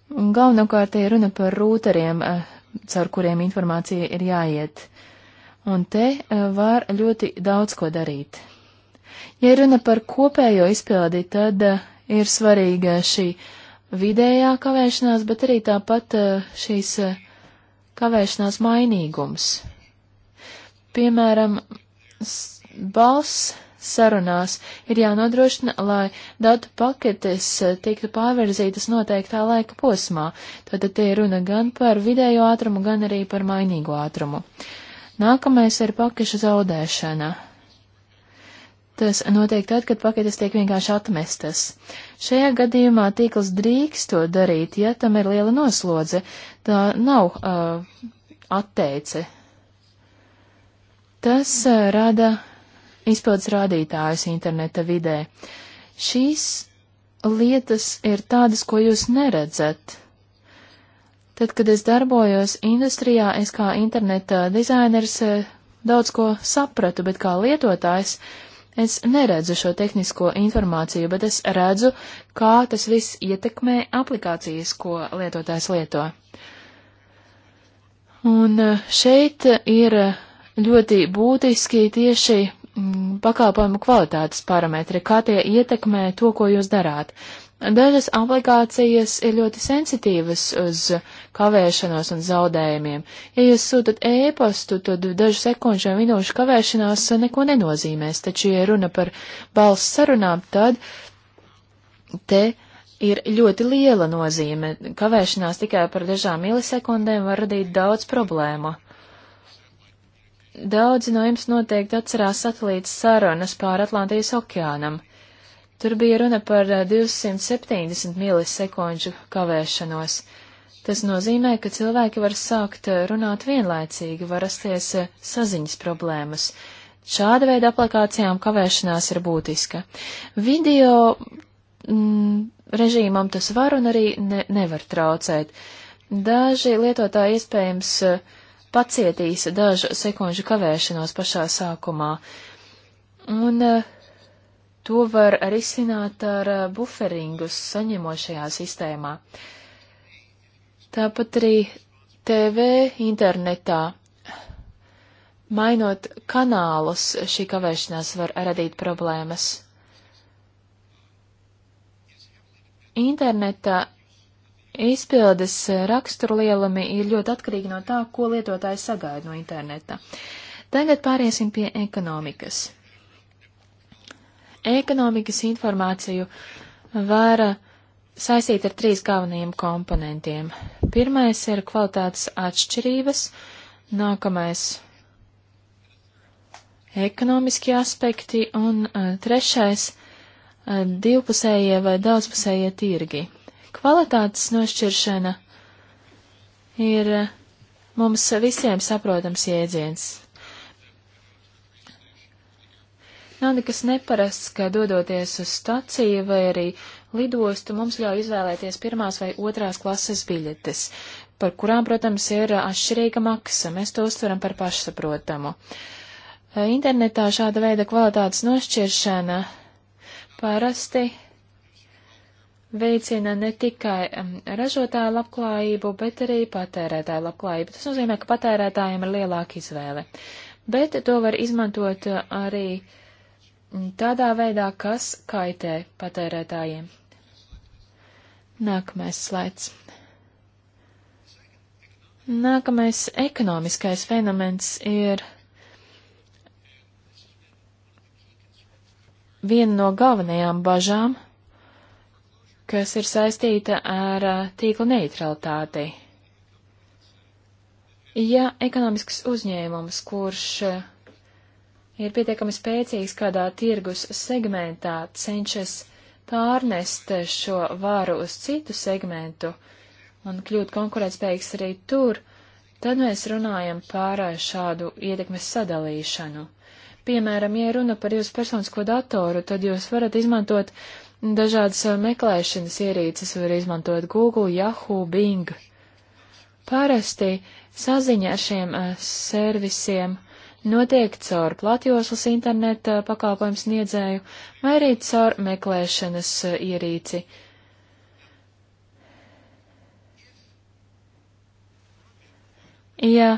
Galvenokārt ir runa par rūteriem, eh, caur kuriem informācija ir jāiet. Un te eh, var ļoti daudz ko darīt. Ja runa par kopējo izpildi, tad eh, ir svarīga šī vidējā kavēšanās, bet arī tāpat šīs kavēšanās mainīgums. Piemēram, balss sarunās. Ir jānodrošina, lai datu paketes eh, tiktu pārverzītas noteiktā laika posmā. Tātad tie runa gan par vidējo ātrumu, gan arī par mainīgo ātrumu. Nākamais ir pakeša zaudēšana. Tas notiek tad, kad paketes tiek vienkārši atmestas. Šajā gadījumā tīkls drīkst to darīt, ja tam ir liela noslodze. Tā nav uh, atteice. Tas uh, rada izpildes rādītājus interneta vidē. Šīs lietas ir tādas, ko jūs neredzat. Tad, kad es darbojos industrijā, es kā interneta dizainers eh, daudz ko sapratu, bet kā lietotājs es neredzu šo tehnisko informāciju, bet es redzu, kā tas viss ietekmē aplikācijas, ko lietotājs lieto. Un eh, šeit ir eh, ļoti būtiski tieši Mm, pakalpojumu kvalitātes parametri, kā tie ietekmē to, ko jūs darāt. Dažas aplikācijas ir ļoti sensitīvas uz kavēšanos un zaudējumiem. Ja jūs sūtat ēpastu, e tad dažu sekundžu vai minūšu kavēšanās neko nenozīmēs, taču, ja runa par balss sarunām, tad te ir ļoti liela nozīme. Kavēšanās tikai par dažām milisekundēm var radīt daudz problēmu. Daudzi no jums noteikti atcerās satelītas sarunas pāri Atlantijas okeānam. Tur bija runa par 270 eh, milisekundžu kavēšanos. Tas nozīmē, ka cilvēki var sākt eh, runāt vienlaicīgi, var rasties eh, saziņas problēmas. Šāda veida aplikācijām kavēšanās ir būtiska. Video mm, režīmam tas var un arī ne, nevar traucēt. Daži lietotāji iespējams uh, pacietīs dažu sekundžu kavēšanos pašā sākumā. Un eh, to var risināt ar eh, buferingus saņemošajā sistēmā. Tāpat arī TV internetā. Mainot kanālus, šī kavēšanās var radīt problēmas. Interneta Izpildes raksturlielumi ir ļoti atkarīgi no tā, ko lietotājs sagaida no interneta. Tagad pāriesim pie ekonomikas. Ekonomikas informāciju var saistīt ar trīs galvenajiem komponentiem. Pirmais ir kvalitātes atšķirības, nākamais ekonomiskie aspekti un uh, trešais uh, divpusējie vai daudzpusējie tirgi. Kvalitātes nošķiršana ir eh, mums visiem saprotams jēdziens. Nav nekas neparasts, ka dodoties uz staciju vai arī lidostu, mums ļauj izvēlēties pirmās vai otrās klases biļetes, par kurām, protams, ir atšķirīga maksa. Mēs to uztveram par pašsaprotamu. Eh, internetā šāda veida kvalitātes nošķiršana parasti veicina ne tikai um, ražotāju labklājību, bet arī patērētāju labklājību. Tas nozīmē, ka patērētājiem ir lielāka izvēle. Bet to var izmantot uh, arī mm, tādā veidā, kas kaitē patērētājiem. Nākamais slaids. Nākamais ekonomiskais fenomens ir viena no galvenajām bažām kas ir saistīta ar tīkla neutralitāti. Ja ekonomisks uzņēmums, kurš ir pietiekami spēcīgs kādā tirgus segmentā, cenšas pārnest šo vāru uz citu segmentu un kļūt konkurētspējīgs arī tur, tad mēs runājam par šādu ietekmes sadalīšanu. Piemēram, ja runa par jūsu personisko datoru, tad jūs varat izmantot uh, Dažādas meklēšanas ierīces var izmantot Google, Yahoo, Bing. Parasti saziņa ar šiem servisiem notiek caur platjoslas interneta pakalpojumu sniedzēju vai arī caur meklēšanas ierīci. Ja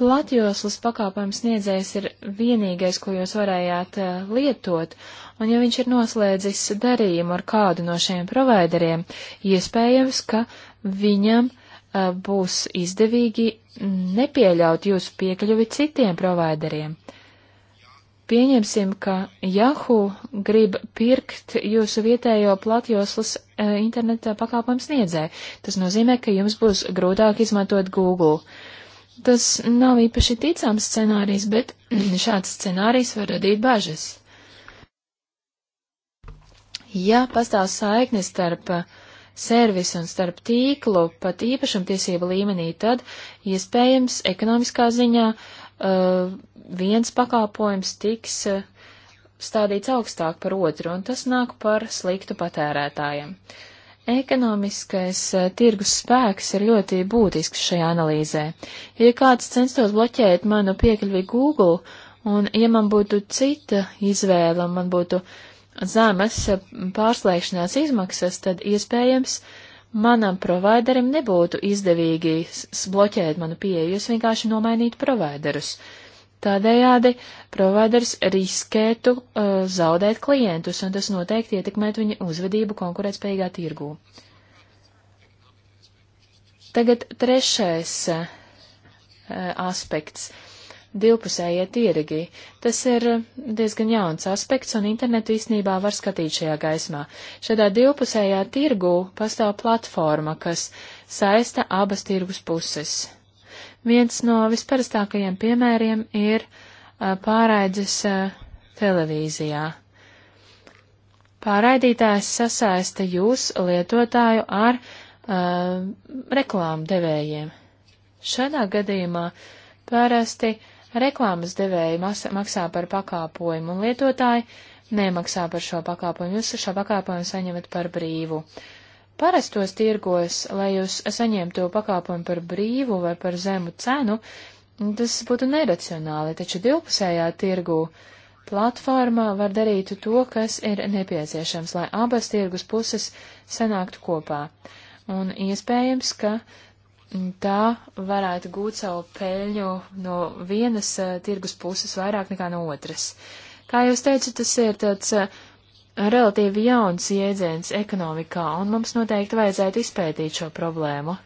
Platjoslas pakāpojums sniedzējs ir vienīgais, ko jūs varējāt uh, lietot, un ja viņš ir noslēdzis darījumu ar kādu no šiem provideriem, iespējams, ka viņam uh, būs izdevīgi nepieļaut jūsu piekļuvi citiem provideriem. Pieņemsim, ka Yahoo grib pirkt jūsu vietējo platjoslas uh, interneta pakāpojumu sniedzēju. Tas nozīmē, ka jums būs grūtāk izmantot Google. Tas nav īpaši ticams scenārijs, bet [clears throat] šāds scenārijs var radīt bažas. Ja pastāv saikne starp uh, servisu un starp tīklu, pat īpašumtiesību līmenī, tad iespējams ja ekonomiskā ziņā uh, viens pakāpojums tiks uh, stādīts augstāk par otru, un tas nāk par sliktu patērētājiem. Uh, Ekonomiskais eh, tirgus spēks ir ļoti būtisks šajā analīzē. Ja kāds censtos bloķēt manu piekļuvi Google, un ja man būtu cita izvēle, un man būtu zemes eh, pārslēgšanās izmaksas, tad iespējams manam providerim nebūtu izdevīgi bloķēt manu pieeju, es vienkārši nomainītu providerus. Uh, Tādējādi providers riskētu uh, zaudēt klientus, un tas noteikti ietekmētu viņa uzvedību konkurētspējīgā tirgū. Tagad trešais uh, aspekts - divpusējie tirgi. Tas ir uh, diezgan jauns aspekts, un internetu īsnībā var skatīt šajā gaismā. Šādā divpusējā tirgū pastāv platforma, kas saista abas tirgus puses. Viens no visparastākajiem piemēriem ir pārraides televīzijā. Pārraidītājs sasaista jūs, lietotāju, ar uh, reklāmu devējiem. Šādā gadījumā parasti reklāmas devēji maksā par pakāpojumu un lietotāji nemaksā par šo pakāpojumu. Jūs šo pakāpojumu saņemat par brīvu. Uh, parastos tirgos, lai jūs saņemtu pakāpojumu par brīvu vai par zemu cenu, tas būtu neracionāli, taču divpusējā tirgū platformā var darīt to, kas ir nepieciešams, lai abas tirgus puses sanāktu kopā. Un iespējams, ka tā varētu gūt savu peļņu no vienas uh, tirgus puses vairāk nekā no otras. Kā jūs teicat, tas ir tāds uh, relatīvi jauns jēdziens ekonomikā, un mums noteikti vajadzētu izpētīt šo problēmu.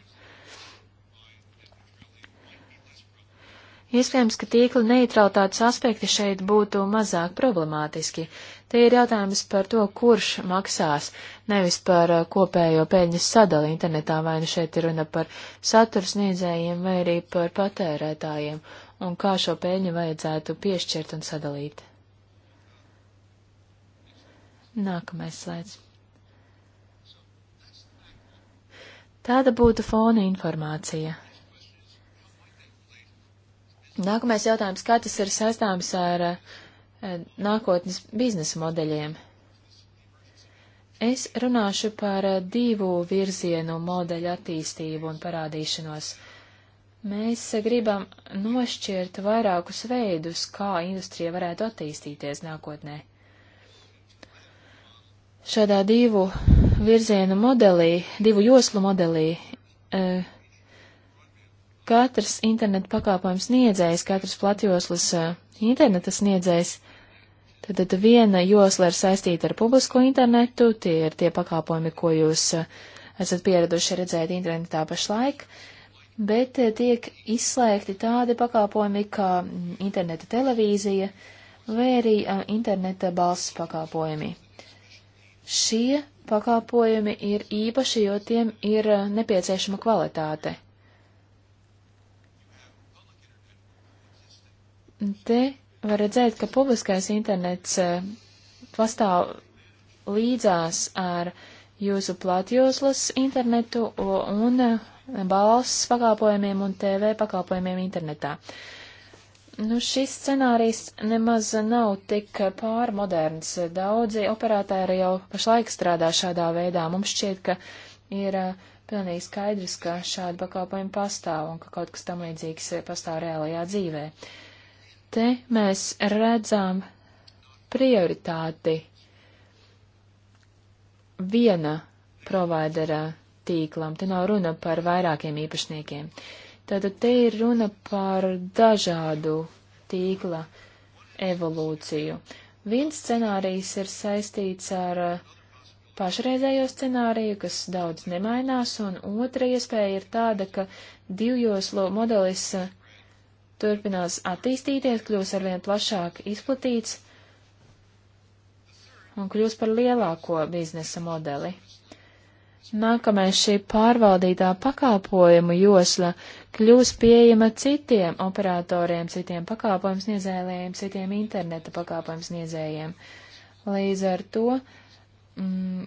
Iespējams, ka tīkla neutralitātes aspekti šeit būtu mazāk problemātiski. Te ir jautājums par to, kurš maksās, nevis par uh, kopējo peļņas sadali internetā, vai nu šeit ir runa par satursniedzējiem vai arī par patērētājiem, un kā šo peļņu vajadzētu piešķirt un sadalīt. Nākamais slaids. Tāda būtu fona informācija. Nākamais jautājums, kā tas ir saistāms ar e, nākotnes biznesa modeļiem? Es runāšu par eh, divu virzienu modeļu attīstību un parādīšanos. Mēs eh, gribam nošķirt vairākus veidus, kā industrija varētu attīstīties nākotnē šādā divu virzienu modelī, divu joslu modelī, e, katrs internetu pakāpojums sniedzējs, katrs platjoslas e, interneta sniedzējs, tad, tad viena josla ir saistīta ar publisko internetu, tie ir tie pakāpojumi, ko jūs e, esat pieraduši redzēt internetā pašlaik, bet e, tiek izslēgti tādi pakāpojumi kā interneta televīzija vai arī e, interneta balss pakāpojumi. Šie pakalpojumi ir īpaši, jo tiem ir eh, nepieciešama kvalitāte. Te var redzēt, ka publiskais internets eh, pastāv līdzās ar jūsu platjoslas internetu un eh, balss pakalpojumiem un TV pakalpojumiem internetā. Uh, Nu, šis scenārijs nemaz nav tik pārmoderns. Daudzi operatori arī jau pašlaik strādā šādā veidā. Mums šķiet, ka ir uh, pilnīgi skaidrs, ka šādi pakalpojumi pastāv un ka kaut kas tam līdzīgs uh, pastāv reālajā dzīvē. Te mēs redzam prioritāti viena provaidera tīklam. Te nav runa par vairākiem īpašniekiem. Uh, Tātad te ir runa par dažādu tīkla evolūciju. Viens scenārijs ir saistīts ar uh, pašreizējo scenāriju, kas daudz nemainās, un otra iespēja ir tāda, ka divjoslo modelis uh, turpinās attīstīties, kļūs arvien plašāk izplatīts un kļūs par lielāko biznesa modeli. Nākamais šī pārvaldītā pakalpojumu josla kļūs pieejama citiem operatoriem, citiem pakalpojumu sniedzējiem, citiem interneta pakalpojumu sniedzējiem. Līdz ar to mm,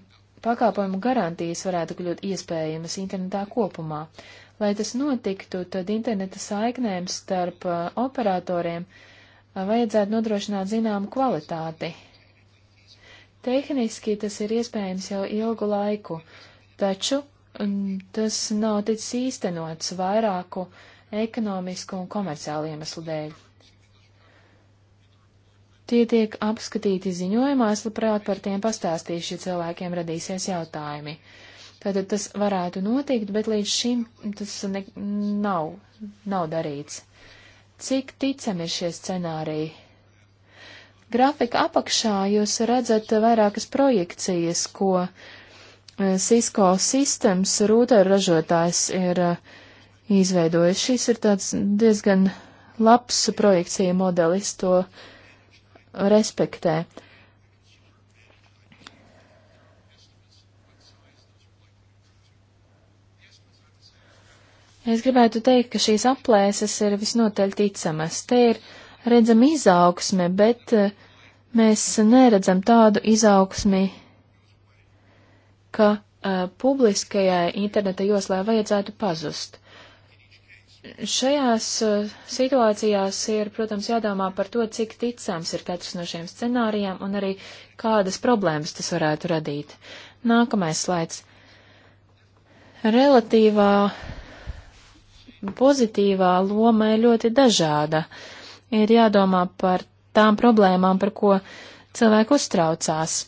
pakalpojumu garantijas varētu kļūt iespējamas internetā kopumā. Lai tas notiktu, tad interneta saiknēm starp uh, operatoriem uh, vajadzētu nodrošināt zināmu kvalitāti. Tehniski tas ir iespējams jau ilgu laiku taču mm, tas nav ticis īstenots vairāku ekonomisku un komerciālu iemeslu dēļ. Tie tiek apskatīti ziņojumā, es labprāt par tiem pastāstīšu, ja cilvēkiem radīsies jautājumi. Tātad tas varētu notikt, bet līdz šim tas ne, nav, nav darīts. Cik ticami ir šie scenāriji? Grafika apakšā jūs redzat vairākas projekcijas, ko uh, Cisco Systems rūteru ražotājs ir uh, izveidojis. Šis ir tāds diezgan labs projekcija modelis, to respektē. Es gribētu teikt, ka šīs aplēses ir visnotaļ ticamas. Te ir redzama izaugsme, bet uh, mēs neredzam tādu izaugsmi ka uh, publiskajai interneta joslai vajadzētu pazust. Šajās uh, situācijās ir, protams, jādomā par to, cik ticams ir katrs no šiem scenārijiem un arī kādas problēmas tas varētu radīt. Nākamais slaids. Relatīvā pozitīvā loma ir ļoti dažāda. Ir jādomā par tām problēmām, par ko cilvēku uztraucās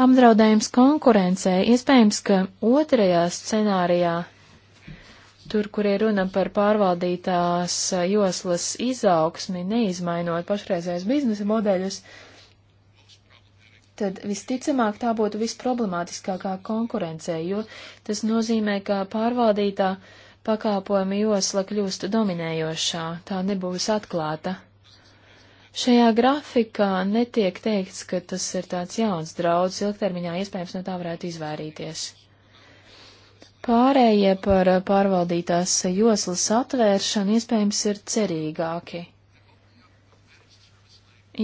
apdraudējums konkurencē. Iespējams, ka otrajā scenārijā, tur, kur ir runa par pārvaldītās joslas izaugsmi, neizmainot pašreizējais biznesa modeļus, tad visticamāk tā būtu visproblemātiskākā konkurencē, jo tas nozīmē, ka pārvaldītā pakāpojuma josla kļūst dominējošā, tā nebūs atklāta. Šajā grafikā netiek teikts, ka tas ir tāds jauns draudz, ilgtermiņā iespējams no tā varētu izvairīties. Pārējie par pārvaldītās joslas atvēršanu iespējams ir cerīgāki.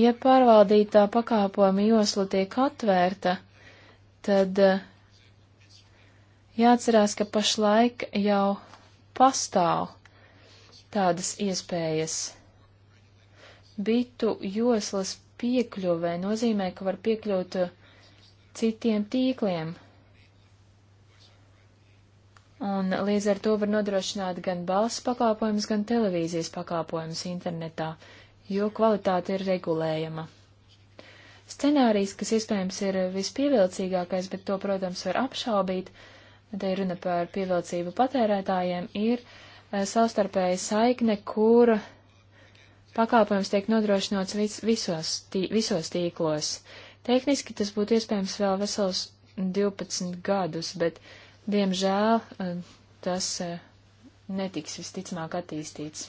Ja pārvaldītā pakāpojuma josla tiek atvērta, tad eh, jāatcerās, ka pašlaik jau pastāv tādas iespējas bitu joslas piekļuvē nozīmē, ka var piekļūt uh, citiem tīkliem. Un līdz ar to var nodrošināt gan balss pakāpojumus, gan televīzijas pakāpojumus internetā, jo kvalitāte ir regulējama. Scenārijs, kas iespējams ir vispievilcīgākais, bet to, protams, var apšaubīt, te ir runa par pievilcību patērētājiem, ir uh, savstarpēja saikne, kur uh, pakalpojums tiek nodrošināts vis, visos, tī, visos tīklos. Tehniski tas būtu iespējams vēl vesels 12 gadus, bet, diemžēl, eh, tas eh, netiks visticamāk attīstīts.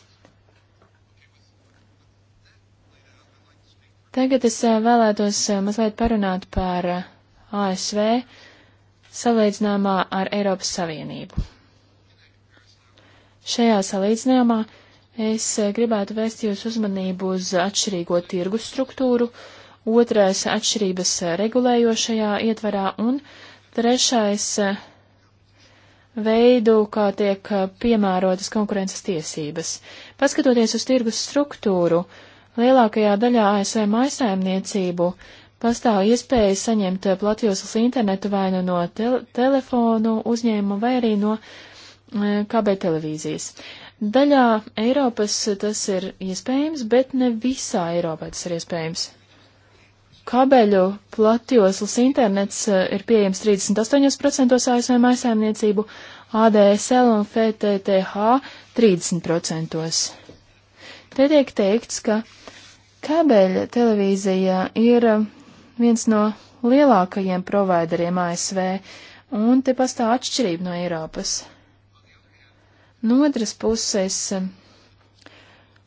Tagad es eh, vēlētos mazliet parunāt par ASV salīdzināmā ar Eiropas Savienību. Šajā salīdzinājumā Es eh, gribētu vērst jūsu uzmanību uz atšķirīgo tirgus struktūru, otrais atšķirības eh, regulējošajā ietvarā un trešais eh, veidu, kā tiek piemērotas konkurences tiesības. Paskatoties uz tirgus struktūru, lielākajā daļā ASV maisaimniecību pastāv iespēja saņemt platjoslas internetu vai nu no tel telefonu uzņēmumu vai arī no e, kabeltelevīzijas. televīzijas. Daļā Eiropas tas ir iespējams, bet ne visā Eiropā tas ir iespējams. Kabeļu platjoslas internets eh, ir pieejams 38% ASV maisaimniecību, ADSL un FTTH 30%. Te tiek teikts, ka kabeļa televīzija ir eh, viens no lielākajiem provideriem ASV, un te pastāv atšķirība no Eiropas. No otras puses,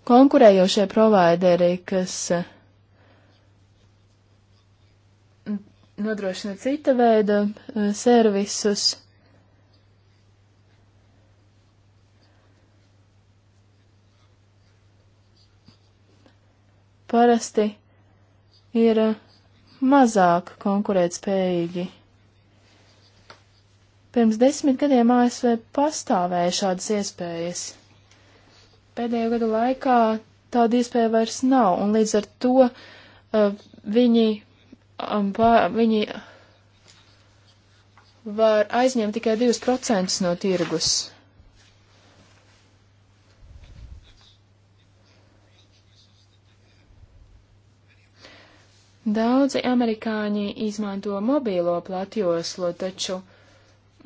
konkurējošie provideri, kas mm, nodrošina cita veida eh, servisus, parasti ir eh, mazāk konkurētspējīgi. Pirms desmit gadiem ASV pastāvēja šādas iespējas. Pēdējo gadu laikā tāda iespēja vairs nav, un līdz ar to uh, viņi, um, pār, viņi var aizņemt tikai 2% no tirgus. Daudzi amerikāņi izmanto mobīlo platjoslu, taču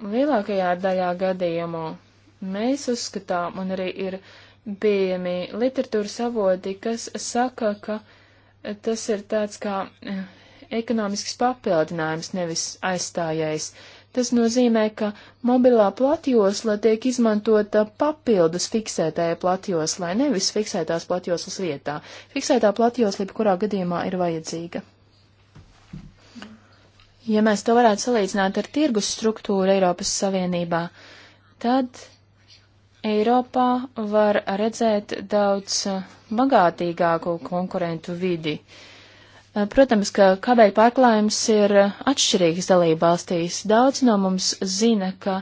Lielākajā daļā gadījumu mēs uzskatām, un arī ir pieejami literatūras avoti, kas saka, ka tas ir tāds kā eh, ekonomisks papildinājums, nevis aizstājais. Tas nozīmē, ka mobilā platjosla tiek izmantota papildus fiksētajai platjoslai, nevis fiksētās platjoslas vietā. Fiksētā platjosla, kurā gadījumā ir vajadzīga. Ja mēs to varētu salīdzināt ar tirgus struktūru Eiropas Savienībā, tad Eiropā var redzēt daudz eh, bagātīgāku konkurentu vidi. Eh, protams, ka kabeļu pārklājums ir eh, atšķirīgs dalība valstīs. Daudz no mums zina, ka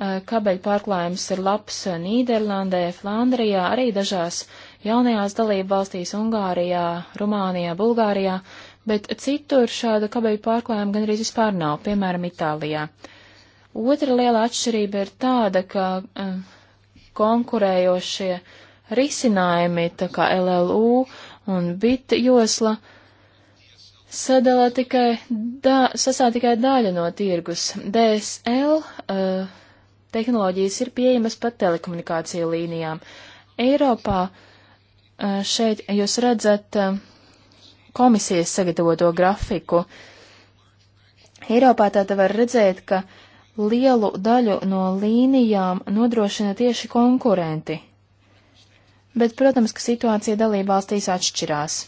kabeļu pārklājums ir labs Nīderlandē, Flandrijā, arī dažās jaunajās dalība valstīs - Ungārijā, Rumānijā, Bulgārijā. Uh, bet citur šāda kabeļu pārklājuma gan arī vispār nav, piemēram, Itālijā. Otra liela atšķirība ir tāda, ka uh, konkurējošie risinājumi, tā kā LLU un bit josla, sadalā tikai, da, sasā tikai daļa no tirgus. DSL uh, eh, tehnoloģijas ir pieejamas pat telekomunikāciju līnijām. Eiropā eh, šeit jūs redzat komisijas sagatavoto grafiku. Eiropā tāda var redzēt, ka lielu daļu no līnijām nodrošina tieši konkurenti. Bet, protams, ka situācija dalībvalstīs atšķirās.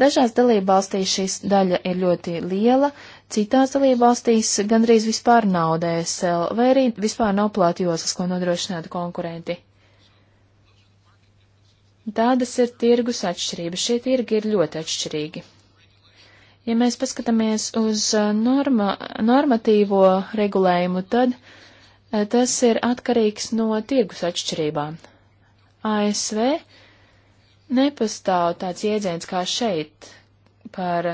Dažās dalībvalstīs šīs daļa ir ļoti liela, citās dalībvalstīs gandrīz vispār nav DSL, vai arī vispār nav plātjoslas, ko nodrošinātu konkurenti. Tādas ir tirgus atšķirības. Šie tirgi ir ļoti atšķirīgi. Ja mēs paskatāmies uz uh, norma, normatīvo regulējumu, tad uh, tas ir atkarīgs no tirgus atšķirībām. ASV nepastāv tāds jēdziens kā šeit par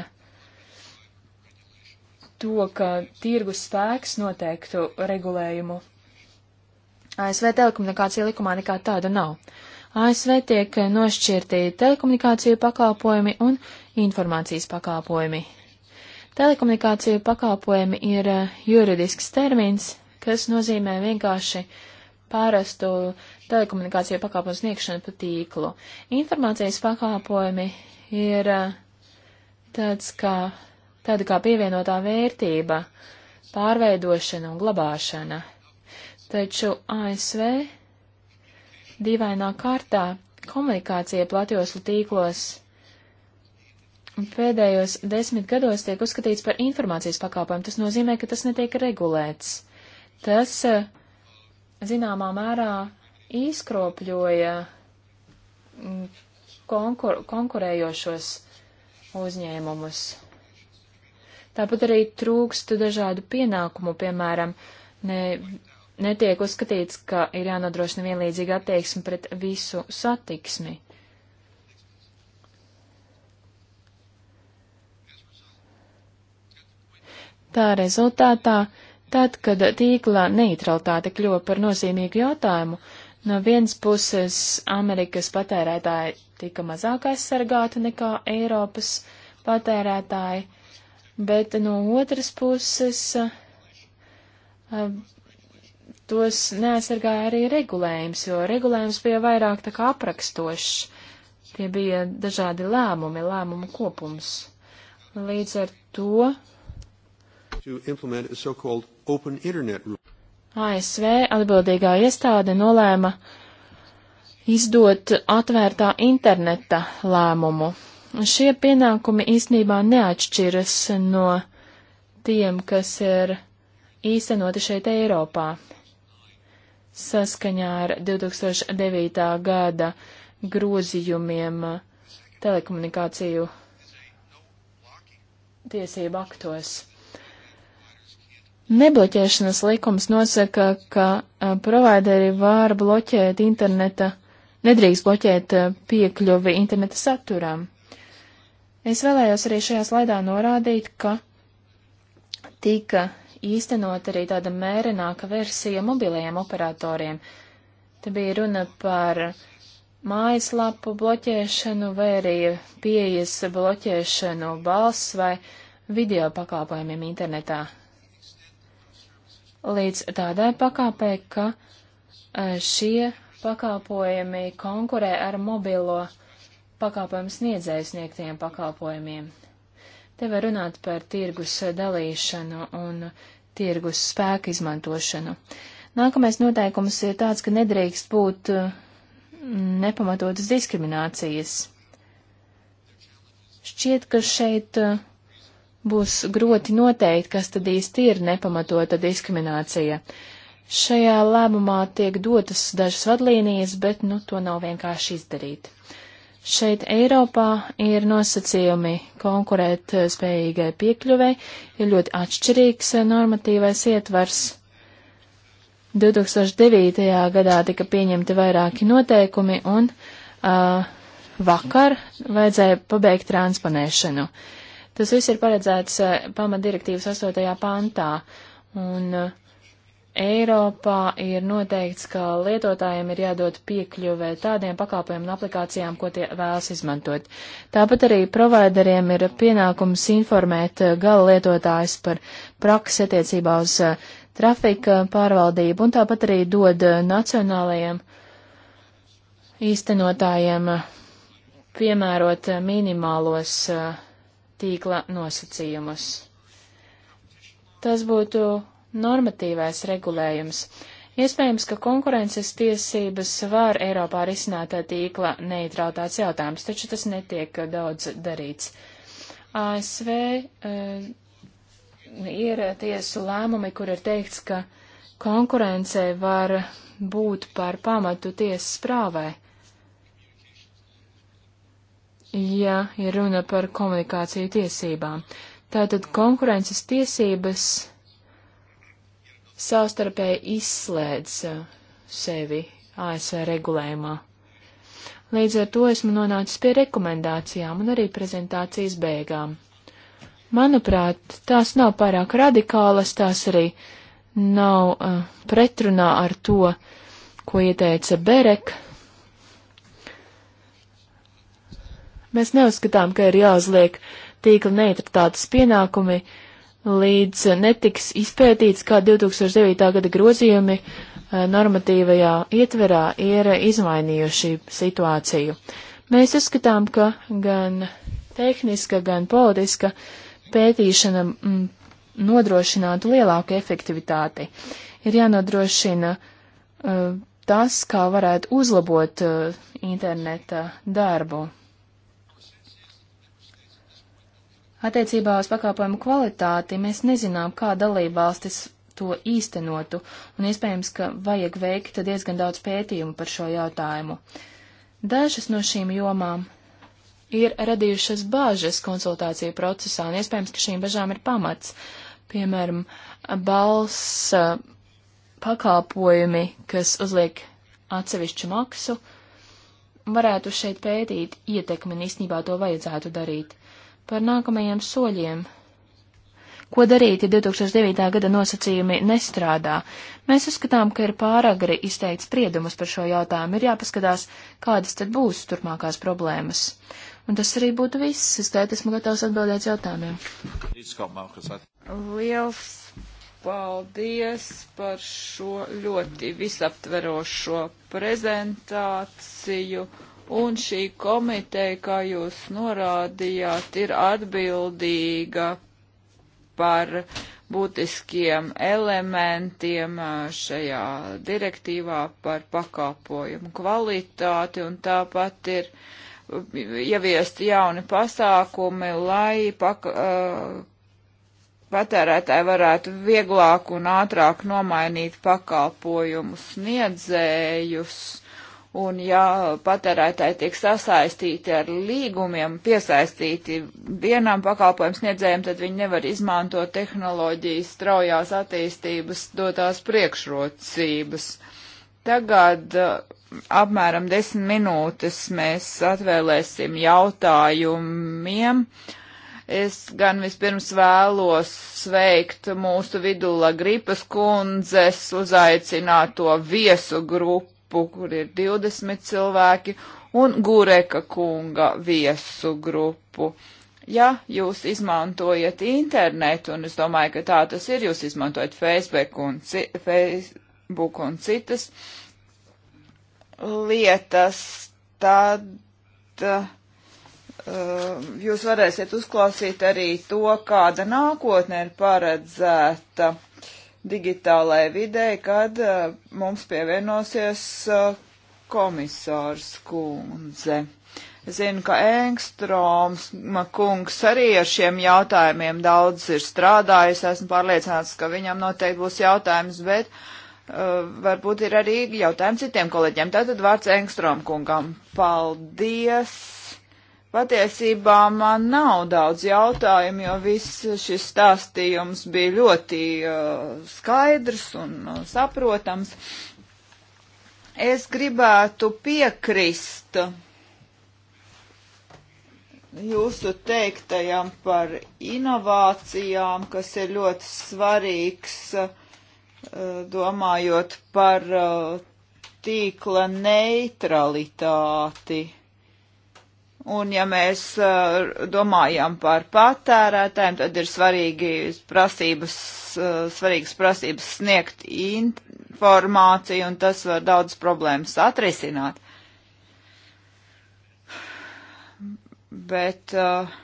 to, ka tirgus spēks noteiktu regulējumu. ASV telekomunikācija likumā nekā tāda nav. ASV tiek nošķirti telekomunikāciju pakalpojumi un informācijas pakalpojumi. Telekomunikāciju pakalpojumi ir eh, juridisks termins, kas nozīmē vienkārši pārastu telekomunikāciju pakalpojumu sniegšanu pa tīklu. Informācijas pakalpojumi ir eh, tāds kā, tāda kā pievienotā vērtība, pārveidošana un glabāšana. Taču ASV dīvainā kārtā komunikācija platjoslu tīklos pēdējos desmit gados tiek uzskatīts par informācijas pakāpojumu. Tas nozīmē, ka tas netiek regulēts. Tas eh, zināmā mērā izkropļoja mm, konkur konkurējošos uzņēmumus. Tāpat arī trūkst dažādu pienākumu, piemēram, ne netiek uzskatīts, ka ir jānodrošina vienlīdzīga attieksme pret visu satiksmi. Tā rezultātā, tad, kad tīkla neutralitāte kļuva par nozīmīgu jautājumu, no vienas puses Amerikas patērētāji tika mazāk aizsargāti nekā Eiropas patērētāji, bet no otras puses eh, tos neaizsargāja arī regulējums, jo regulējums bija vairāk tā kā aprakstošs. Tie bija dažādi lēmumi, lēmumu kopums. Līdz ar to ASV atbildīgā iestāde nolēma izdot atvērtā interneta lēmumu. Šie pienākumi īstenībā neatšķiras no tiem, kas ir īstenoti šeit Eiropā saskaņā ar 2009. gada grozījumiem telekomunikāciju tiesību aktos. Nebloķēšanas likums nosaka, ka provideri var bloķēt interneta, nedrīkst bloķēt piekļuvi interneta saturam. Es vēlējos arī šajā slaidā norādīt, ka tika īstenot arī tāda mērenāka versija mobilajiem operatoriem. Te bija runa par mājaslapu bloķēšanu vai arī pieejas bloķēšanu balss vai video pakāpojumiem internetā. Līdz tādai pakāpē, ka e, šie pakāpojumi konkurē ar mobilo pakāpojumu sniedzēju sniegtiem pakāpojumiem. Te var runāt par tirgus dalīšanu un tirgus spēku izmantošanu. Nākamais noteikums ir tāds, ka nedrīkst būt uh, nepamatotas diskriminācijas. Šķiet, ka šeit uh, būs groti noteikt, kas tad īsti ir nepamatota diskriminācija. Šajā lēmumā tiek dotas dažas vadlīnijas, bet nu to nav vienkārši izdarīt. Uh, Šeit Eiropā ir nosacījumi konkurēt eh, spējīgai piekļuvei, ir ļoti atšķirīgs eh, normatīvais ietvars. 2009. gadā tika pieņemti vairāki noteikumi un uh, vakar vajadzēja pabeigt transponēšanu. Tas viss ir paredzēts uh, pamadirektīvas 8. pantā. Un, uh, Eiropā ir noteikts, ka lietotājiem ir jādod piekļuvē tādiem pakalpojumiem un aplikācijām, ko tie vēlas izmantot. Tāpat arī provideriem ir pienākums informēt eh, gala lietotājs par praksi attiecībā uz eh, trafika pārvaldību un tāpat arī dod eh, nacionālajiem īstenotājiem piemērot minimālos tīkla nosacījumus. Tas būtu normatīvais regulējums. Iespējams, ka konkurences tiesības var Eiropā risināt tīkla neitrautāts jautājums, taču tas netiek daudz darīts. ASV uh, eh, ir tiesu lēmumi, kur ir teikts, ka konkurence var būt par pamatu tiesas prāvai. Ja ir runa par komunikāciju tiesībām. Tātad konkurences tiesības savstarpēji izslēdz uh, sevi ASV regulējumā. Līdz ar to esmu nonācis pie rekomendācijām un arī prezentācijas beigām. Manuprāt, tās nav pārāk radikālas, tās arī nav uh, pretrunā ar to, ko ieteica Berek. Mēs neuzskatām, ka ir jāuzliek tīkla neutralitātes pienākumi uh, līdz netiks izpētīts, kā 2009. gada grozījumi eh, normatīvajā ietverā ir izmainījuši situāciju. Mēs uzskatām, ka gan tehniska, gan politiska pētīšana m, mm, nodrošinātu lielāku efektivitāti. Ir jānodrošina uh, tas, kā varētu uzlabot uh, interneta darbu Attiecībā uz pakāpojumu kvalitāti mēs nezinām, kā dalībvalstis to īstenotu, un iespējams, ka vajag veikt diezgan daudz pētījumu par šo jautājumu. Dažas no šīm jomām ir radījušas bāžas konsultāciju procesā, un iespējams, ka šīm bažām ir pamats. Piemēram, balss pakalpojumi, kas uzliek atsevišķu maksu, varētu šeit pētīt ietekmi, un īstenībā to vajadzētu darīt par nākamajiem soļiem. Ko darīt, ja 2009. gada nosacījumi nestrādā? Mēs uzskatām, ka ir pāragri izteikt spriedumus par šo jautājumu, ir jāpaskatās, kādas tad būs turpmākās problēmas. Un tas arī būtu viss. Es tēt esmu gatavs atbildēt jautājumiem. Liels paldies par šo ļoti visaptverošo prezentāciju. Un šī komiteja, kā jūs norādījāt, ir atbildīga par būtiskiem elementiem šajā direktīvā par pakāpojumu kvalitāti un tāpat ir ieviest jauni pasākumi, lai pak, uh, patērētāji varētu vieglāk un ātrāk nomainīt pakalpojumu sniedzējus un ja patērētāji tiek sasaistīti ar līgumiem, piesaistīti vienam pakalpojumu sniedzējiem, tad viņi nevar izmantot tehnoloģijas straujās attīstības dotās priekšrocības. Tagad eh, apmēram desmit minūtes mēs atvēlēsim jautājumiem. Es gan vispirms vēlos sveikt mūsu vidū Lagripas kundzes uzaicināto viesu grupu grupu, kur ir 20 cilvēki, un Gureka kunga viesu grupu. Ja jūs izmantojat internetu, un es domāju, ka tā tas ir, jūs izmantojat Facebook un, ci, Facebook un citas lietas, tad. Uh, jūs varēsiet uzklausīt arī to, kāda nākotne ir paredzēta digitālai videi, kad uh, mums pievienosies uh, komisārs kundze. Es zinu, ka Engstroms kungs arī ar šiem jautājumiem daudz ir strādājis. Esmu pārliecināts, ka viņam noteikti būs jautājums, bet uh, varbūt ir arī jautājums citiem kolēģiem. Tātad vārds Engstrom kungam. Paldies! Patiesībā man nav daudz jautājumu, jo viss šis stāstījums bija ļoti uh, skaidrs un uh, saprotams. Es gribētu piekrist jūsu teiktajam par inovācijām, kas ir ļoti svarīgs, uh, domājot par uh, tīkla neutralitāti. Un ja mēs eh, domājam par patērētājiem, tad ir svarīgi prasības, eh, svarīgas prasības sniegt informāciju, un tas var daudz problēmas atrisināt. Bet eh,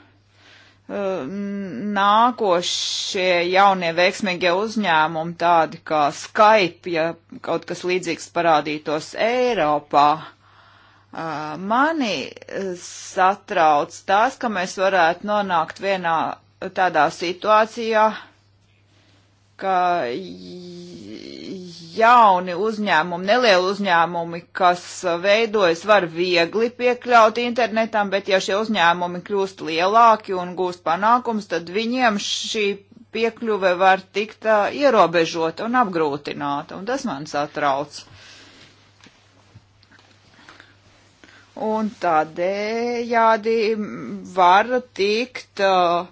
nākošie jaunie veiksmīgie uzņēmumi, tādi kā Skype, ja kaut kas līdzīgs parādītos Eiropā, Mani e, satrauc tas, ka mēs varētu nonākt vienā tādā situācijā, ka jauni uzņēmumi, nelieli uzņēmumi, kas veidojas, var viegli piekļaut internetam, bet ja šie uzņēmumi kļūst lielāki un gūst panākums, tad viņiem šī piekļuve var tikt uh, ierobežota un apgrūtināta, un tas man satrauc. un tādējādi var tikt uh,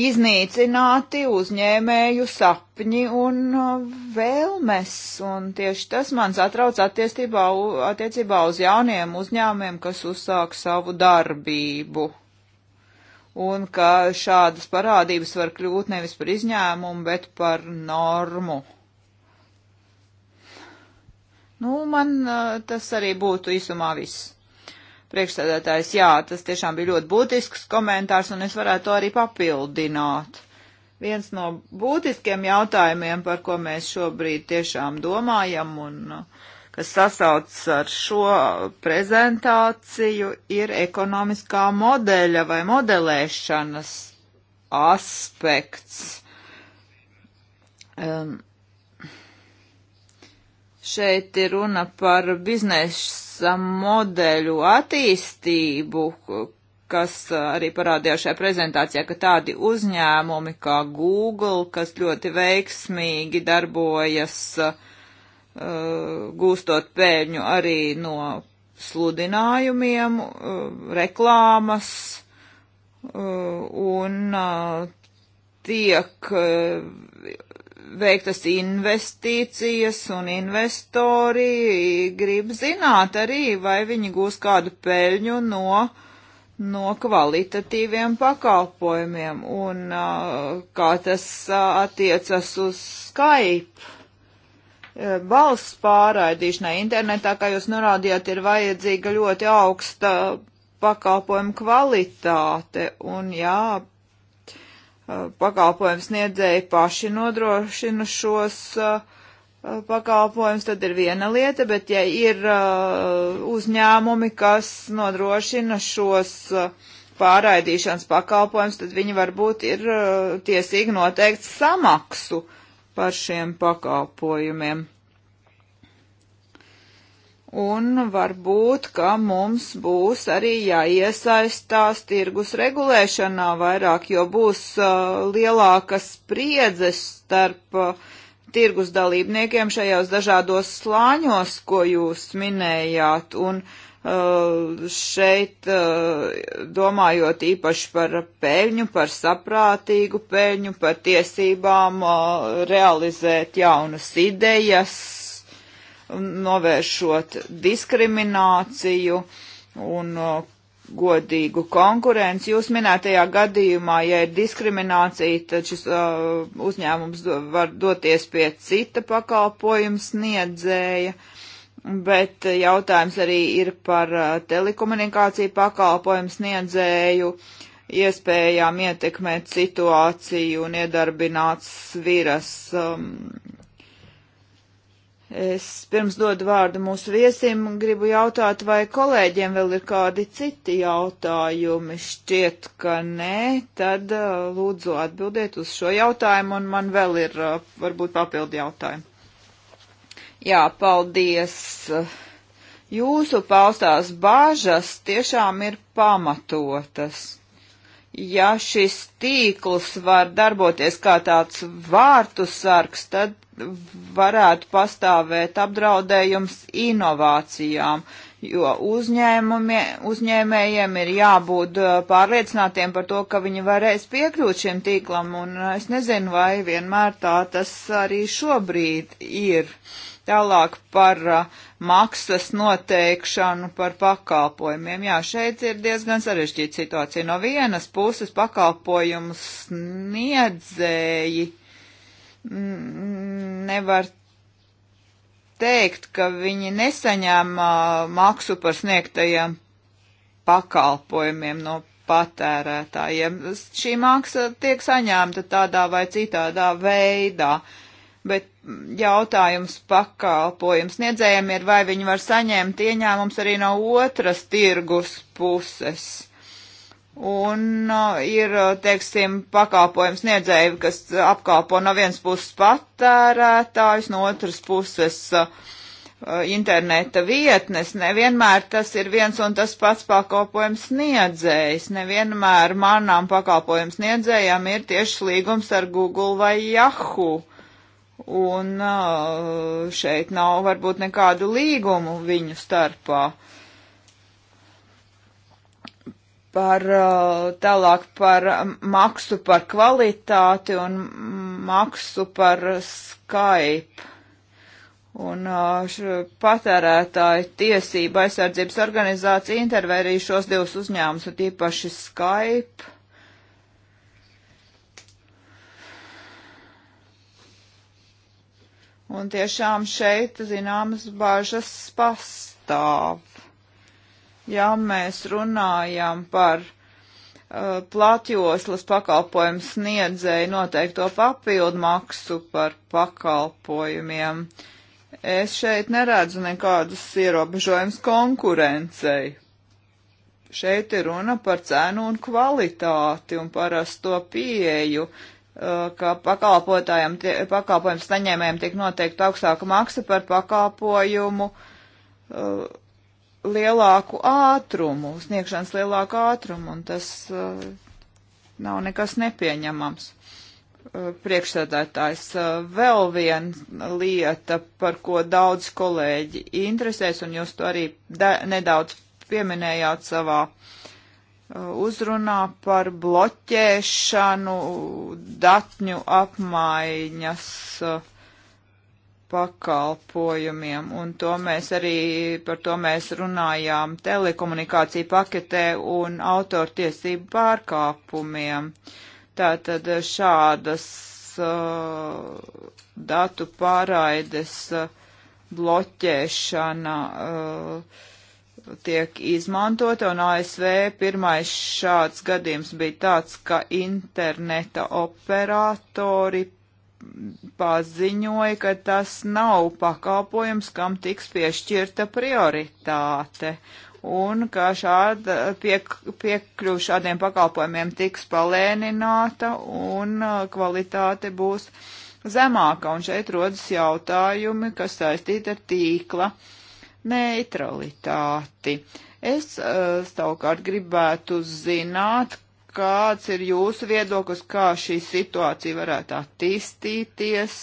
iznīcināti uzņēmēju sapņi un uh, vēlmes, un tieši tas man satrauc attiecībā uz jauniem uzņēmiem, kas uzsāk savu darbību un ka šādas parādības var kļūt nevis par izņēmumu, bet par normu. Nu, man tas arī būtu īsumā viss. Priekšsēdētājs, jā, tas tiešām bija ļoti būtisks komentārs, un es varētu to arī papildināt. Viens no būtiskiem jautājumiem, par ko mēs šobrīd tiešām domājam, un kas sasaucas ar šo prezentāciju, ir ekonomiskā modeļa vai modelēšanas aspekts. Um, Šeit ir runa par biznesa modeļu attīstību, kas arī parādījās šajā prezentācijā, ka tādi uzņēmumi kā Google, kas ļoti veiksmīgi darbojas, gūstot pēļņu arī no sludinājumiem, reklāmas un tiek veiktas investīcijas un investori grib zināt arī, vai viņi gūs kādu peļņu no, no kvalitatīviem pakalpojumiem un kā tas attiecas uz Skype. Balsts pārraidīšanai internetā, kā jūs norādījāt, ir vajadzīga ļoti augsta pakalpojumu kvalitāte, un jā, Uh, pakalpojums sniedzēji paši nodrošina šos uh, uh, pakalpojums, tad ir viena lieta, bet ja ir uzņēmumi, kas nodrošina šos pārraidīšanas pakalpojums, tad viņi varbūt ir tiesīgi noteikt samaksu par šiem pakalpojumiem. Un varbūt, ka mums būs arī jāiesaistās tirgus regulēšanā vairāk, jo būs uh, lielākas spriedzes starp uh, tirgus dalībniekiem šajos dažādos slāņos, ko jūs minējāt. Un uh, šeit uh, domājot īpaši par peļņu, par saprātīgu peļņu, par tiesībām uh, realizēt jaunas idejas novēršot diskrimināciju un godīgu konkurenci. Jūs minētajā gadījumā, ja ir diskriminācija, tad šis uh, uzņēmums do, var doties pie cita pakalpojuma sniedzēja, bet jautājums arī ir par uh, telekomunikāciju pakalpojumu sniedzēju iespējām ietekmēt situāciju un iedarbināt sviras. Um, Es pirms dodu vārdu mūsu viesim, gribu jautāt, vai kolēģiem vēl ir kādi citi jautājumi. Šķiet, ka nē, tad uh, lūdzu atbildiet uz šo jautājumu, un man vēl ir uh, varbūt papildi jautājumi. Jā, paldies. Jūsu paustās bāžas tiešām ir pamatotas ja šis tīkls var darboties kā tāds vārtu sargs, tad varētu pastāvēt apdraudējums inovācijām, jo uzņēmējiem ir jābūt uh, pārliecinātiem par to, ka viņi varēs piekļūt šiem tīklam, un uh, es nezinu, vai vienmēr tā tas arī šobrīd ir. Tālāk par uh, maksas noteikšanu par pakalpojumiem. Jā, šeit ir diezgan sarežģīta situācija. No vienas puses pakalpojumu sniedzēji mm, nevar teikt, ka viņi nesaņem maksu par sniegtajiem pakalpojumiem no patērētājiem. Šī maksa tiek saņemta tādā vai citādā veidā, bet jautājums pakalpojums niedzējiem ir, vai viņi var saņemt ieņēmums arī no otras tirgus puses. Un uh, ir, uh, teiksim, pakalpojums niedzēji, kas apkalpo no vienas puses patērētājs, no otras puses uh, uh, interneta vietnes. Nevienmēr tas ir viens un tas pats pakalpojums niedzējs. Nevienmēr manām pakalpojums niedzējām ir tieši līgums ar Google vai Yahoo un uh, šeit nav varbūt nekādu līgumu viņu starpā. Par uh, tālāk par maksu par kvalitāti un maksu par Skype. Un uh, patērētāju tiesība aizsardzības organizācija intervērīja šos divus uzņēmumus, un tīpaši Skype Un tiešām šeit zināmas bažas pastāv. Ja mēs runājam par uh, platjoslas pakalpojumu sniedzēju noteikto papildu maksu par pakalpojumiem, es šeit neredzu nekādus ierobežojumus konkurencei. Šeit ir runa par cenu un kvalitāti un parasto pieeju Uh, ka pakalpotājiem, pakalpojums saņēmējiem tiek noteikti augstāka maksa par pakalpojumu uh, lielāku ātrumu, sniegšanas lielāku ātrumu, un tas uh, nav nekas nepieņemams. Priekšsēdētājs vēl viena lieta, par ko daudz kolēģi interesēs, un jūs to arī nedaudz pieminējāt savā uh, uzrunā par bloķēšanu datņu apmaiņas uh, pakalpojumiem, un to mēs arī, par to mēs runājām telekomunikāciju paketē un autortiesību pārkāpumiem. Tātad šādas uh, datu pārraides uh, bloķēšana uh, tiek izmantota, un ASV pirmais šāds gadījums bija tāds, ka interneta operatori paziņoja, ka tas nav pakalpojums, kam tiks piešķirta prioritāte, un ka šāda piek, piekļuva šādiem pakalpojumiem tiks palēnināta, un uh, kvalitāte būs zemāka, un šeit rodas jautājumi, kas saistīti ar tīkla neutralitāti. Es eh, savukārt gribētu zināt, kāds ir jūsu viedoklis, kā šī situācija varētu attīstīties.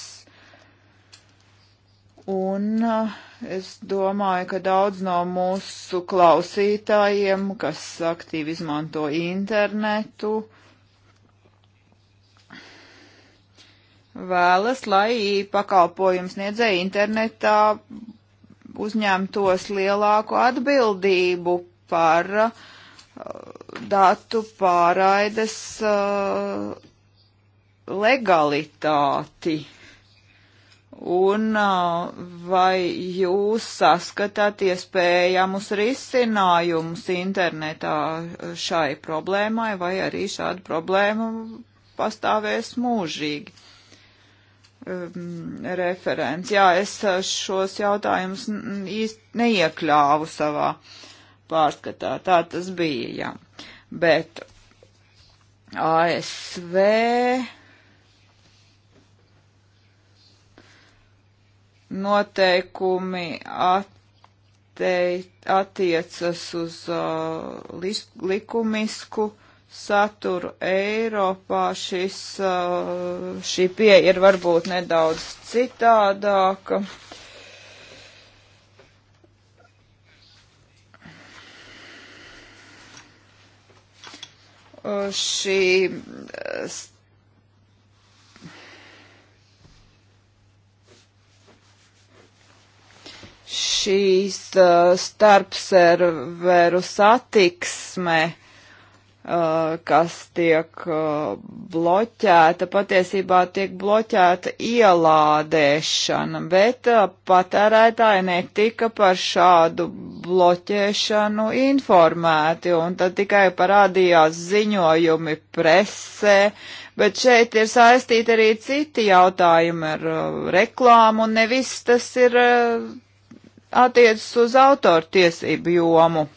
Un eh, es domāju, ka daudz no mūsu klausītājiem, kas aktīvi izmanto internetu, vēlas, lai pakalpojums niedzēja internetā uzņemtos lielāku atbildību par uh, datu pārraides uh, legalitāti. Un uh, vai jūs saskatāt iespējamus risinājumus internetā šai problēmai, vai arī šāda problēma pastāvēs mūžīgi? um, referents. Jā, es uh, šos jautājumus īsti neiekļāvu savā pārskatā. Tā tas bija, jā. Bet ASV. Noteikumi at te attiecas uz uh, lis, likumisku saturu Eiropā šis, uh, šī pieeja ir varbūt nedaudz citādāka. Uh, šī uh, šīs starpserveru satiksme uh, Uh, kas tiek uh, bloķēta, patiesībā tiek bloķēta ielādēšana, bet uh, patērētāji netika par šādu bloķēšanu informēti, un tad tikai parādījās ziņojumi presē, bet šeit ir saistīti arī citi jautājumi ar reklāmu, un nevis tas ir attiecas uz autortiesību jomu.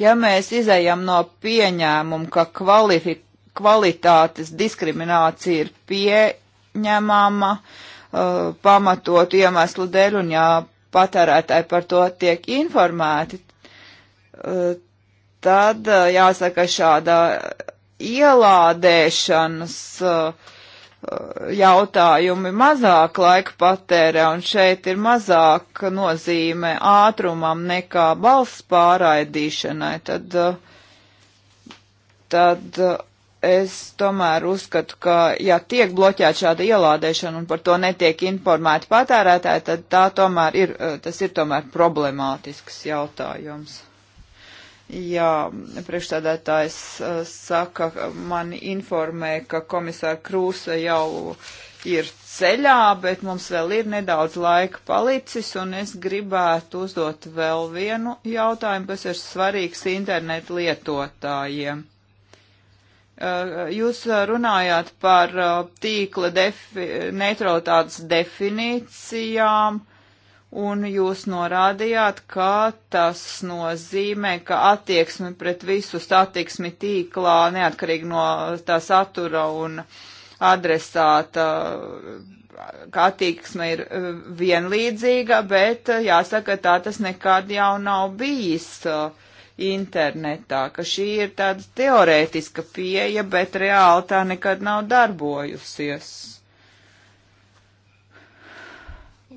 Ja mēs izējam no pieņēmuma, ka kvalifi, kvalitātes diskriminācija ir pieņemama, uh, pamatot iemeslu dēļ, un ja patērētāji par to tiek informēti, uh, tad uh, jāsaka šāda ielādēšanas uh, jautājumi mazāk laika patērē, un šeit ir mazāk nozīme ātrumam nekā balss pārraidīšanai, tad, tad es tomēr uzskatu, ka, ja tiek bloķēta šāda ielādēšana un par to netiek informēti patērētāji, tad tā tomēr ir, tas ir tomēr problemātisks jautājums. Jā, priekšstādātājs uh, saka, man informē, ka komisāra Krūse jau ir ceļā, bet mums vēl ir nedaudz laika palicis, un es gribētu uzdot vēl vienu jautājumu, kas ir svarīgs internetu lietotājiem. Uh, jūs runājāt par uh, tīkla defi neutralitātes definīcijām. Uh, un jūs norādījāt, ka tas nozīmē, ka attieksme pret visu satiksmi tīklā, neatkarīgi no tā satura un adresāta, ka attieksme ir e, vienlīdzīga, bet e, jāsaka, tā tas nekad jau nav bijis e, internetā, ka šī ir tāda teorētiska pieeja, bet reāli tā nekad nav darbojusies.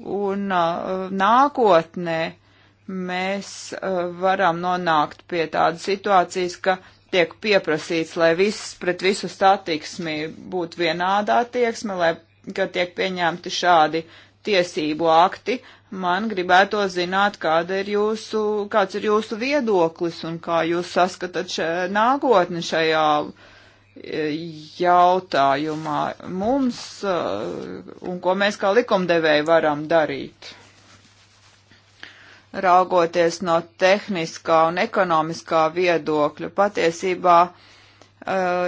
Un uh, nākotnē mēs uh, varam nonākt pie tādas situācijas, ka tiek pieprasīts, lai viss pret visu satiksmi būtu vienādā tieksme, lai, ka tiek pieņemti šādi tiesību akti. Man gribētu zināt, kāda ir jūsu, kāds ir jūsu viedoklis un kā jūs saskatat še, nākotni šajā uh, jautājumā mums uh, un ko mēs kā likumdevēji varam darīt. Raugoties no tehniskā un ekonomiskā viedokļa, patiesībā uh,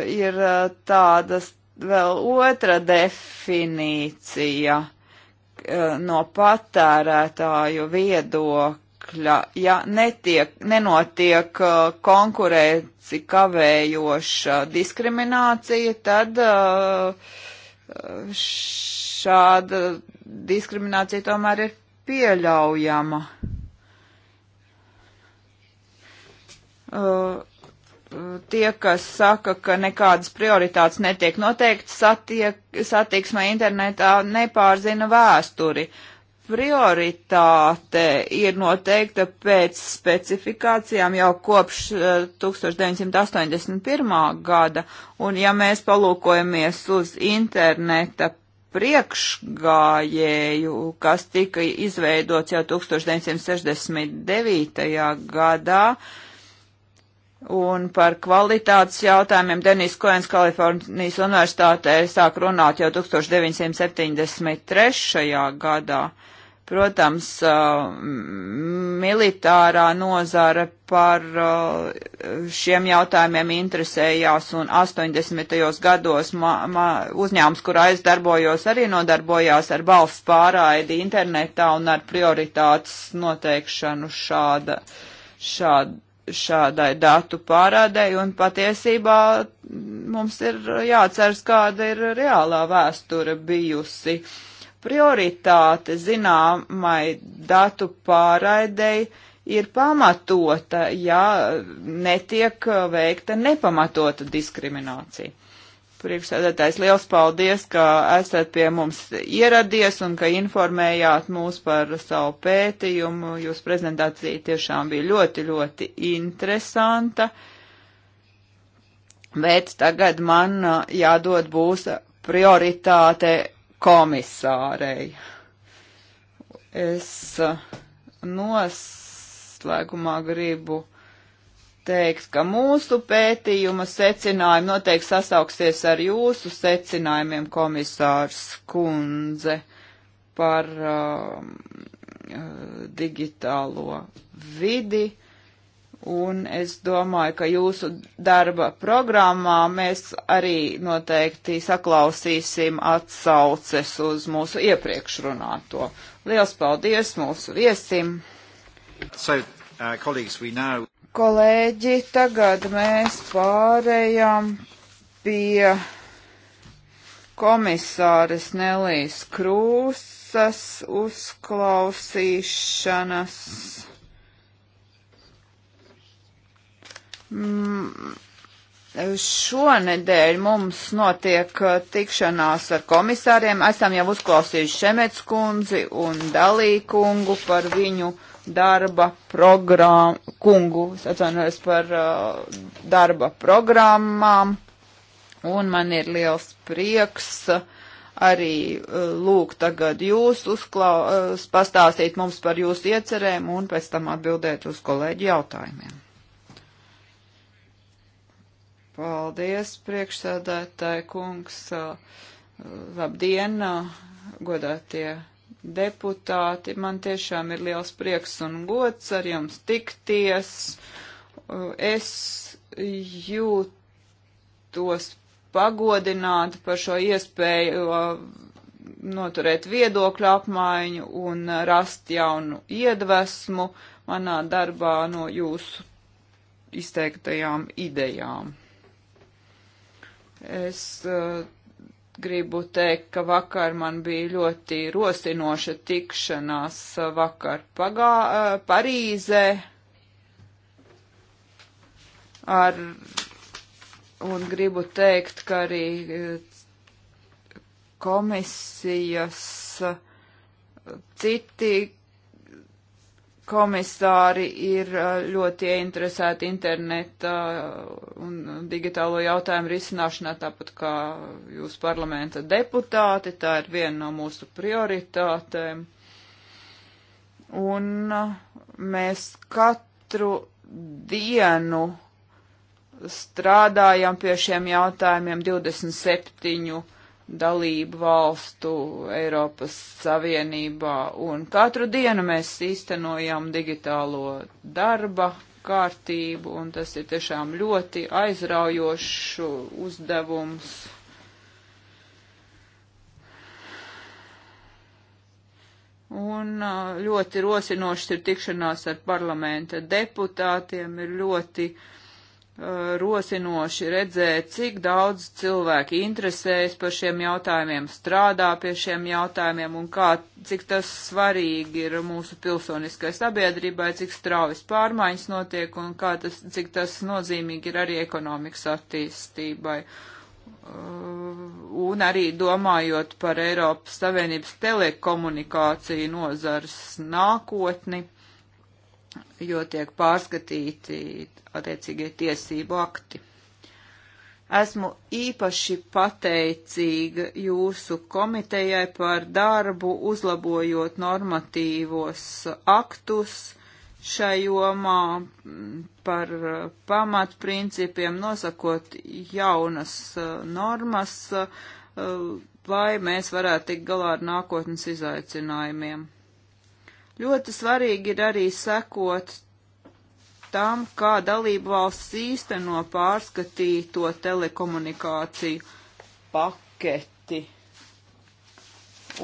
ir uh, tādas vēl otra definīcija uh, no patērētāju viedokļa nodokļa, ja netiek, nenotiek uh, konkurēci kavējoša diskriminācija, tad uh, šāda diskriminācija tomēr ir pieļaujama. Uh, tie, kas saka, ka nekādas prioritātes netiek noteikts, satiek, satiksmē internetā nepārzina vēsturi. Uh, prioritāte ir noteikta pēc specifikācijām jau kopš 1981. Eh, gada, un ja mēs palūkojamies uz interneta priekšgājēju, kas tika izveidots jau 1969. gadā, Un par kvalitātes jautājumiem Denis Koens Kalifornijas universitātē sāk runāt jau 1973. gadā. Protams, militārā nozara par šiem jautājumiem interesējās, un 80. gados uzņēmums, kurā es darbojos, arī nodarbojās ar balsts pārraidi internetā un ar prioritātes noteikšanu šāda, šāda, šādai datu pārādei, un patiesībā mums ir jāatceras, kāda ir reālā vēsture bijusi. Uh, prioritāte zināmai datu pārraidei ir pamatota, ja netiek veikta nepamatota diskriminācija. Priekšsēdētājs, liels paldies, ka esat pie mums ieradies un ka informējāt mūs par savu pētījumu. Jūsu prezentācija tiešām bija ļoti, ļoti interesanta. Bet tagad man uh, jādod būs prioritāte komisārei. Es eh, noslēgumā gribu teikt, ka mūsu pētījuma secinājumi noteikti sasauksies ar jūsu secinājumiem, komisārs Kundze, par uh, digitālo vidi Un es domāju, ka jūsu darba programmā mēs arī noteikti saklausīsim atsauces uz mūsu iepriekš runāto. Liels paldies mūsu viesim! So, uh, now... Kolēģi, tagad mēs pārējām pie komisāres Nelijas Krūsas uzklausīšanas. Mm. Šonedēļ mums notiek uh, tikšanās ar komisāriem. Esam jau uzklausījuši Šemets kundzi un Dalī kungu par viņu darba programmu, kungu, atvainojos par uh, darba programmām. Un man ir liels prieks uh, arī uh, lūgt tagad jūs uzklaus, uh, pastāstīt mums par jūsu iecerēm un pēc tam atbildēt uz kolēģi jautājumiem. Paldies, priekšsēdētāji kungs. Labdien, godātie deputāti. Man tiešām ir liels prieks un gods ar jums tikties. Es jūtos pagodināta par šo iespēju noturēt viedokļu apmaiņu un rast jaunu iedvesmu manā darbā no jūsu izteiktajām idejām. Es uh, gribu teikt, ka vakar man bija ļoti rosinoša tikšanās eh, vakar pagā, uh, Parīzē ar, un gribu teikt, ka arī komisijas citi komisāri ir ļoti ieinteresēti interneta un digitālo jautājumu risināšanā, tāpat kā jūs parlamenta deputāti. Tā ir viena no mūsu prioritātēm. Un mēs katru dienu strādājam pie šiem jautājumiem 27 dalību valstu Eiropas Savienībā, un katru dienu mēs īstenojam digitālo darba kārtību, un tas ir tiešām ļoti aizraujošs uzdevums. Un ļoti rosinošs ir tikšanās ar parlamenta deputātiem, ir ļoti uh, rosinoši redzēt, cik daudz cilvēki interesējas par šiem jautājumiem, strādā pie šiem jautājumiem un kā, cik tas svarīgi ir mūsu pilsoniskai sabiedrībai, cik straujas pārmaiņas notiek un kā tas, cik tas nozīmīgi ir arī ekonomikas attīstībai. Uh, un arī domājot par Eiropas Savienības telekomunikāciju nozars nākotni jo tiek pārskatīti attiecīgie tiesību akti. Esmu īpaši pateicīga jūsu komitejai par darbu, uzlabojot normatīvos aktus šai jomā, par pamatprincipiem nosakot jaunas normas, lai mēs varētu tikt galā ar nākotnes izaicinājumiem. Ļoti svarīgi ir arī sekot tam, kā dalību valsts īsteno pārskatīto telekomunikāciju paketi.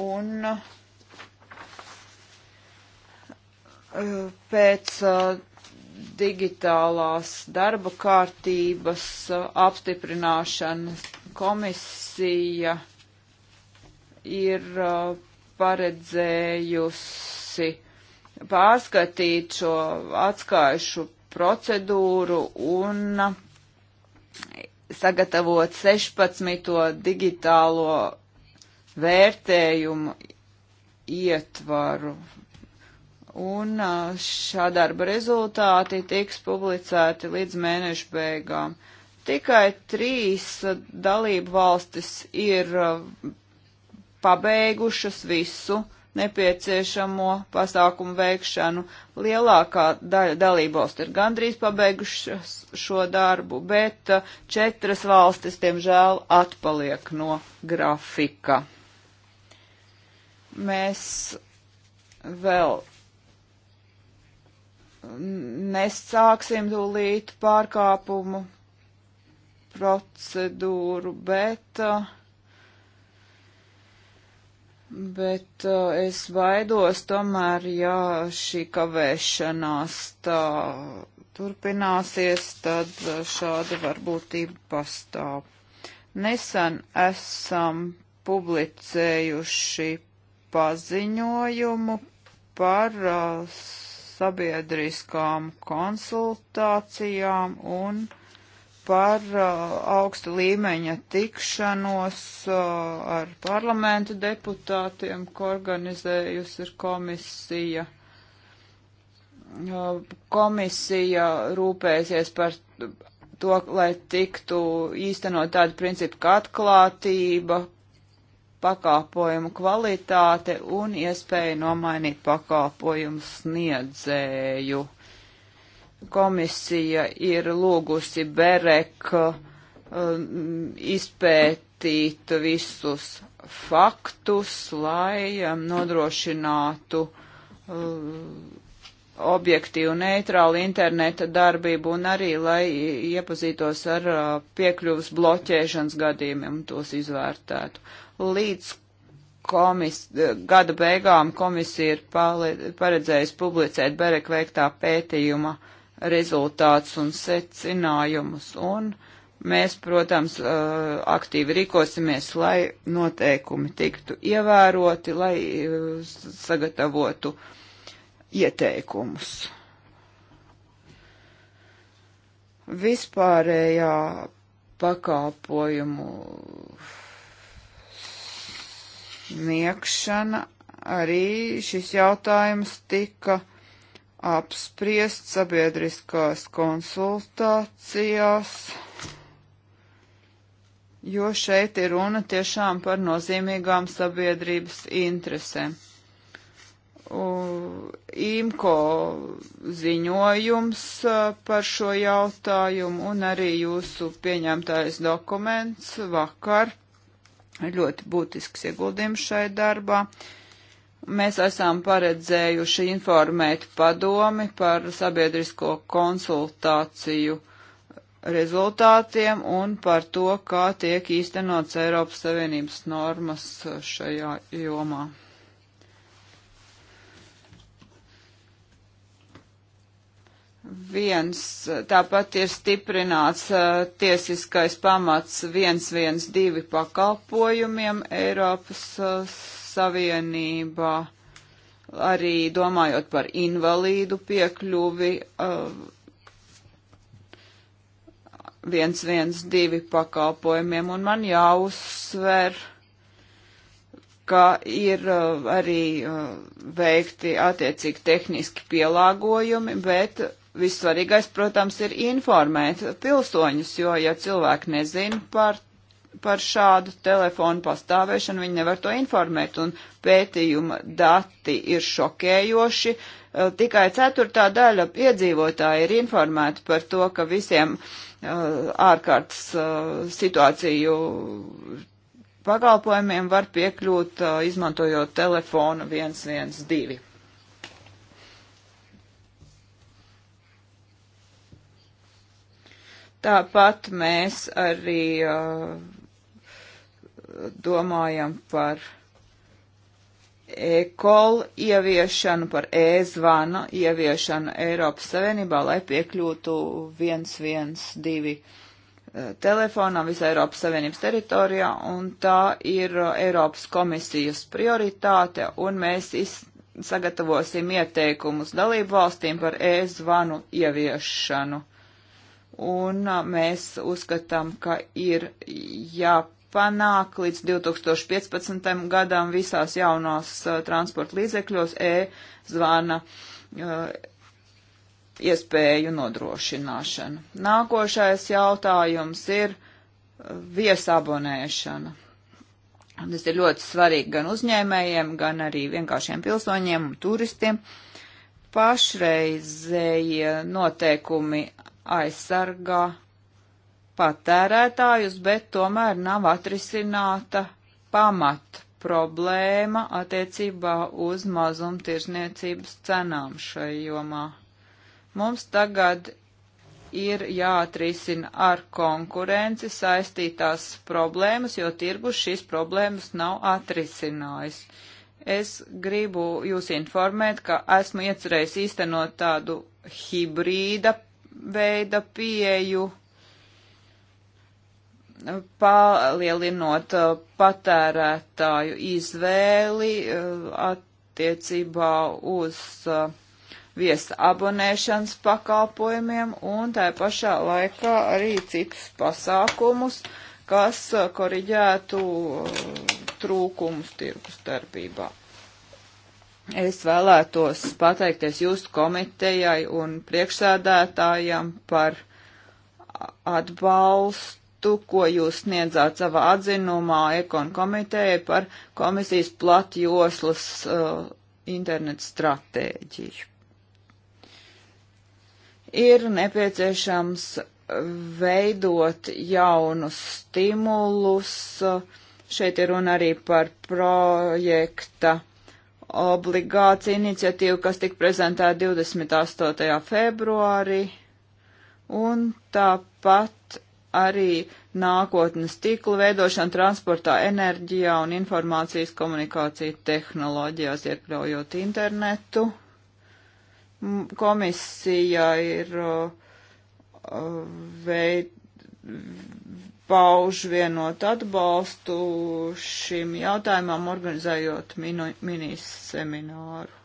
Un eh, pēc eh, digitālās darba kārtības eh, apstiprināšanas komisija ir paredzējusi lūgusi pārskatīt šo atskaišu procedūru un sagatavot 16. digitālo vērtējumu ietvaru. Un šā darba rezultāti tiks publicēti līdz mēneša beigām. Tikai trīs dalību valstis ir pabeigušas visu nepieciešamo pasākumu veikšanu. Lielākā daļa dalībvalstu ir gandrīz pabeiguši šo darbu, bet uh, četras valstis, diemžēl, atpaliek no grafika. Mēs vēl nesāksim tūlīt pārkāpumu procedūru, bet uh, Bet uh, es baidos tomēr, ja šī kavēšanās tā turpināsies, tad uh, šāda varbūtība pastāv. Nesen esam publicējuši paziņojumu par uh, sabiedriskām konsultācijām un par uh, augsta līmeņa tikšanos uh, ar parlamentu deputātiem, ko organizējusi ir komisija. Uh, komisija rūpēsies par to, lai tiktu īstenot tādu principu kā atklātība, pakāpojumu kvalitāte un iespēja nomainīt pakāpojumu sniedzēju. Uh, Komisija ir lūgusi Berek uh, um, izpētīt visus faktus, lai um, nodrošinātu um, objektīvu neitrālu interneta darbību un arī, lai iepazītos ar uh, piekļuvas bloķēšanas gadījumiem un tos izvērtētu. Līdz komis, uh, gada beigām komisija ir paredzējusi publicēt Berek veiktā pētījuma uh, rezultātus un secinājumus. Un mēs, protams, aktīvi rīkosimies, lai noteikumi tiktu ievēroti, lai sagatavotu ieteikumus. Vispārējā pakalpojumu sniegšana arī šis jautājums tika uh, apspriest sabiedriskās konsultācijās, jo šeit ir runa tiešām par nozīmīgām sabiedrības interesēm. IMCO ziņojums par šo jautājumu un arī jūsu pieņemtais dokuments vakar ļoti būtisks ieguldījums šai darbā. Uh, Mēs esam paredzējuši informēt padomi par sabiedrisko konsultāciju rezultātiem un par to, kā tiek īstenots Eiropas Savienības normas šajā jomā. Viens, tāpat ir stiprināts uh, tiesiskais pamats 112 pakalpojumiem Eiropas uh, Savienība, arī domājot par invalīdu piekļuvi, uh, viens viens divi pakalpojumiem, un man jāuzsver, ka ir uh, arī uh, veikti attiecīgi tehniski pielāgojumi, bet vissvarīgais, protams, ir informēt pilsoņus, jo ja cilvēki nezin par par šādu telefonu pastāvēšanu, viņi nevar to informēt, un pētījuma dati ir šokējoši. Tikai ceturtā daļa iedzīvotāji ir informēti par to, ka visiem ārkārtas situāciju pakalpojumiem var piekļūt, izmantojot telefonu 112. Tāpat mēs arī uh, domājam par e-kolu ieviešanu, par e-zvana ieviešanu Eiropas Savienībā, lai piekļūtu 112 e, telefonam visā Eiropas Savienības teritorijā, un tā ir e, Eiropas komisijas prioritāte, un mēs sagatavosim ieteikumus dalību valstīm par e-zvanu ieviešanu. Un mēs uzskatām, ka ir jāpārādās jāpanāk līdz 2015. gadam visās jaunās uh, transporta līdzekļos e-zvana uh, iespēju nodrošināšana. Nākošais jautājums ir uh, viesabonēšana. Tas ir ļoti svarīgi gan uzņēmējiem, gan arī vienkāršiem pilsoņiem un turistiem. Pašreizējie noteikumi aizsargā patērētājus, bet tomēr nav atrisināta pamat problēma attiecībā uz mazumtirzniecības cenām šai jomā. Mums tagad ir jāatrisina ar konkurenci saistītās problēmas, jo tirgus šīs problēmas nav atrisinājis. Es gribu jūs informēt, ka esmu iecerējis īstenot tādu hibrīda veida pieju palielinot uh, patērētāju izvēli uh, attiecībā uz uh, viesa abonēšanas pakalpojumiem un tā pašā laikā arī citus pasākumus, kas koriģētu trūkumus tirgus starpībā. Es vēlētos pateikties jūsu komitejai un priekšsēdētājam par atbalstu projektu, ko jūs sniedzāt savā atzinumā ekonu komiteja par komisijas platjoslas uh, internetu stratēģiju. Ir nepieciešams veidot jaunus stimulus. Šeit ir runa arī par projekta obligācija iniciatīvu, kas tika prezentēta 28. februārī. Un tāpat arī nākotnes tīklu veidošana transportā, enerģijā un informācijas komunikācija tehnoloģijās, iekļaujot internetu. Komisija ir veid, pauž vienot atbalstu šim jautājumam, organizējot minu, minis semināru.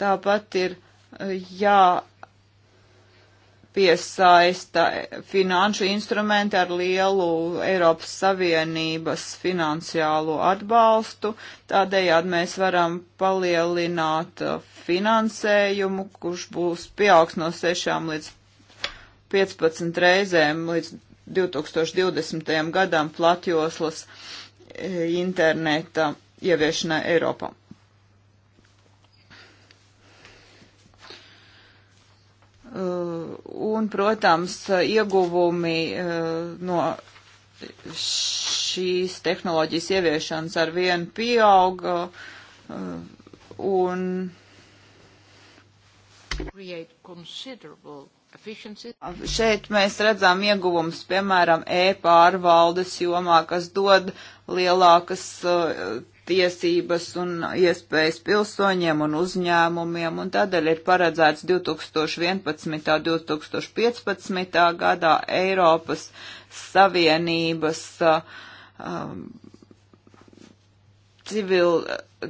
Tāpat ir e, jā jāpiesaista finanšu instrumenti ar lielu Eiropas Savienības finansiālo atbalstu. Tādējādi mēs varam palielināt uh, finansējumu, kurš būs pieaugs no 6 līdz 15 reizēm līdz 2020. gadam platjoslas eh, interneta ieviešanai Eiropā. Uh, un, protams, ieguvumi uh, no šīs tehnoloģijas ieviešanas ar vienu pieauga uh, un Šeit mēs redzam ieguvumus, piemēram, e-pārvaldes jomā, kas dod lielākas uh, tiesības un iespējas pilsoņiem un uzņēmumiem, un tādēļ ir paredzēts 2011. un 2015. gadā Eiropas Savienības um, civil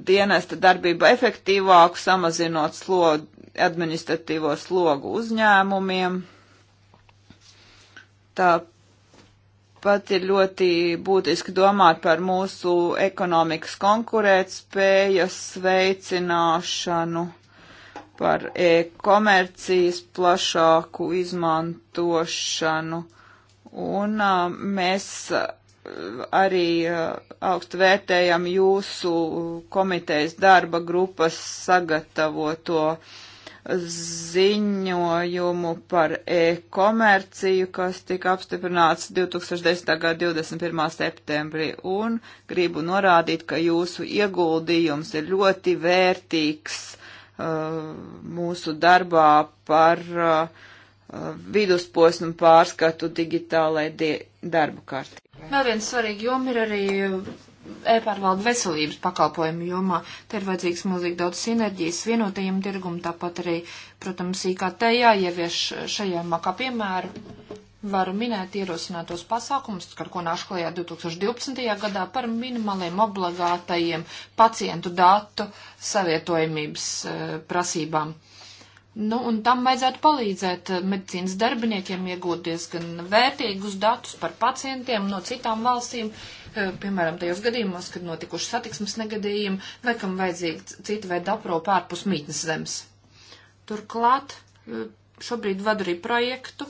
dienesta darbība efektīvāku, samazinot slogu, administratīvo slogu uzņēmumiem. Tā Tāpat ir ļoti būtiski domāt par mūsu ekonomikas konkurētspējas veicināšanu, par e-komercijas plašāku izmantošanu. Un a, mēs arī augstu vērtējam jūsu komitejas darba grupas sagatavoto to ziņojumu par e-komerciju, kas tika apstiprināts 2010. gada 21. septembrī, un gribu norādīt, ka jūsu ieguldījums ir ļoti vērtīgs uh, mūsu darbā par uh, vidusposmu pārskatu digitālai darba kārtībai. Vēl viens svarīgi joma ir arī e-pārvaldu veselības pakalpojumu jomā. Te ir vajadzīgs milzīgi daudz sinerģijas vienotajam tirgum, tāpat arī, protams, IKT jāievieš šajā makā piemēru. Varu minēt ierosinātos pasākumus, ar ko nāšu klajā 2012. gadā par minimaliem obligātajiem pacientu datu savietojamības e, prasībām. Nu, un tam vajadzētu palīdzēt e, medicīnas darbiniekiem iegūt diezgan vērtīgus datus par pacientiem no citām valstīm, uh, piemēram, tajos gadījumos, kad notikuši satiksmes negadījumi vai kam vajadzīga cita veida aprūpa ārpus mītnes zemes. Turklāt e, šobrīd vadu arī projektu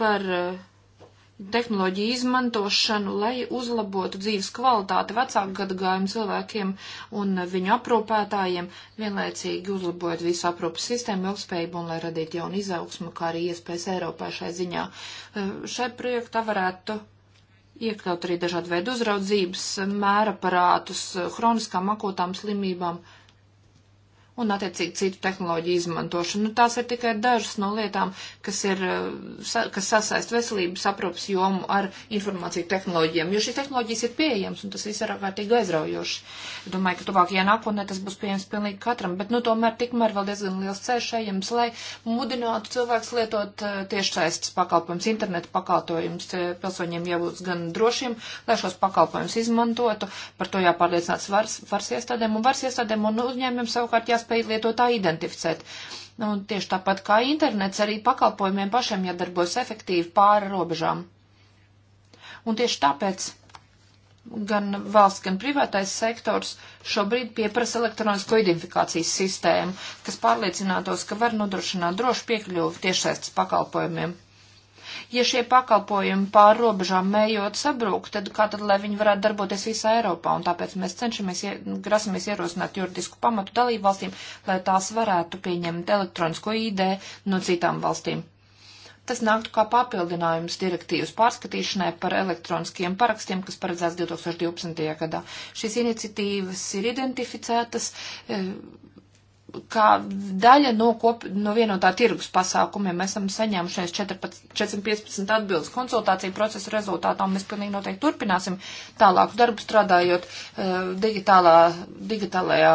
par e, tehnoloģiju izmantošanu, lai uzlabotu dzīves kvalitāti vecāku gadagājumu cilvēkiem un viņu aprūpētājiem, vienlaicīgi uzlabojot visu aprūpas sistēmu, ilgspējību un lai radītu jaunu izaugsmu, kā arī iespējas Eiropā šai ziņā. E, šai projektā varētu iekļaut arī dažādu veidu uzraudzības mēra parātus, hroniskām akūtām slimībām. Uh, un, attiecīgi, citu tehnoloģiju izmantošanu. Nu, tās ir tikai dažas no lietām, kas, ir, eh, kas sasaist veselības aprūpas jomu ar informāciju tehnoloģijām, jo šīs tehnoloģijas ir pieejams, un tas viss ir ārkārtīgi aizraujoši. Domāju, ka tuvākajā nākotnē tas būs pieejams pilnīgi katram, bet, nu, tomēr tikmēr vēl diezgan liels ceļš ejams, lai mudinātu cilvēks lietot eh, tiešsaistes pakalpojumus, internetu pakalpojumus, eh, pilsoņiem jābūt gan drošiem, lai šos pakalpojumus izmantotu, par to jāpārliecinās varas, varas iestādēm, un varas iestādēm un uzņēmumiem savukārt jās jāspēj lietotāji identificēt. Nu, tieši tāpat kā internets, arī pakalpojumiem pašiem jādarbojas efektīvi pāri robežām. Un tieši tāpēc gan valsts, gan privātais sektors šobrīd pieprasa elektronisko identifikācijas sistēmu, kas pārliecinātos, ka var nodrošināt drošu piekļuvu tiešsaistes pakalpojumiem. Ja šie pakalpojumi pār robežām mējot sabrūk, tad kā tad, lai viņi varētu darboties visā Eiropā? Un tāpēc mēs cenšamies, ie, grasamies ierosināt juridisku pamatu dalību valstīm, lai tās varētu pieņemt elektronisko ID no citām valstīm. Tas nāktu kā papildinājums direktīvas pārskatīšanai par elektroniskiem parakstiem, kas paredzēts 2012. gadā. Šīs iniciatīvas ir identificētas. E, kā daļa no, kop, no vienotā tirgus pasākumiem esam saņēmušies 415 atbildes konsultāciju procesu rezultātā, un mēs pilnīgi noteikti turpināsim tālāku darbu strādājot uh, digitālā, digitālajā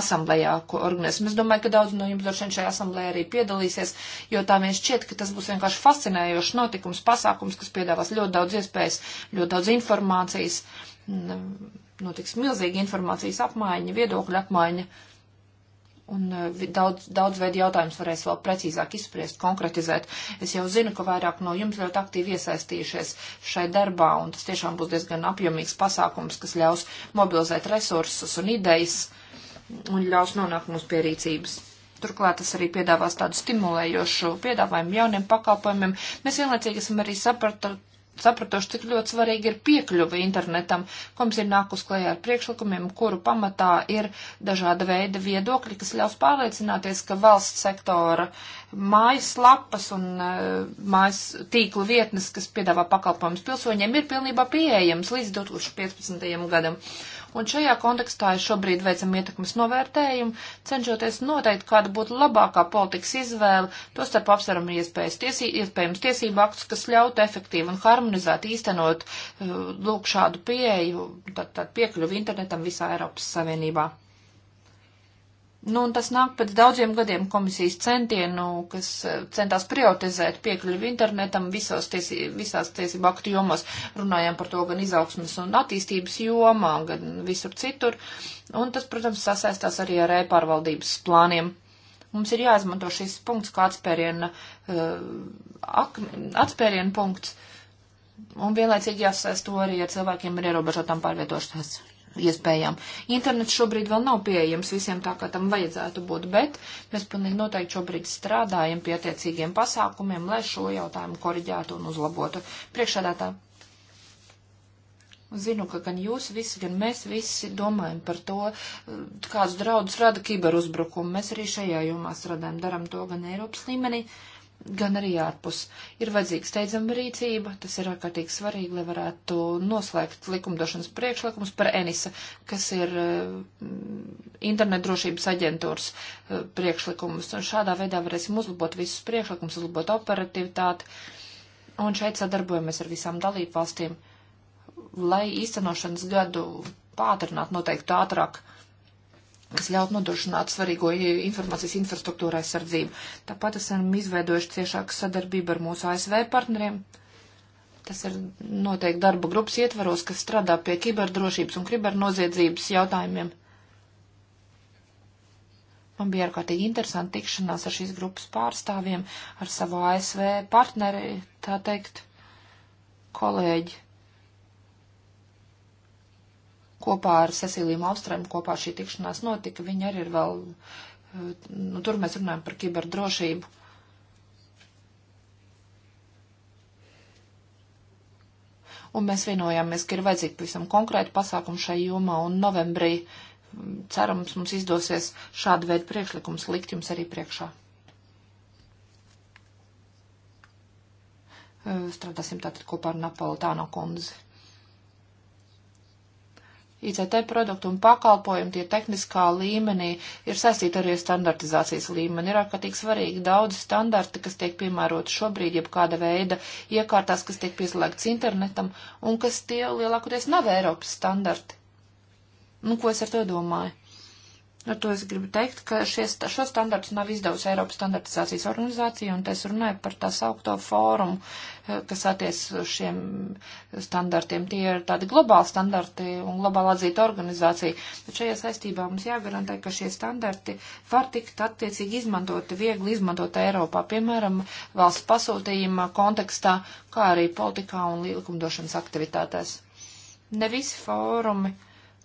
asamblējā, ko organizēsim. Es domāju, ka daudz no jums droši vien šajā asamblējā arī piedalīsies, jo tā vien šķiet, ka tas būs vienkārši fascinējošs notikums, pasākums, kas piedāvās ļoti daudz iespējas, ļoti daudz informācijas, notiks milzīga informācijas apmaiņa, viedokļa apmaiņa. Uh, Un eh, daudz, daudz veidu jautājums varēs vēl precīzāk izspriest, konkretizēt. Es jau zinu, ka vairāk no jums ļoti aktīvi iesaistījušies šai darbā, un tas tiešām būs diezgan apjomīgs pasākums, kas ļaus mobilizēt resursus un idejas un ļaus nonākt mums pie rīcības. Turklāt tas arī piedāvās tādu stimulējošu piedāvājumu jauniem pakalpojumiem. Mēs vienlaicīgi esam arī sapratu, sapratuši, cik ļoti svarīgi ir piekļuve internetam. Komisija nākus klajā ar priekšlikumiem, kuru pamatā ir dažāda veida viedokļi, kas ļaus pārliecināties, ka valsts sektora eh, mājas lapas un mājas tīklu vietnes, kas piedāvā pakalpojumus pilsoņiem, ir pilnībā pieejams līdz 2015. gadam un šajā kontekstā šobrīd veicam ietekmes novērtējumu, cenšoties noteikt, kāda būtu labākā politikas izvēle, tostarp apsveram iespējas tiesī, iespējams tiesību aktus, kas ļautu efektīvi un harmonizēt īstenot uh, lūk šādu pieeju, tad, tad piekļuvi internetam visā Eiropas Savienībā. Nu, un tas nāk pēc daudziem gadiem komisijas centienu, kas eh, centās prioritizēt piekļuvi internetam visos tiesi, visās tiesību aktu jomās. Runājām par to gan izaugsmas un attīstības jomā, gan visur citur. Un tas, protams, sasaistās arī ar e-pārvaldības plāniem. Mums ir jāizmanto šis punkts kā atspēriena, eh, ak, atspēriena punkts. Un vienlaicīgi jāsasaist to arī ar cilvēkiem ar ierobežotām pārvietošanās iespējām. Internets šobrīd vēl nav pieejams visiem tā, kā tam vajadzētu būt, bet mēs pilnīgi noteikti šobrīd strādājam pie attiecīgiem pasākumiem, lai šo jautājumu koriģētu un uzlabotu. Priekšādātā. Zinu, ka gan jūs visi, gan mēs visi domājam par to, kāds draudus rada kiberuzbrukumu. Mēs arī šajā jomā strādājam, daram to gan Eiropas līmenī, uh, gan arī ārpus. Ir vajadzīga steidzama rīcība, tas ir ārkārtīgi svarīgi, lai varētu noslēgt likumdošanas priekšlikumus par ENISA, kas ir eh, internet drošības aģentūras eh, priekšlikumus. Un šādā veidā varēsim uzlabot visus priekšlikumus, uzlabot operativitāti. Un šeit sadarbojamies ar visām dalību valstīm, lai īstenošanas gadu pātrināt noteikti ātrāk kas ļaut nodrošināt svarīgo informācijas infrastruktūrai sardzību. Tāpat esam izveidojuši ciešāku sadarbību ar mūsu ASV partneriem. Tas ir noteikti darba grupas ietvaros, kas strādā pie kiberdrošības un kibernoziedzības jautājumiem. Man bija ārkārtīgi interesanti tikšanās ar šīs grupas pārstāvjiem, ar savu ASV partneri, tā teikt, kolēģi kopā ar Cecīliju Malstrēm, kopā šī tikšanās notika, viņa arī ir vēl, eh, nu, tur mēs runājam par kiberdrošību. Un mēs vienojāmies, ka ir vajadzīgi pavisam konkrēti pasākumi šai jomā, un novembrī, mm, cerams, mums izdosies šādu veidu priekšlikums likt jums arī priekšā. Eh, strādāsim tātad kopā ar Napolitāno kundzi. ICT produktu un pakalpojumu tie tehniskā līmenī ir saistīti arī ar standartizācijas līmeni. Ir ārkārtīgi svarīgi daudz standarti, kas tiek piemēroti šobrīd, jeb kāda veida iekārtās, kas tiek pieslēgts internetam un kas tie lielākoties nav Eiropas standarti. Nu, ko es ar to domāju? Ar to es gribu teikt, ka šie, šo standartu nav izdevusi Eiropas standartizācijas organizācija, un te es runāju par tā saukto fórumu, eh, kas attiec uz šiem standartiem. Tie ir tādi globāli standarti un globāli atzīta organizācija. Bet šajā saistībā mums jāgarantē, ka šie standarti var tikt attiecīgi izmantoti, viegli izmantot Eiropā, piemēram, valsts pasūtījuma kontekstā, kā arī politikā un likumdošanas aktivitātēs. Ne visi fórumi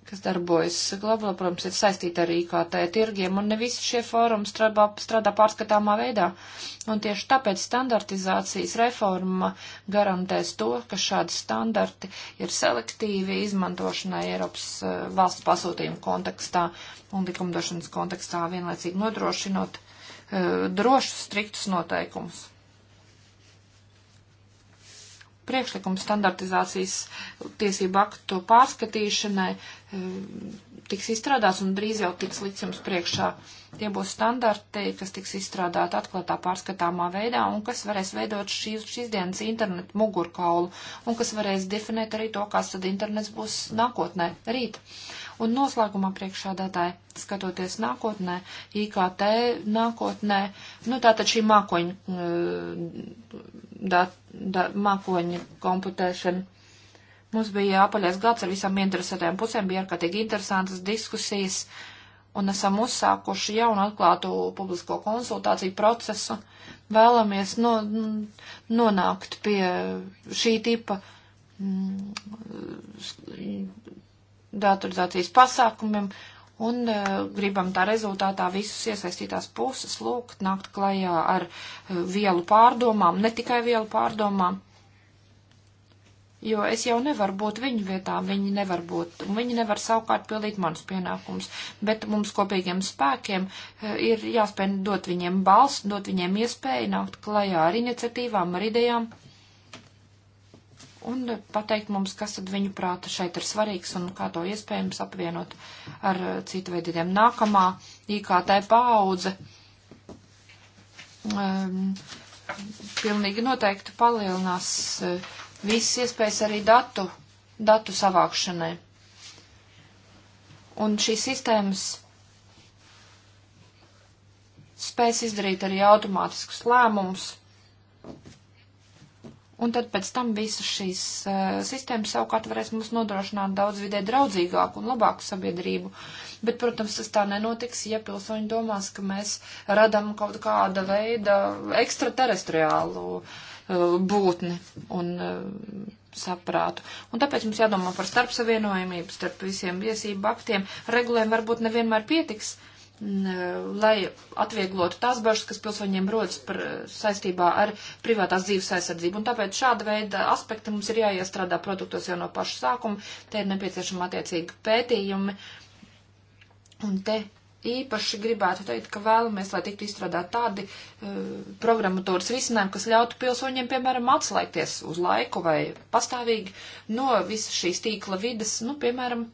kas darbojas globāli, protams, ir saistīta ar IKT tirgiem, un ne visi šie fórumi strādā, strādā pārskatāmā veidā. Un tieši tāpēc standartizācijas reforma garantēs to, ka šādi standarti ir selektīvi izmantošanai Eiropas uh, valsts pasūtījuma kontekstā un likumdošanas kontekstā, vienlaicīgi nodrošinot uh, drošus, striktus noteikumus priekšlikumu standartizācijas tiesību aktu pārskatīšanai eh, tiks izstrādāts un drīz jau tiks liks jums priekšā. Tie būs standarti, kas tiks izstrādāti atklātā pārskatāmā veidā un kas varēs veidot šīs, šīs dienas internetu mugurkaulu un kas varēs definēt arī to, kāds tad internets būs nākotnē, rīt. Uh, Un noslēgumā priekšādātāji, skatoties nākotnē, IKT nākotnē, nu tātad šī mākoņa, da, da, mākoņa komputēšana. Mums bija apaļais gads ar visām interesētajām pusēm, bija ārkārtīgi interesantas diskusijas, un esam uzsākuši jaunu atklātu publisko konsultāciju procesu. Vēlamies no, nonākt pie šī tipa mm, datorizācijas pasākumiem un uh, gribam tā rezultātā visus iesaistītās puses lūgt, nākt klajā ar uh, vielu pārdomām, ne tikai vielu pārdomām. Jo es jau nevaru būt viņu vietā, viņi nevar būt, un viņi nevar savukārt pildīt manus pienākumus, bet mums kopīgiem spēkiem e, ir jāspēj dot viņiem balstu, dot viņiem iespēju nākt klajā ar iniciatīvām, ar idejām un pateikt mums, kas tad viņu prāta šeit ir svarīgs un kā to iespējams apvienot ar citu veidiem. Nākamā IKT paudze um, pilnīgi noteikti palielinās uh, visas iespējas arī datu, datu savākšanai. Un šīs sistēmas spēs izdarīt arī automātiskus lēmumus Un tad pēc tam visas šīs uh, sistēmas savukārt varēs mums nodrošināt daudz vidē draudzīgāku un labāku sabiedrību. Bet, protams, tas tā nenotiks, ja pilsoņi domās, ka mēs radam kaut kāda veida ekstraterestriālu uh, eh, būtni un uh, saprātu. Un tāpēc mums jādomā par starpsavienojumību, starp visiem tiesību aktiem. Regulējumi varbūt nevienmēr pietiks. Uh, E, lai atvieglotu tās bažas, kas pilsoņiem rodas par, e, saistībā ar privātās dzīves aizsardzību. Un tāpēc šāda veida aspekti mums ir jāiestrādā produktos jau no paša sākuma. Te ir nepieciešama attiecīga pētījumi. Un te īpaši gribētu teikt, ka vēlamies, lai tiktu izstrādāt tādi uh, programmatūras risinājumi, kas ļautu pilsoņiem, piemēram, atslēgties uz laiku vai pastāvīgi no visas šīs tīkla vidas, nu, piemēram,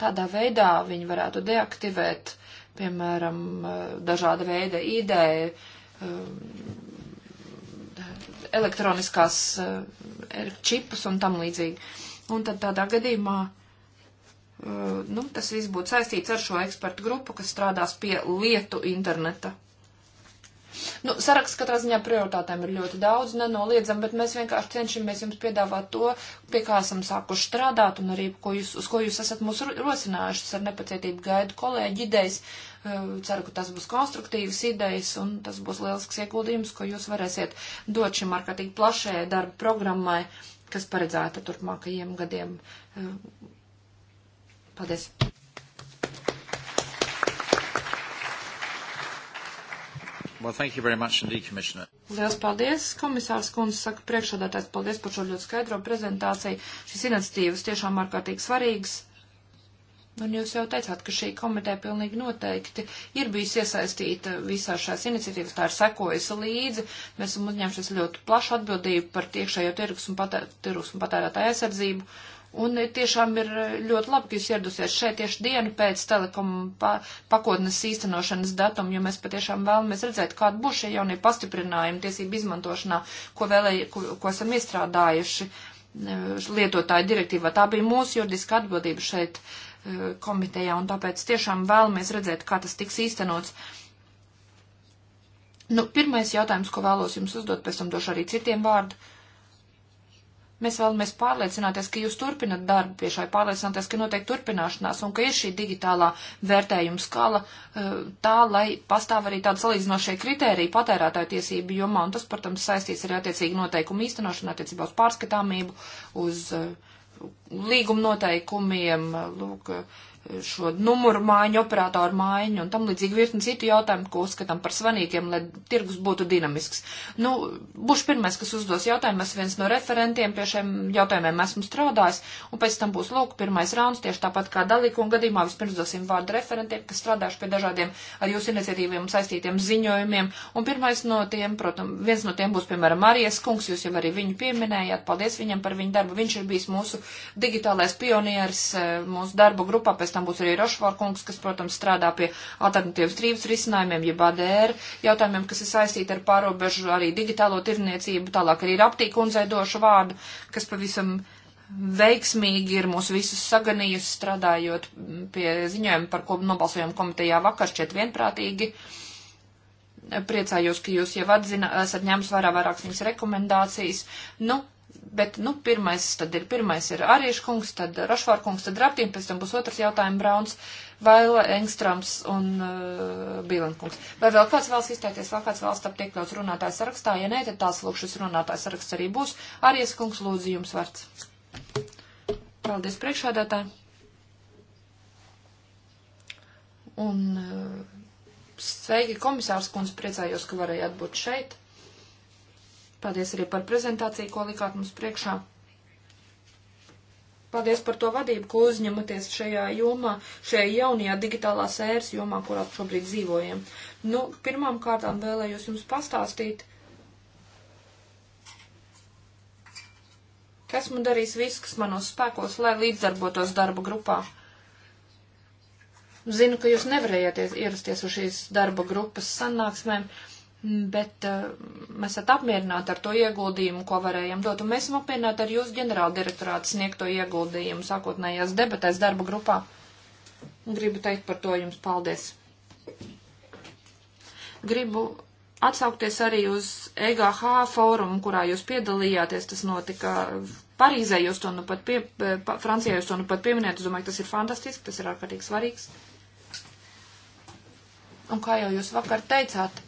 Tādā veidā viņi varētu deaktivēt, piemēram, eh, dažāda veida ideja, eh, elektroniskās eh, er, čipus un tam līdzīgi. Un tad tādā gadījumā nu, tas viss būtu saistīts ar šo ekspertu grupu, kas strādās pie lietu interneta. Nu, saraksts katrā ziņā prioritātēm ir ļoti daudz, nenoliedzam, bet mēs vienkārši cenšamies jums piedāvāt to, pie kā esam sākuši strādāt un arī, ko jūs, uz ko jūs esat mūs rosinājuši. Es ar nepacietību gaidu kolēģi idejas. Uh, ceru, ka tas būs konstruktīvas idejas un tas būs lielisks ieguldījums, ko jūs varēsiet dot šim ārkārtīgi plašajai darba programmai, kas paredzēta turpmākajiem gadiem. Uh, paldies! Well, thank you very much indeed, Commissioner. Liels paldies, komisārs kundze, saka priekšādātājs, paldies par šo ļoti skaidro prezentāciju. Šis iniciatīvas tiešām ārkārtīgi svarīgs. Un jūs jau teicāt, ka šī komiteja pilnīgi noteikti ir bijusi iesaistīta visā šās iniciatīvas, tā ir sekojusi līdzi. Mēs esam uzņēmušies ļoti plašu atbildību par tiekšējo tirgus un, patē, tirgus un patērētāju aizsardzību. Uh, Un tiešām ir eh, ļoti labi, ka jūs ieradusies šeit tieši dienu pēc telekomu pa pakotnes īstenošanas datuma, jo mēs patiešām vēlamies redzēt, kāda būs šie jaunie pastiprinājumi tiesību izmantošanā, ko, vēlēja, ko, ko esam izstrādājuši eh, lietotāju direktīvā. Tā bija mūsu juridiska atbildība šeit eh, komitejā, un tāpēc tiešām vēlamies redzēt, kā tas tiks īstenots. Nu, pirmais jautājums, ko vēlos jums uzdot, pēc tam došu arī citiem vārdu Mēs vēlamies pārliecināties, ka jūs turpinat darbu pie šai, pārliecināties, ka notiek turpināšanās un ka ir šī digitālā vērtējuma skala eh, tā, lai pastāv arī tāda salīdzinošie kritērija patērētāju tiesību jomā, un tas, protams, saistīts arī attiecīgi noteikumu īstenošanu attiecībā uz pārskatāmību, uz eh, līguma noteikumiem, lūk, šo numuru mājiņu, operatoru mājiņu un tam līdzīgi virkni citu jautājumu, ko uzskatām par svarīgiem, lai tirgus būtu dinamisks. Nu, būšu pirmais, kas uzdos jautājumu, es viens no referentiem pie šiem jautājumiem esmu strādājis, un pēc tam būs lūk pirmais rauns, tieši tāpat kā dalīkuma gadījumā vispirms dosim vārdu referentiem, kas strādāšu pie dažādiem ar jūsu iniciatīviem saistītiem ziņojumiem, un pirmais no tiem, protams, viens no tiem būs, piemēram, Marijas kungs, jūs jau arī viņu pieminējāt, paldies viņam par viņu darbu, viņš ir bijis mūsu digitālais pionieris eh, mūsu darbu grupā pēc tam būs arī Rošvorkungs, kas, protams, strādā pie alternatīvas trības risinājumiem, jeb ADR jautājumiem, kas ir saistīti ar pārobežu arī digitālo tirniecību, tālāk arī ir aptīkundzei došu vārdu, kas pavisam veiksmīgi ir mūs visus saganījusi strādājot pie ziņojuma, par ko nobalsojām komitejā vakar šķiet vienprātīgi. Priecājos, ka jūs jau atzina, esat ņēmis vērā vairākas viņas rekomendācijas. Nu, Bet, nu, pirmais tad ir, pirmais ir Arīša kungs, tad Rošvār kungs, tad Raptīna, pēc tam būs otrs jautājums Brauns, Vaila, Engstrams un uh, Bīlenkungs. Vai vēl kāds vēlas izteikties, vēl kāds vēlas tapt iekļauts runātājs sarakstā? Ja nē, tad tās lūk šis runātājs saraksts arī būs. Arīša kungs, lūdzu, jums vārds. Paldies priekšādātāji. Un uh, sveiki, komisārs kungs, priecājos, ka varējāt būt šeit. Paldies arī par prezentāciju, ko likāt mums priekšā. Paldies par to vadību, ko uzņematies šajā jomā, šajā jaunajā digitālās ēras jomā, kurā šobrīd dzīvojam. Nu, pirmām kārtām vēlējos jums pastāstīt, ka esmu darījis visu, kas manos spēkos, lai līdzdarbotos darba grupā. Zinu, ka jūs nevarējāt ierasties uz šīs darba grupas sanāksmēm, bet uh, mēs esam apmierināti ar to ieguldījumu, ko varējām dot, un mēs esam apmierināti ar jūsu ģenerāldirektorāta sniegto ieguldījumu sākotnējās debatēs darba grupā. Gribu teikt par to jums paldies. Gribu atsaukties arī uz EGH fórumu, kurā jūs piedalījāties. Tas notika Parīzē, jūs to nu pat pie, eh, pa, Francijā jūs to nu pat pieminējat. Es domāju, tas ir fantastiski, tas ir ārkārtīgi svarīgs. Un kā jau jūs vakar teicāt,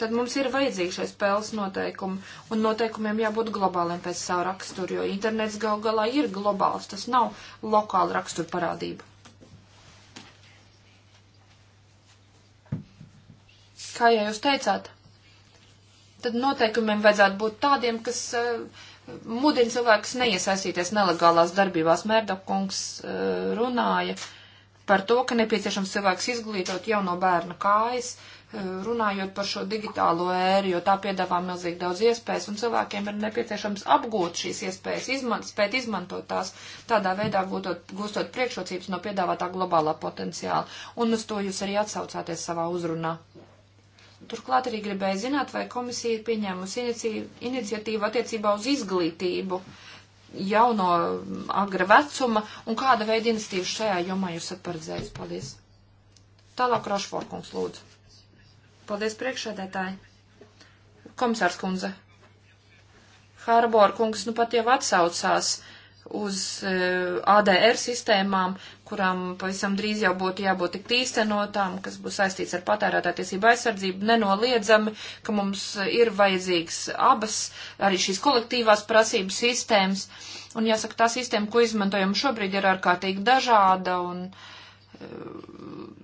tad mums ir vajadzīgi šai spēles noteikumi, un noteikumiem jābūt globāliem pēc savu raksturu, jo internets gal galā ir globāls, tas nav lokāla rakstura parādība. Kā jau jūs teicāt, tad noteikumiem vajadzētu būt tādiem, kas uh, mudina cilvēkus neiesaistīties nelegālās darbībās. Mērdakungs uh, eh, runāja par to, ka nepieciešams cilvēks izglītot jau no bērna kājas, uh, Eh, runājot par šo digitālo ēru, jo tā piedāvā milzīgi daudz iespējas, un cilvēkiem ir nepieciešams apgūt šīs iespējas, izman, spēt izmantot tās, tādā veidā gūtot, gūstot priekšrocības no piedāvātā globālā potenciāla. Un uz to jūs arī atsaucāties savā uzrunā. Turklāt arī gribēju zināt, vai komisija ir pieņēmusi inici, iniciatīvu attiecībā uz izglītību jauno agra vecuma, un kāda veida iniciatīvas šajā jomā jūs esat paredzējis. Paldies! Tālāk Rašforkungs lūdzu. Paldies priekšādētāji. Komisārs kundze. Harbor kungs nu pat jau atsaucās uz uh, e, ADR sistēmām, kurām pavisam drīz jau būtu jābūt tik īstenotām, kas būs saistīts ar patērētā tiesību aizsardzību, nenoliedzami, ka mums ir vajadzīgs abas, arī šīs kolektīvās prasības sistēmas. Un jāsaka, tā sistēma, ko izmantojam šobrīd, ir ārkārtīgi dažāda un uh,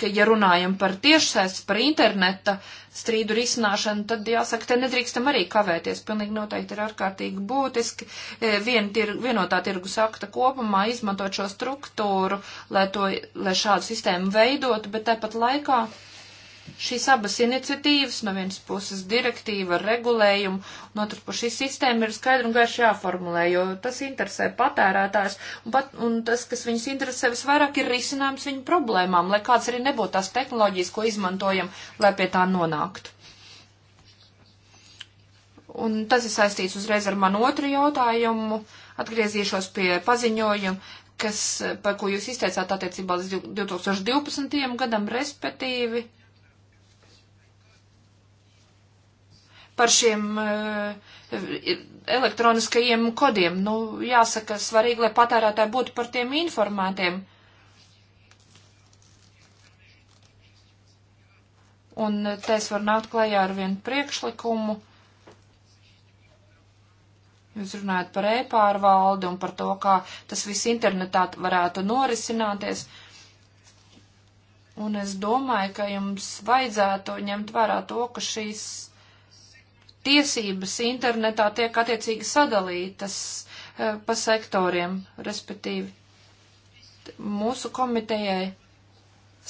ka, ja runājam par tiešsaistes, par interneta strīdu risināšanu, tad jāsaka, te nedrīkstam arī kavēties. Pilnīgi noteikti ir ārkārtīgi būtiski e, vien tir, vienotā tirgus akta kopumā izmantot šo struktūru, lai, to, lai šādu sistēmu veidotu, bet tāpat laikā. Uh, Šīs abas iniciatīvas, no vienas puses direktīva ar regulējumu, no otras puses šī sistēma ir skaidri un gaiši jāformulē, jo tas interesē patērētājs, un, pat, un tas, kas viņus interesē visvairāk, ir risinājums viņu problēmām, lai kāds arī nebūtu tās tehnoloģijas, ko izmantojam, lai pie tā nonāktu. Un tas ir saistīts uzreiz ar manu otru jautājumu. Atgriezīšos pie paziņojuma, kas, par ko jūs izteicāt attiecībā līdz 2012. gadam, respektīvi par šiem eh, elektroniskajiem kodiem. Nu, jāsaka, svarīgi, lai patērētāji būtu par tiem informētiem. Un eh, te es varu nākt klajā ar vienu priekšlikumu. Jūs runājat par e-pārvaldi un par to, kā tas viss internetā varētu norisināties. Un es domāju, ka jums vajadzētu ņemt vērā to, ka šīs tiesības internetā tiek attiecīgi sadalītas uh, pa sektoriem, respektīvi mūsu komitejai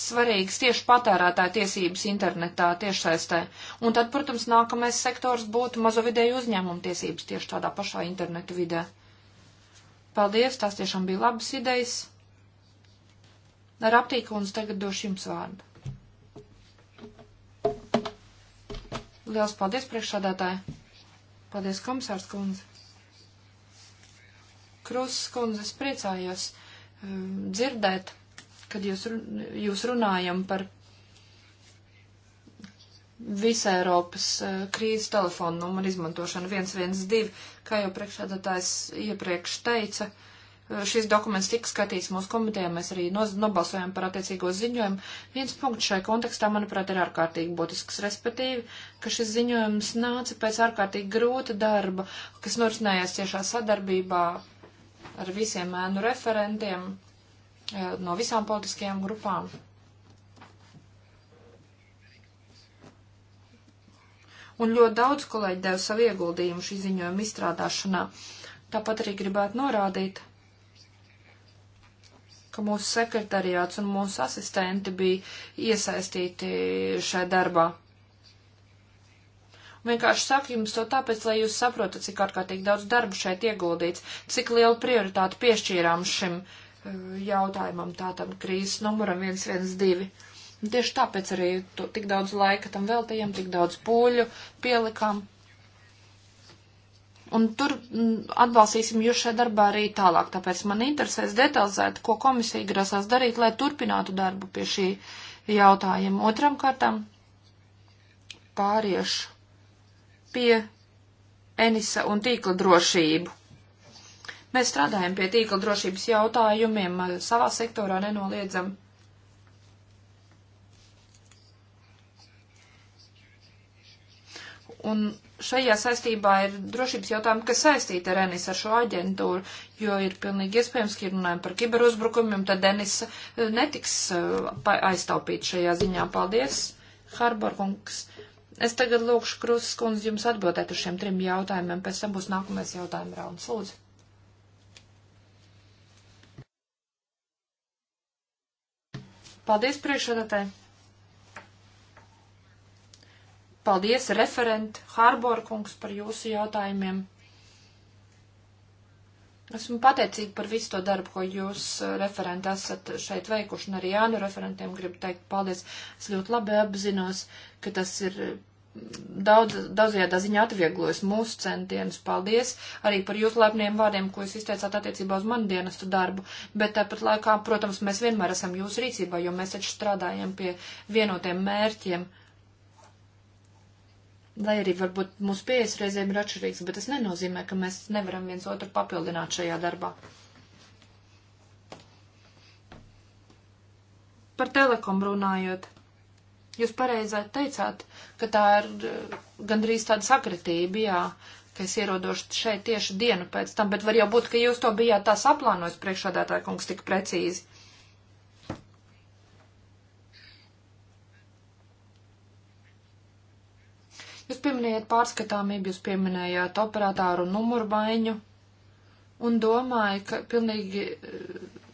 svarīgas tieši patērētāja tiesības internetā tiešsaistē. Un tad, protams, nākamais sektors būtu mazovidēju uzņēmumu tiesības tieši tādā pašā internetu vidē. Paldies, tās tiešām bija labas idejas. Ar aptīku un tagad došu jums vārdu. Liels paldies priekšsādātāji. Paldies, komisārs kundze. Krūzes kundze, es priecājos um, dzirdēt, kad jūs, jūs runājam par visai Eiropas uh, krīzes telefonu numuru izmantošanu 112, kā jau priekšsādātājs iepriekš teica. Uh, šis dokuments tika skatīts mūsu komitejā, mēs arī nobalsojām par attiecīgo ziņojumu. Viens punkts šai kontekstā, manuprāt, ir ārkārtīgi būtisks, respektīvi, ka šis ziņojums nāca pēc ārkārtīgi grūta darba, kas norisinājās ciešā sadarbībā ar visiem ēnu referentiem eh, no visām politiskajām grupām. Un ļoti daudz kolēģi deva savu ieguldījumu šī ziņojuma izstrādāšanā. Tāpat arī gribētu norādīt, ka mūsu sekretariāts un mūsu asistenti bija iesaistīti šajā darbā. Vienkārši saku jums to tāpēc, lai jūs saprotat, cik ārkārtīgi daudz darbu šeit ieguldīts, cik lielu prioritāti piešķīrām šim e, jautājumam, tātam krīzes numuram 112. Tieši tāpēc arī to, tik daudz laika tam veltījām, tik daudz pūļu pielikām. Un tur mm, atbalstīsim jūs šajā darbā arī tālāk, tāpēc man interesēs detalizēt, ko komisija grasās darīt, lai turpinātu darbu pie šī jautājuma. Otram kārtām pāriešu pie Enisa un tīkla drošību. Mēs strādājam pie tīkla drošības jautājumiem eh, savā sektorā nenoliedzam. Un šajā saistībā ir drošības jautājumi, kas saistīti ar Enis, ar šo aģentūru, jo ir pilnīgi iespējams, ka runājam par kiberuzbrukumiem, tad Enis eh, netiks eh, aiztaupīt šajā ziņā. Paldies, Harborkungs. Es tagad lūkšu Krūzes kundzi jums atbildēt uz šiem trim jautājumiem, pēc tam būs nākamais jautājuma rauns. Lūdzu. Paldies priekšredatē. Paldies, referent Hārborkungs, par jūsu jautājumiem. Esmu pateicīga par visu to darbu, ko jūs, eh, referenti, esat šeit veikuši, un arī Jānu referentiem gribu teikt paldies. Es ļoti labi apzinos, ka tas ir mm, daudz, daudzajādā ziņā atvieglojas mūsu centienus. Paldies arī par jūsu laipniem vārdiem, ko jūs izteicāt attiecībā uz manu dienestu darbu, bet tāpat laikā, protams, mēs vienmēr esam jūsu rīcībā, jo mēs taču strādājam pie vienotiem mērķiem lai arī varbūt mūsu pieejas reizēm ir atšķirīgs, bet tas nenozīmē, ka mēs nevaram viens otru papildināt šajā darbā. Par telekom runājot, jūs pareizai teicāt, ka tā ir eh, gandrīz tāda sakritība, jā, ka es ierodos šeit tieši dienu pēc tam, bet var jau būt, ka jūs to bijāt tā saplānojis priekšādātāja kungs tik precīzi. Jūs pieminējāt pārskatāmību, jūs pieminējāt operatāru numuru maiņu un domāju, ka pilnīgi eh,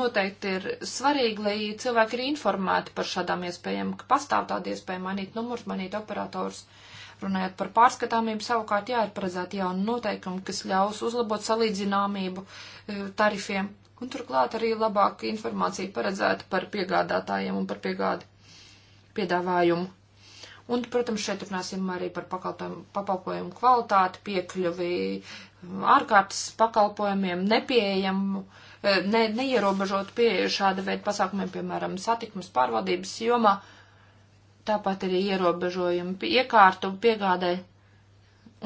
noteikti ir svarīgi, lai cilvēki ir informēti par šādām iespējām, ka pastāv tāda iespēja mainīt numurus, mainīt operators. Runājot par pārskatāmību, savukārt jā, ir paredzēti jauni noteikumi, kas ļaus uzlabot salīdzināmību eh, tarifiem. Un turklāt arī labāka informācija paredzēta par piegādātājiem un par piegādi piedāvājumu. Un, protams, šeit runāsim arī par pakalpojumu kvalitāti, piekļuvi ārkārtas pakalpojumiem, nepieejamu, e, ne, neierobežotu pieeju šāda veida pasākumiem, piemēram, satikmes pārvaldības jomā. Tāpat arī ierobežojumi pie iekārtu piegādē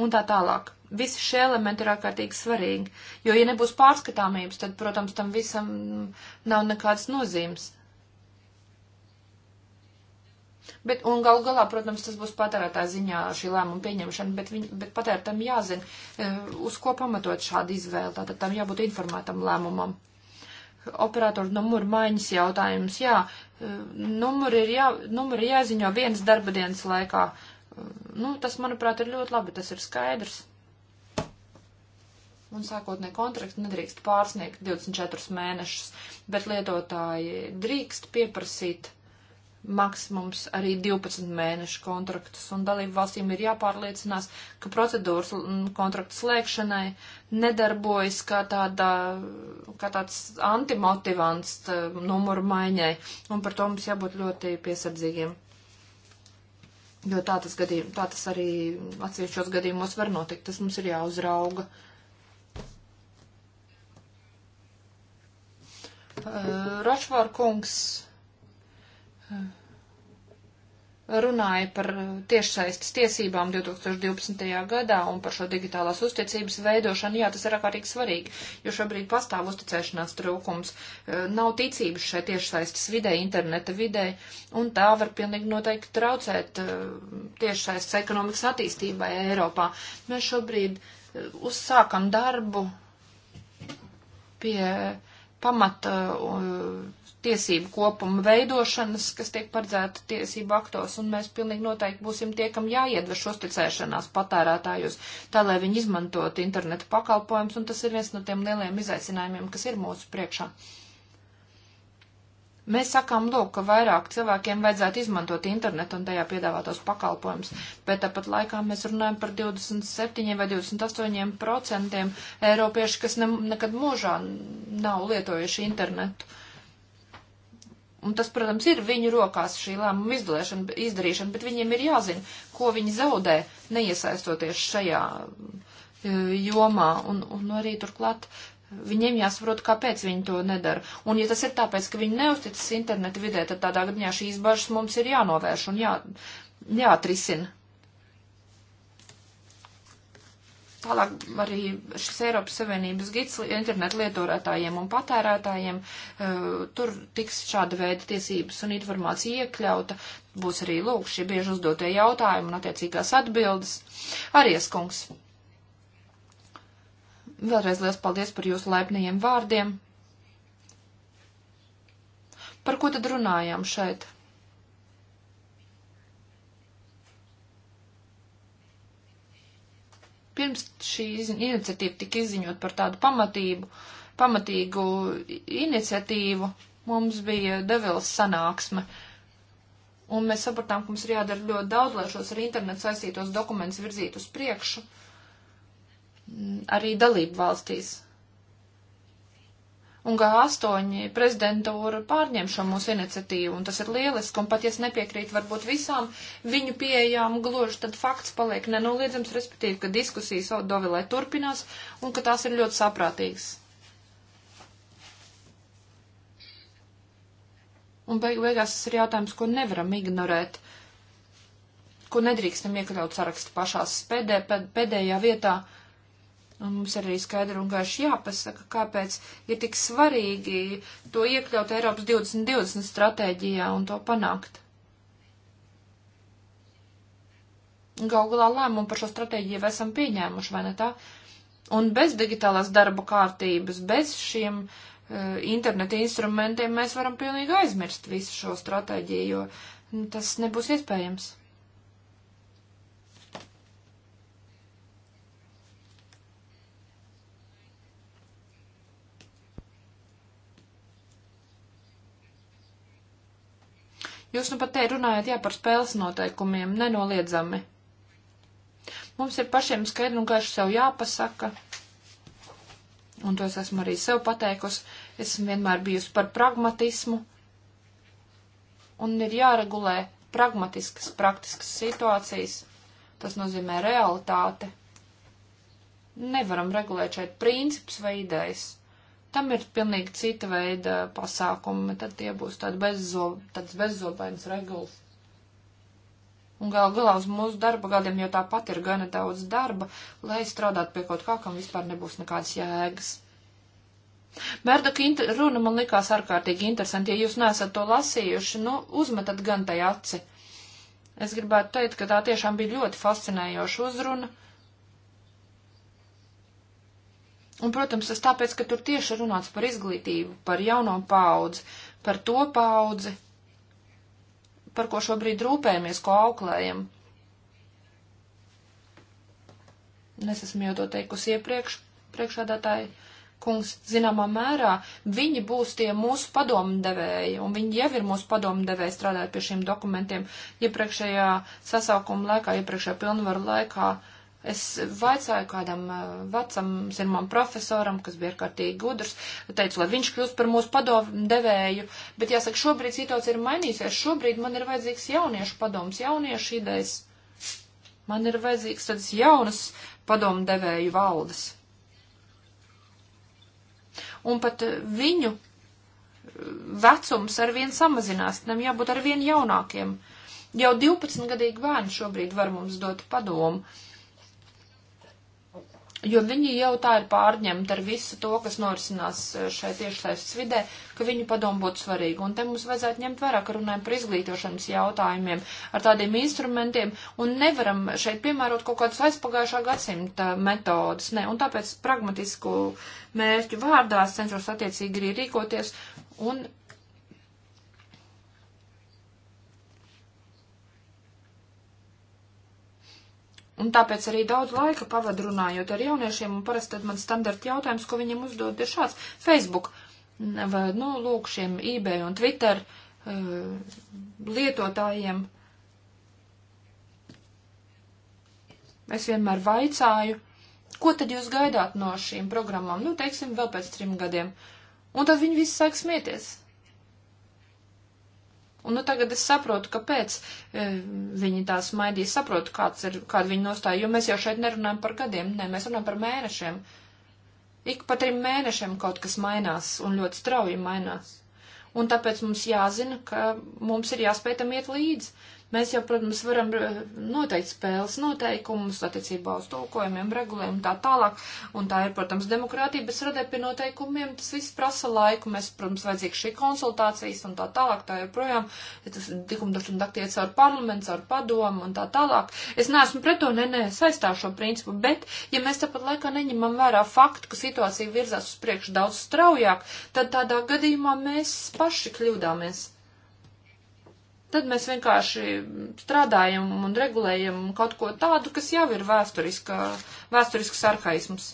un tā tālāk. Visi šie elementi ir ārkārtīgi svarīgi, jo, ja nebūs pārskatāmības, tad, protams, tam visam nav nekādas nozīmes. Bet, un gal galā, protams, tas būs patērētā ziņā šī lēmuma pieņemšana, bet, viņ, bet patērētam jāzina, e, uz ko pamatot šādu izvēli. Tātad tam jābūt informētam lēmumam. Operatoru numuru maiņas jautājums. Jā, e, numuri ir, jā, numuri ir jāziņo vienas darba dienas laikā. E, nu, tas, manuprāt, ir ļoti labi, tas ir skaidrs. Un sākotnēji kontrakts nedrīkst pārsniegt 24 mēnešus, bet lietotāji drīkst pieprasīt maksimums arī 12 mēnešu kontraktus, un dalību valstīm ir jāpārliecinās, ka procedūras mm, kontraktu slēgšanai nedarbojas kā, tāda, kā tāds antimotivants eh, numuru maiņai, un par to mums jābūt ļoti piesardzīgiem. Jo tā tas, gadījum, tā tas arī atsevišķos gadījumos var notikt, tas mums ir jāuzrauga. Eh, Rašvār kungs eh, runāja par tiešsaistes tiesībām 2012. gadā un par šo digitālās uzticības veidošanu, jā, tas ir ārkārtīgi svarīgi, jo šobrīd pastāv uzticēšanās trūkums, e, nav ticības šai tiešsaistes vidē, interneta vidē, un tā var pilnīgi noteikti traucēt e, tiešsaistes ekonomikas attīstībai Eiropā. Mēs šobrīd e, uzsākam darbu pie pamata tiesību kopuma veidošanas, kas tiek paredzēta tiesību aktos, un mēs pilnīgi noteikti būsim tie, kam jāiedver šos ticēšanās patērētājus, tā lai viņi izmantot internetu pakalpojumus, un tas ir viens no tiem lieliem izaicinājumiem, kas ir mūsu priekšā. Mēs sakām, lūk, ka vairāk cilvēkiem vajadzētu izmantot internetu un tajā piedāvātos pakalpojumus, bet tāpat laikā mēs runājam par 27 vai 28 procentiem eiropiešu, kas ne, nekad mūžā nav lietojuši internetu. Uh, Un tas, protams, ir viņu rokās šī lēmuma izdarīšana, bet viņiem ir jāzina, ko viņi zaudē, neiesaistoties šajā e, jomā. Un, un nu, arī turklāt viņiem jāsaprot, kāpēc viņi to nedara. Un ja tas ir tāpēc, ka viņi neusticas internetu vidē, tad tādā gadījumā šīs bažas mums ir jānovērš un jā, jāatrisina. Tālāk arī šis Eiropas Savienības gids internetu lietotājiem un patērētājiem, eh, tur tiks šāda veida tiesības un informācija iekļauta, būs arī lūk šie bieži uzdotie jautājumi un attiecīgās atbildes. Aries kungs, vēlreiz liels paldies par jūsu laipnajiem vārdiem. Par ko tad runājām šeit? pirms šī iniciatīva tika izziņot par tādu pamatību, pamatīgu iniciatīvu, mums bija devils sanāksme. Un mēs sapratām, ka mums ir jādara ļoti daudz, lai šos ar internetu saistītos dokumentus virzītu uz priekšu, arī dalību valstīs un G8 prezidentūra pārņem šo mūsu iniciatīvu, un tas ir lieliski, un pat ja es nepiekrītu varbūt visām viņu pieejām gluži, tad fakts paliek nenoliedzams, respektīvi, ka diskusijas Dovilē turpinās, un ka tās ir ļoti saprātīgas. Un beig beigās tas ir jautājums, ko nevaram ignorēt, ko nedrīkstam iekļaut sarakstu pašās pēdē, pēdējā vietā. Uh, Un mums arī skaidri un gaiši jāpasaka, kāpēc ir tik svarīgi to iekļaut Eiropas 2020 stratēģijā un to panākt. Gaugulā lēmumu par šo stratēģiju esam pieņēmuši, vai ne tā? Un bez digitālās darba kārtības, bez šiem uh, interneta instrumentiem mēs varam pilnīgi aizmirst visu šo stratēģiju, jo mm, tas nebūs iespējams. Jūs nu pat te runājat, jā, par spēles noteikumiem, nenoliedzami. Mums ir pašiem skaidri un gaiši sev jāpasaka, un to es esmu arī sev pateikusi, esmu vienmēr bijusi par pragmatismu, un ir jāregulē pragmatiskas, praktiskas situācijas. Tas nozīmē realitāte. Nevaram regulēt šeit principus vai idejas tam ir pilnīgi cita veida pasākumi, tad tie būs tādi bezzob, tāds bezzobainas regulas. Un gal galā uz mūsu darba gadiem jau tāpat ir gana daudz darba, lai strādātu pie kaut kā, kam vispār nebūs nekādas jēgas. Mērdaka runa man likās ārkārtīgi interesanti, ja jūs neesat to lasījuši, nu, uzmetat gan tai aci. Es gribētu teikt, ka tā tiešām bija ļoti fascinējoša uzruna. Uh, Un, protams, tas tāpēc, ka tur tieši runāts par izglītību, par jauno paudzi, par to paudzi, par ko šobrīd rūpējamies, ko auklējam. Es esmu jau to teikusi iepriekš, priekšādātāji kungs, zināmā mērā, viņi būs tie mūsu padomdevēji, un viņi jau ir mūsu padomdevēji strādājot pie šiem dokumentiem iepriekšējā sasaukuma laikā, iepriekšējā pilnvaru laikā. Uh, Es vaicāju kādam eh, vecam, zināmam profesoram, kas bija ārkārtīgi gudrs, teicu, lai viņš kļūst par mūsu padomu devēju, bet jāsaka, šobrīd situācija ir mainījusies, šobrīd man ir vajadzīgs jauniešu padoms, jauniešu idejas. Man ir vajadzīgs tāds jaunas padomu devēju valdes. Un pat viņu eh, vecums ar vien samazinās, tam jābūt ar vien jaunākiem. Jau 12 gadīgi bērni šobrīd var mums dot padomu jo viņi jau tā ir pārņemti ar visu to, kas norisinās e, šai tiešsaistes vidē, ka viņu padomu būtu svarīgi. Un te mums vajadzētu ņemt vērā, ka runājam par izglītošanas jautājumiem, ar tādiem instrumentiem, un nevaram šeit piemērot kaut kādas aizpagājušā gadsimta metodas, ne, un tāpēc pragmatisku mērķu vārdās cenšos attiecīgi arī rīkoties, un Un tāpēc arī daudz laika pavadu runājot ar jauniešiem, un parasti tad man standarta jautājums, ko viņiem uzdod, ir šāds - Facebook vai, nu, lūk, šiem eBay un Twitter uh, lietotājiem. Es vienmēr vaicāju, ko tad jūs gaidāt no šīm programmām, nu, teiksim, vēl pēc trim gadiem. Un tad viņi visi sāk smieties. Un nu, tagad es saprotu, kāpēc e, viņi tā smaidīja, saprotu, kāds ir, kāda viņa nostāja, jo mēs jau šeit nerunājam par gadiem, nē, mēs runājam par mēnešiem. Ik pa trim mēnešiem kaut kas mainās un ļoti strauji mainās. Un tāpēc mums jāzina, ka mums ir jāspēj tam iet līdzi. Mēs jau, protams, varam eh, noteikt spēles noteikumus attiecībā uz tulkojumiem, regulējumu tā tālāk, un tā ir, protams, demokrātija, bet strādāt pie noteikumiem, tas viss prasa laiku, mēs, protams, vajadzīga šī konsultācijas un tā tālāk, tā joprojām, ja tas likumdošana tiek caur parlamentu, caur padomu un tā tālāk. Es neesmu pret to, ne, ne, saistāšu šo principu, bet, ja mēs tāpat laikā neņemam vērā faktu, ka situācija virzās uz priekšu daudz straujāk, tad tādā gadījumā mēs paši kļūdāmies tad mēs vienkārši strādājam un regulējam kaut ko tādu, kas jau ir vēsturiska, vēsturisks arhaisms.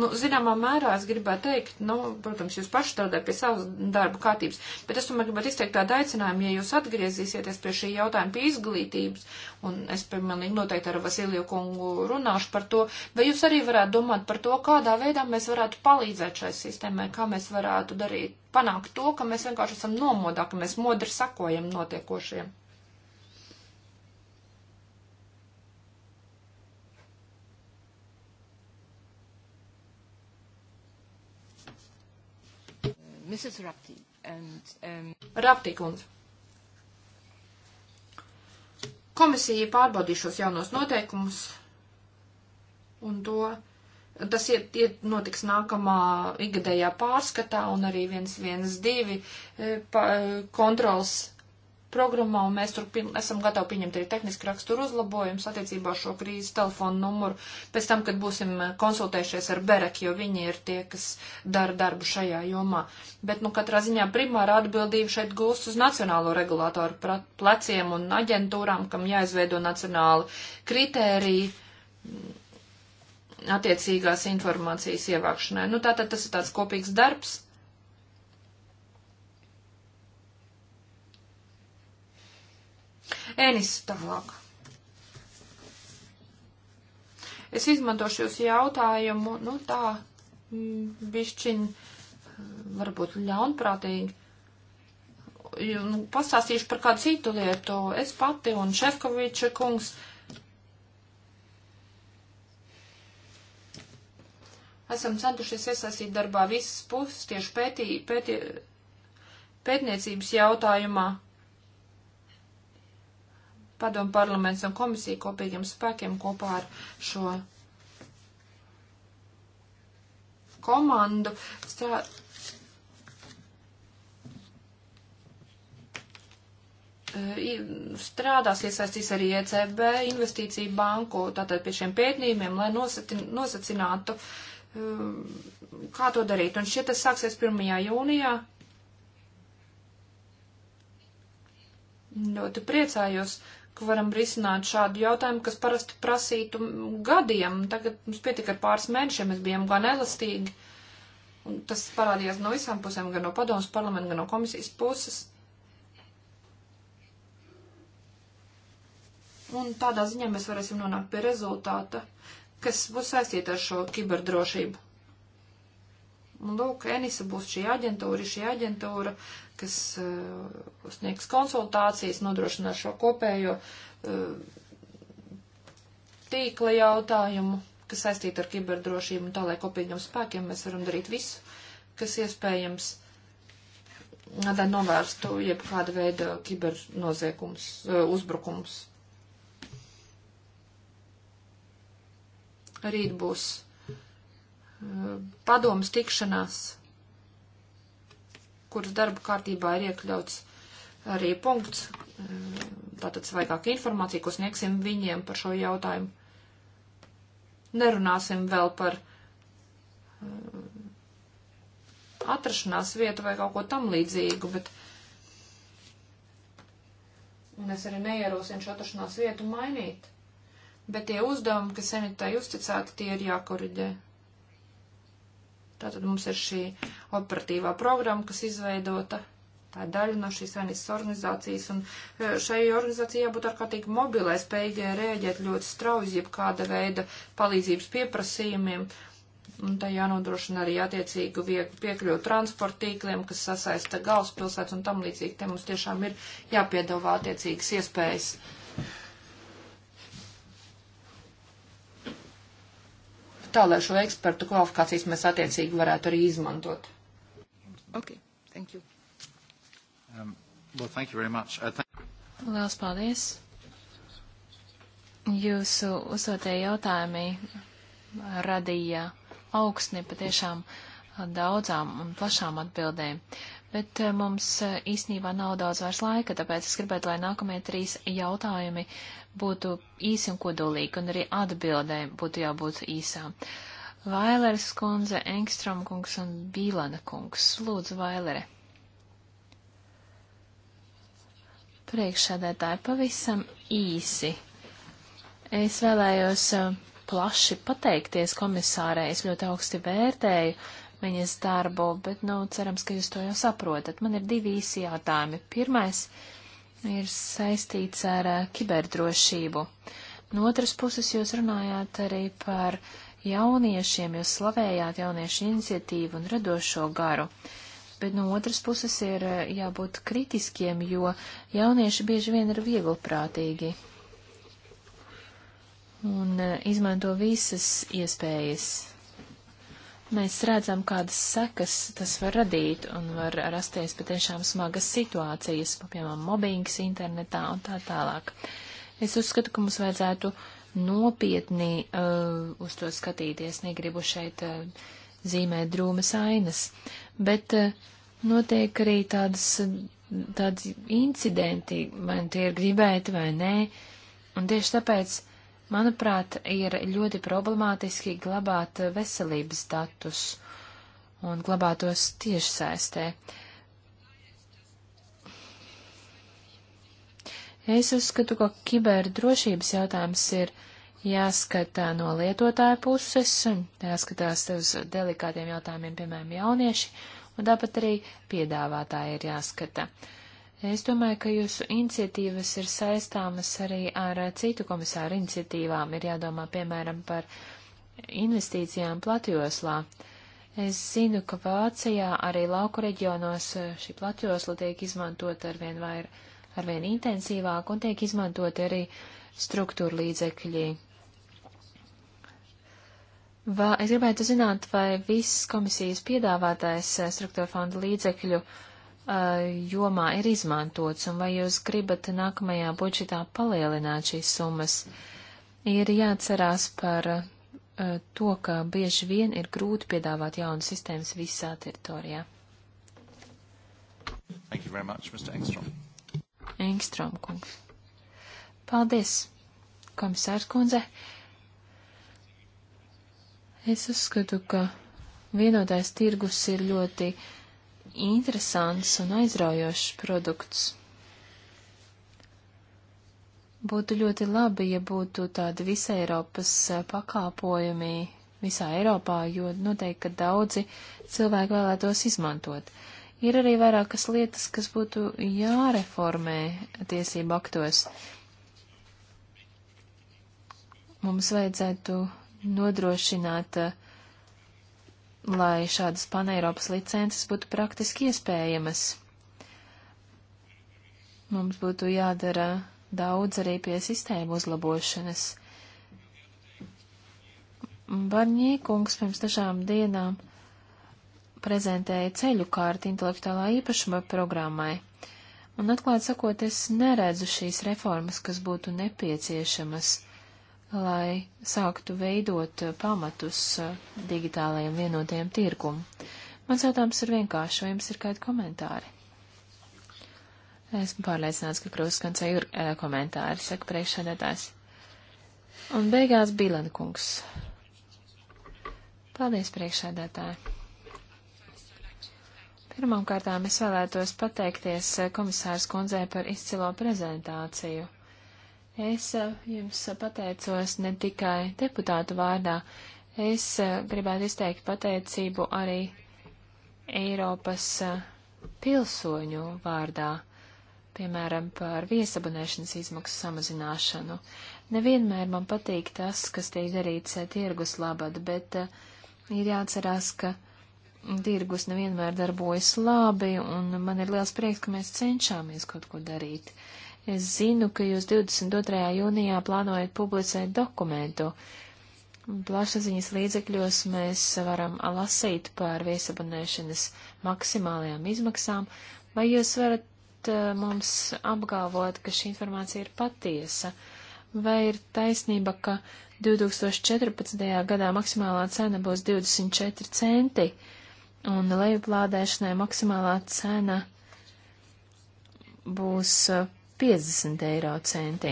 Nu, zināmā mērā es gribētu teikt, nu, protams, jūs paši strādājat pie savas darba kārtības, bet es tomēr gribētu izteikt tādu aicinājumu, ja jūs atgriezīsieties pie šī jautājuma, pie izglītības, un es, piemēram, noteikti ar Vasiliju kungu runāšu par to, vai jūs arī varētu domāt par to, kādā veidā mēs varētu palīdzēt šai sistēmai, kā mēs varētu darīt, panākt to, ka mēs vienkārši esam nomodā, ka mēs modri sakojam notiekošiem. Mrs. Rapti. And, um... Rapti kundze. Komisija pārbaudīs šos jaunos noteikumus un to. Tas iet, iet notiks nākamā ikgadējā pārskatā un arī viens, viens, divi eh, pa, eh, kontrols programmā, un mēs tur esam gatavi pieņemt arī tehniski raksturu uzlabojumus attiecībā ar šo krīzes telefonu numuru, pēc tam, kad būsim eh, konsultējušies ar Berek, jo viņi ir tie, kas dara darbu šajā jomā. Bet, nu, katrā ziņā primāra atbildība šeit gūst uz nacionālo regulātoru pleciem un aģentūrām, kam jāizveido nacionāli kritēriji mm, attiecīgās informācijas ievākšanai. Nu, tātad tas ir tāds kopīgs darbs Enis tālāk. Es izmantošu jūsu jautājumu, nu tā, mm, bišķiņ, varbūt ļaunprātīgi. Nu, pastāstīšu par kādu citu lietu. Es pati un Šefkoviča kungs. esam centušies iesaistīt darbā visas puses tieši pētī, pētī, pētniecības jautājumā padomu parlaments un komisija kopīgiem spēkiem kopā ar šo komandu. Strā... Eh, strādās, iesaistīs arī ECB investīciju banku, tātad pie šiem pētījumiem, lai nosacinātu, eh, kā to darīt. Un šie tas sāksies 1. jūnijā. Ļoti priecājos, ka varam risināt šādu jautājumu, kas parasti prasītu gadiem. Tagad mums pietika ar pāris mēnešiem, mēs bijām gan elastīgi. Un tas parādījās no visām pusēm, gan no padomus parlamenta, gan no komisijas puses. Un tādā ziņā mēs varēsim nonākt pie rezultāta, kas būs saistīta ar šo kiberdrošību. Un, nu, lūk, Enisa būs šī aģentūra, šī aģentūra, kas uh, sniegs konsultācijas, nodrošinās šo kopējo uh, tīkla jautājumu, kas saistīta ar kiberdrošību, un tā, lai kopīgiem spēkiem mēs varam darīt visu, kas iespējams, lai novērstu jebkāda veida kibernoziegums, uh, uzbrukums. Rīt būs padomas tikšanās, kuras darba kārtībā ir iekļauts arī punkts, tātad svaigāka informācija, ko sniegsim viņiem par šo jautājumu. Nerunāsim vēl par eh, atrašanās vietu vai kaut ko tam līdzīgu, bet. Un es arī neierosinu šo atrašanās vietu mainīt. Bet tie uzdevumi, kas senitai uzticēti, tie ir jākoriģē. Tātad mums ir šī operatīvā programma, kas izveidota. Tā ir daļa no šīs vienas organizācijas, un e, šai organizācijai jābūt ārkārtīgi mobilai, spējīgai rēģēt ļoti strauji, jeb kāda veida palīdzības pieprasījumiem, un tā jānodrošina arī attiecīgu vieglu piekļuvu transporta tīkliem, kas sasaista galvaspilsētas un tam līdzīgi. Te mums tiešām ir jāpiedāvā attiecīgas iespējas tā, lai šo ekspertu kvalifikācijas mēs attiecīgi varētu arī izmantot. Okay. Thank you. Um, well, thank you very much. Uh, thank Lielas paldies. Jūsu uzdotie jautājumi radīja augsni patiešām daudzām un plašām atbildēm. Uh, Bet eh, mums eh, īsnībā nav daudz vairs laika, tāpēc es gribētu, lai nākamie trīs jautājumi būtu īsi un kodolīgi, un arī atbildē būtu jābūt īsām. Vailers kundze, Engstrom kungs un Bīlana kungs. Lūdzu, Vailere. Priekšsēdētāji, pavisam īsi. Es vēlējos eh, plaši pateikties komisārai, es ļoti augsti vērtēju viņas darbu, bet, nu, cerams, ka jūs to jau saprotat. Man ir divi īsi jautājumi. Pirmais ir saistīts ar uh, kiberdrošību. No otras puses jūs runājāt arī par jauniešiem, jūs slavējāt jauniešu iniciatīvu un radošo garu. Bet no otras puses ir uh, jābūt kritiskiem, jo jaunieši bieži vien ir vieglprātīgi un uh, izmanto visas iespējas Mēs redzam, kādas sekas tas var radīt un var rasties patiešām smagas situācijas, piemēram, mobbings internetā un tā tālāk. Es uzskatu, ka mums vajadzētu nopietni uh, uz to skatīties, negribu šeit uh, zīmēt drūmas ainas, bet uh, notiek arī tādas, tādi incidenti, vai nu tie ir gribēti vai nē, un tieši tāpēc Manuprāt, ir ļoti problemātiski glabāt veselības datus un glabātos tiešsaistē. Es uzskatu, ka kiberdrošības jautājums ir jāskatā no lietotāja puses, jāskatās uz delikātiem jautājumiem, piemēram, jaunieši, un tāpat arī piedāvātāji ir jāskata. Uh, Es domāju, ka jūsu iniciatīvas ir saistāmas arī ar citu komisāru iniciatīvām. Ir jādomā, piemēram, par investīcijām platjoslā. Es zinu, ka Vācijā arī lauku reģionos šī platjosla tiek izmantot arvien vairāk, arvien intensīvāk un tiek izmantot arī struktūra līdzekļi. Va, es gribētu zināt, vai viss komisijas piedāvātais eh, struktūra fonda līdzekļu uh, Eh, jomā ir izmantots, un vai jūs gribat nākamajā budžetā palielināt šīs summas? Ir jāatcerās par eh, to, ka bieži vien ir grūti piedāvāt jaunu sistēmas visā teritorijā. Thank you very much, Mr. Engstrom. Engstrom kungs. Paldies, komisārs kundze. Es uzskatu, ka vienotais tirgus ir ļoti uh, interesants un aizraujošs produkts. Būtu ļoti labi, ja būtu tādi visa Eiropas eh, pakāpojumi visā Eiropā, jo noteikti, ka daudzi cilvēki vēlētos izmantot. Ir arī vairākas lietas, kas būtu jāreformē tiesību aktos. Mums vajadzētu nodrošināt uh, lai šādas paneiropas licences būtu praktiski iespējamas. Mums būtu jādara daudz arī pie sistēmu uzlabošanas. Barņīkungs pirms dažām dienām prezentēja ceļu kārtu intelektuālā īpašuma programmai, un atklāt sakot, es neredzu šīs reformas, kas būtu nepieciešamas, lai sāktu veidot pamatus digitālajiem vienotajiem tirgum. Mans jautājums ir vienkārši, vai jums ir kādi komentāri? Esmu pārliecināts, ka Krūskans ir e, komentāri, saka priekšsēdētājs. Un beigās Bilana kungs. Paldies, priekšsēdētāji! Pirmkārtām es vēlētos pateikties e, komisārs kundzei par izcilo prezentāciju. Es eh, jums pateicos ne tikai deputātu vārdā, es eh, gribētu izteikt pateicību arī Eiropas eh, pilsoņu vārdā, piemēram, par viesabunēšanas izmaksu samazināšanu. Nevienmēr man patīk tas, kas tiek darīts tirgus labad, bet ir jāatcerās, ka tirgus nevienmēr darbojas labi, un man ir liels prieks, ka mēs cenšāmies kaut ko darīt. Uh, Es zinu, ka jūs 22. jūnijā plānojat publicēt dokumentu. Plašsaziņas līdzekļos mēs varam lasīt par viesabunēšanas maksimālajām izmaksām, vai jūs varat eh, mums apgalvot, ka šī informācija ir patiesa, vai ir taisnība, ka 2014. gadā maksimālā cena būs 24 centi, un lejuplādēšanai maksimālā cena būs eh, 50 eiro centi.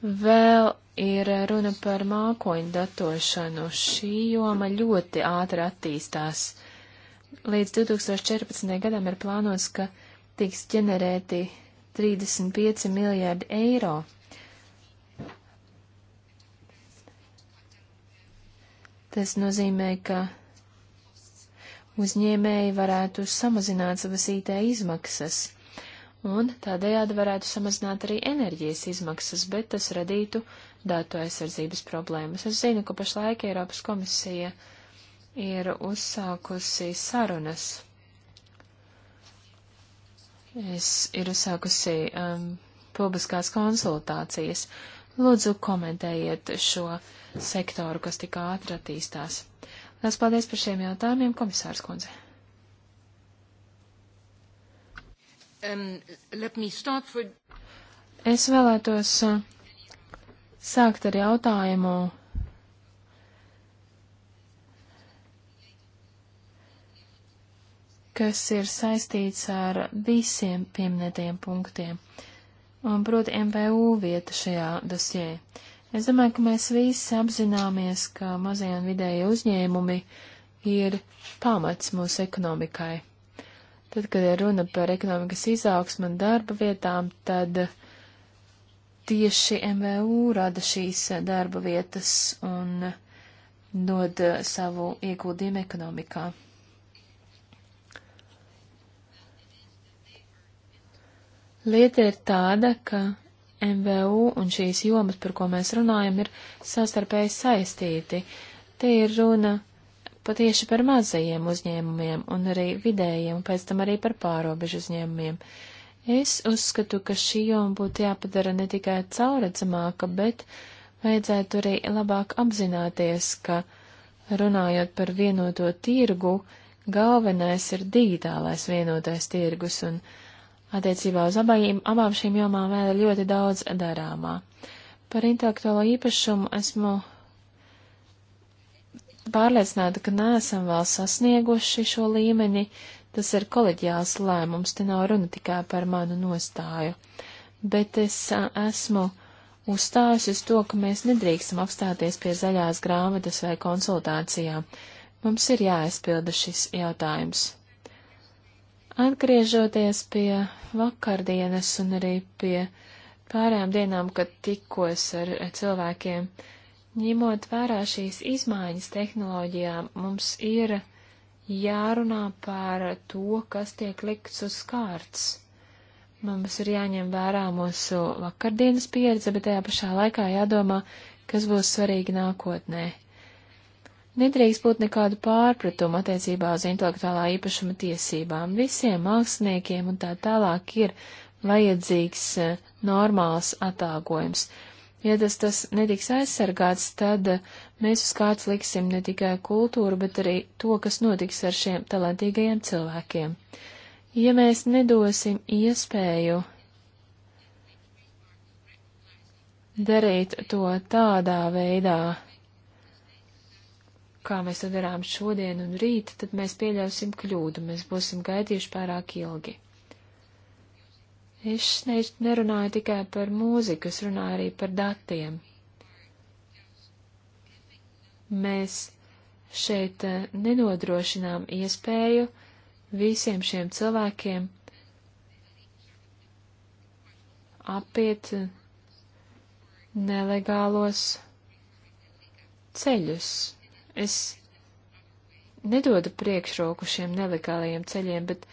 Vēl ir runa par mākoņu datošanu. Šī joma ļoti ātri attīstās. Līdz 2014. gadam ir plānots, ka tiks ģenerēti 35 miljārdi eiro. Tas nozīmē, ka uzņēmēji varētu samazināt savas IT izmaksas un tādējādi varētu samazināt arī enerģijas izmaksas, bet tas radītu datu aizsardzības problēmas. Es zinu, ka pašlaik Eiropas komisija ir uzsākusi sarunas. Es ir uzsākusi um, publiskās konsultācijas. Lūdzu, komentējiet šo sektoru, kas tik ātri attīstās. Lielas paldies par šiem jautājumiem, komisārs Kundze. Um, for... Es vēlētos uh, sākt ar jautājumu. kas ir saistīts ar visiem pieminētajiem punktiem, un proti MPU vieta šajā dosjē. Es domāju, ka mēs visi apzināmies, ka mazie un vidēji uzņēmumi ir pamats mūsu ekonomikai. Tad, kad ir runa par ekonomikas izaugsmu un darba vietām, tad tieši MVU rada šīs darba vietas un dod savu ieguldījumu ekonomikā. Lieta ir tāda, ka MVU un šīs jomas, par ko mēs runājam, ir savstarpēji saistīti. Te ir runa patieši par mazajiem uzņēmumiem un arī vidējiem, un pēc tam arī par pārobežu uzņēmumiem. Es uzskatu, ka šī joma būtu jāpadara ne tikai cauredzamāka, bet vajadzētu arī labāk apzināties, ka runājot par vienoto tirgu, galvenais ir digitālais vienotais tirgus, un attiecībā uz abajiem, abām šīm jomām vēl ir ļoti daudz darāmā. Par intelektuālo īpašumu esmu pārliecināta, ka neesam vēl sasnieguši šo līmeni. Tas ir koleģiāls lēmums, te nav runa tikai par manu nostāju. Bet es a, esmu uzstājus uz to, ka mēs nedrīkstam apstāties pie zaļās grāmatas vai konsultācijām. Mums ir jāaizpilda šis jautājums. Atgriežoties pie vakardienas un arī pie pārējām dienām, kad tikos ar cilvēkiem, uh, Ņemot vērā šīs izmaiņas tehnoloģijām, mums ir jārunā par to, kas tiek likts uz kārts. Mums ir jāņem vērā mūsu vakardienas pieredze, bet tajā pašā laikā jādomā, kas būs svarīgi nākotnē. Nedrīkst būt nekādu pārpratumu attiecībā uz intelektuālā īpašuma tiesībām. Visiem māksliniekiem un tā tālāk ir vajadzīgs eh, normāls atāgojums. Ja tas, tas netiks aizsargāts, tad eh, mēs uz kāds liksim ne tikai kultūru, bet arī to, kas notiks ar šiem talantīgajiem cilvēkiem. Ja mēs nedosim iespēju darīt to tādā veidā, kā mēs to darām šodien un rīt, tad mēs pieļausim kļūdu, mēs būsim gaidījuši pārāk ilgi. Es ne, nerunāju tikai par mūziku, es runāju arī par datiem. Mēs šeit eh, nenodrošinām iespēju visiem šiem cilvēkiem apiet eh, nelegālos ceļus. Es nedodu priekšroku šiem nelegālajiem ceļiem, bet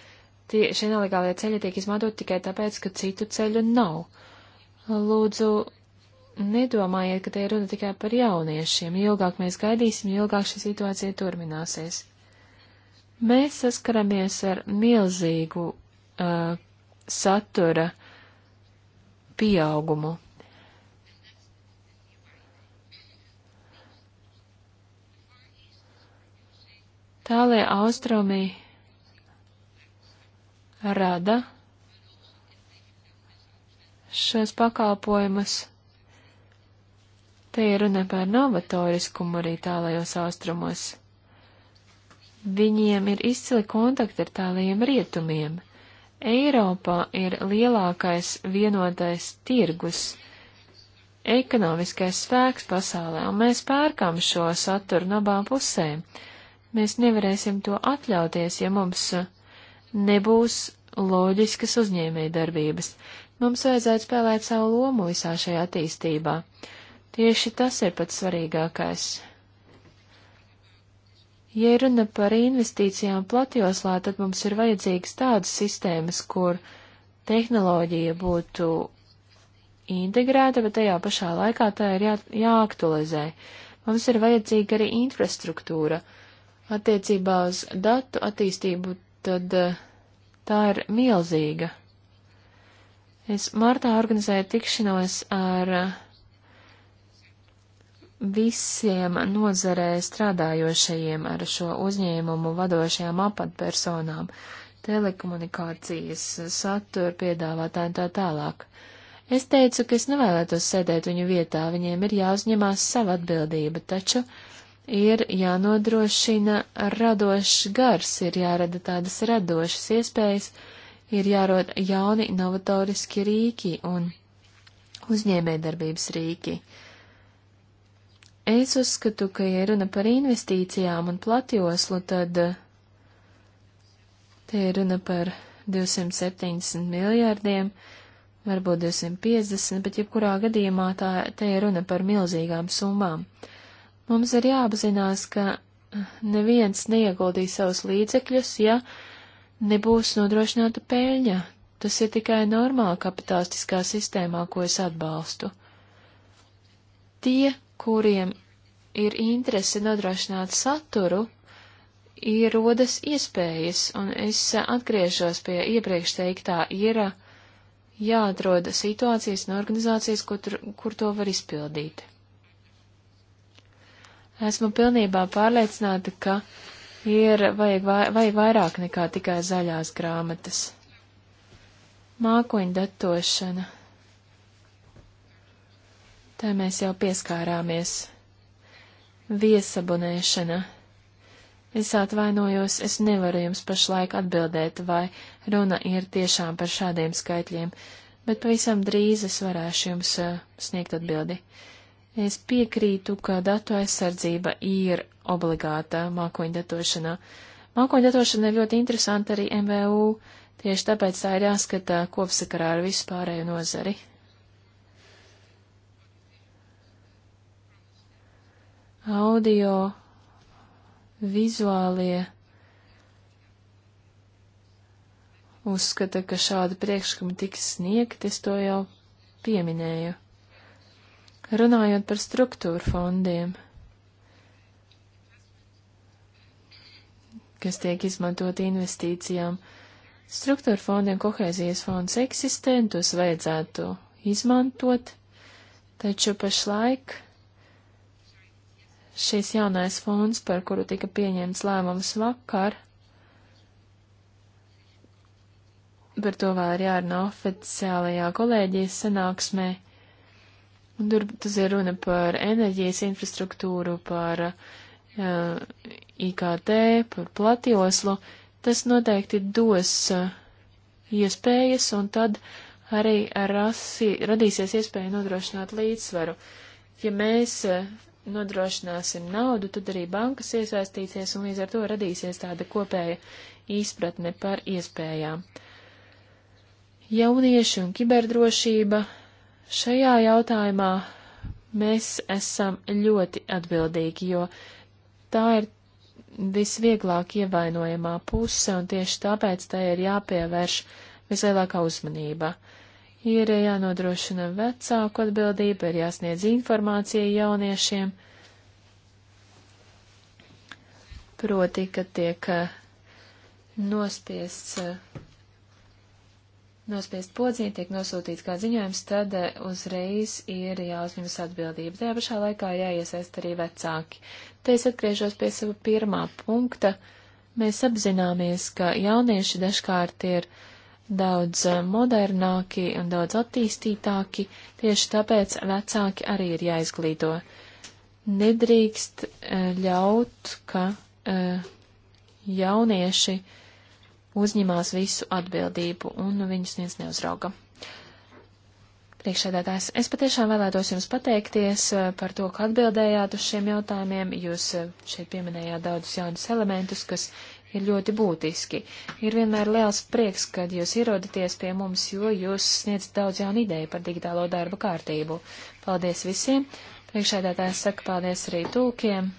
tie, šie nelegālie ceļi tiek izmantot tikai tāpēc, ka citu ceļu nav. Lūdzu, nedomājiet, ka te ir runa tikai par jauniešiem. Jo ilgāk mēs gaidīsim, jo ilgāk šī situācija turpināsies. Mēs saskaramies ar milzīgu uh, satura pieaugumu. Tālie austrumi rada šos pakalpojumus. Te ir runa par novatoriskumu arī tālajos austrumos. Viņiem ir izcili kontakti ar tālajiem rietumiem. Eiropā ir lielākais vienotais tirgus, ekonomiskais spēks pasaulē, un mēs pērkam šo saturu no abām pusēm. Mēs nevarēsim to atļauties, ja mums uh, nebūs loģiskas uzņēmēja darbības. Mums vajadzētu spēlēt savu lomu visā šajā attīstībā. Tieši tas ir pats svarīgākais. Ja runa par investīcijām platjoslā, tad mums ir vajadzīgas tādas sistēmas, kur tehnoloģija būtu integrēta, bet tajā pašā laikā tā ir jā, jāaktualizē. Mums ir vajadzīga arī infrastruktūra. Attiecībā uz datu attīstību tad eh, tā ir milzīga. Es martā organizēju tikšanos ar eh, visiem nozarē strādājošajiem ar šo uzņēmumu vadošajām apatpersonām, telekomunikācijas, satura piedāvātājiem tā tālāk. Es teicu, ka es nevēlētos sēdēt viņu vietā, viņiem ir jāuzņemās sava atbildība, taču uh, ir jānodrošina radošs gars, ir jārada tādas radošas iespējas, ir jārod jauni novatoriski rīki un uzņēmējdarbības rīki. Es uzskatu, ka, ja runa par investīcijām un platjoslu, tad eh, te ir runa par 270 miljārdiem, varbūt 250, bet jebkurā gadījumā tā, te ir runa par milzīgām summām. Uh, Mums ir jāapzinās, ka neviens neieguldīs savus līdzekļus, ja nebūs nodrošināta peļņa. Tas ir tikai normāla kapitalistiskā sistēmā, ko es atbalstu. Tie, kuriem ir interese nodrošināt saturu, ir rodas iespējas, un es atgriežos pie iepriekš teiktā, ir jāatroda situācijas un organizācijas, kur, tur, kur to var izpildīt. Esmu pilnībā pārliecināta, ka ir vajag, vajag vairāk nekā tikai zaļās grāmatas. Mākoņu datošana. Tā mēs jau pieskārāmies. Viesabunēšana. Es atvainojos, es nevaru jums pašlaik atbildēt, vai runa ir tiešām par šādiem skaitļiem, bet pavisam drīz es varēšu jums uh, sniegt atbildi. Uh, Es piekrītu, ka datu aizsardzība ir obligāta mākoņdatošanā. Mākoņdatošana ir ļoti interesanta arī MVU, tieši tāpēc tā ir jāskata kopsakarā ar visu pārējo nozari. Audio, vizuālie uzskata, ka šādi priekšlikumi tiks sniegti, es to jau pieminēju. Runājot par struktūru fondiem, kas tiek izmantot investīcijām, struktūra fondiem kohēzijas fonds eksistē, tos vajadzētu izmantot, taču pašlaik šis jaunais fonds, par kuru tika pieņemts lēmums vakar, par to vēl ir jārunā oficiālajā kolēģijas sanāksmē. Un tur tas ir runa par enerģijas infrastruktūru, par uh, eh, IKT, par platjoslu. Tas noteikti dos uh, iespējas, un tad arī rasi, radīsies iespēja nodrošināt līdzsvaru. Ja mēs uh, nodrošināsim naudu, tad arī bankas iesaistīsies, un līdz ar to radīsies tāda kopēja izpratne par iespējām. Jaunieši un kiberdrošība Šajā jautājumā mēs esam ļoti atbildīgi, jo tā ir visvieglāk ievainojamā puse, un tieši tāpēc tai tā ir jāpievērš vislielākā uzmanība. Ir jānodrošina vecāku atbildība, ir jāsniedz informācija jauniešiem, proti, ka tiek eh, nospiests eh, nospiest podziņu, tiek nosūtīts kā ziņojums, tad eh, uzreiz ir jāuzņemas atbildība. Tajā pašā laikā jāiesaist arī vecāki. Te es atgriežos pie sava pirmā punkta. Mēs apzināmies, ka jaunieši dažkārt ir daudz eh, modernāki un daudz attīstītāki, tieši tāpēc vecāki arī ir jāizglīto. Nedrīkst eh, ļaut, ka jaunieši uh, uzņemās visu atbildību un viņus neviens neuzrauga. Priekšsēdētājs, es patiešām vēlētos jums pateikties eh, par to, ka atbildējāt uz šiem jautājumiem. Jūs eh, šeit pieminējāt daudzus jaunus elementus, kas ir ļoti būtiski. Ir vienmēr liels prieks, kad jūs ierodaties pie mums, jo jūs sniedzat daudz jaunu ideju par digitālo darba kārtību. Paldies visiem! Priekšēdētājs saka paldies arī tūkiem!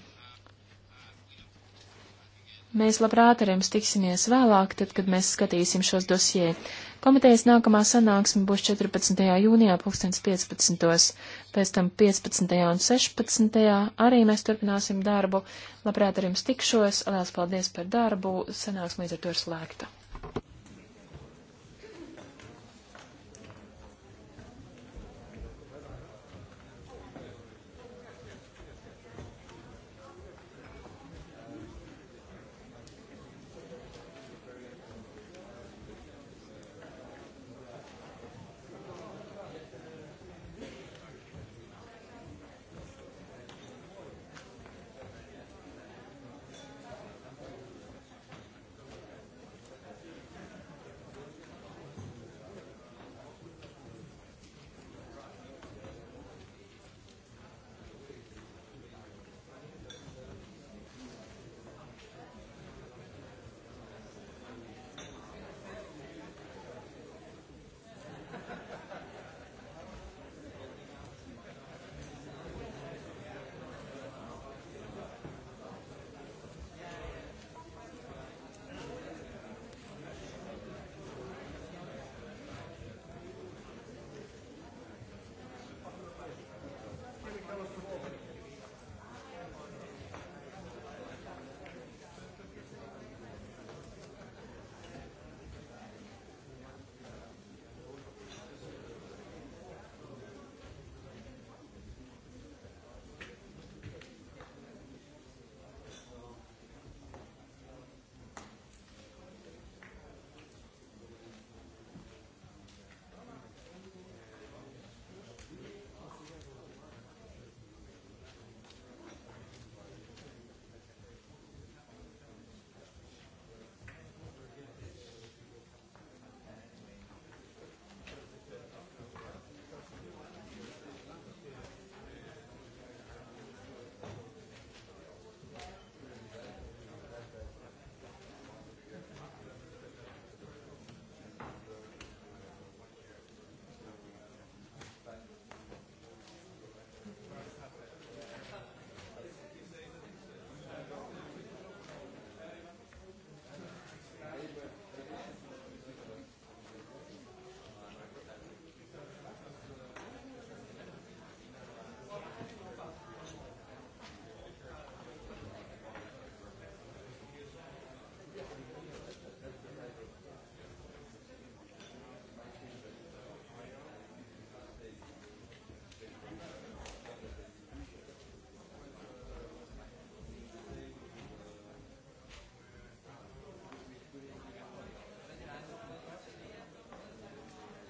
Mēs labprāt ar jums tiksimies vēlāk, tad, kad mēs skatīsim šos dosie. Komitejas nākamā sanāksme būs 14. jūnijā 2015. Pēc tam 15. un 16. arī mēs turpināsim darbu. Labprāt ar jums tikšos. Lielas paldies par darbu. Sanāksme līdz ar to ir slēgta.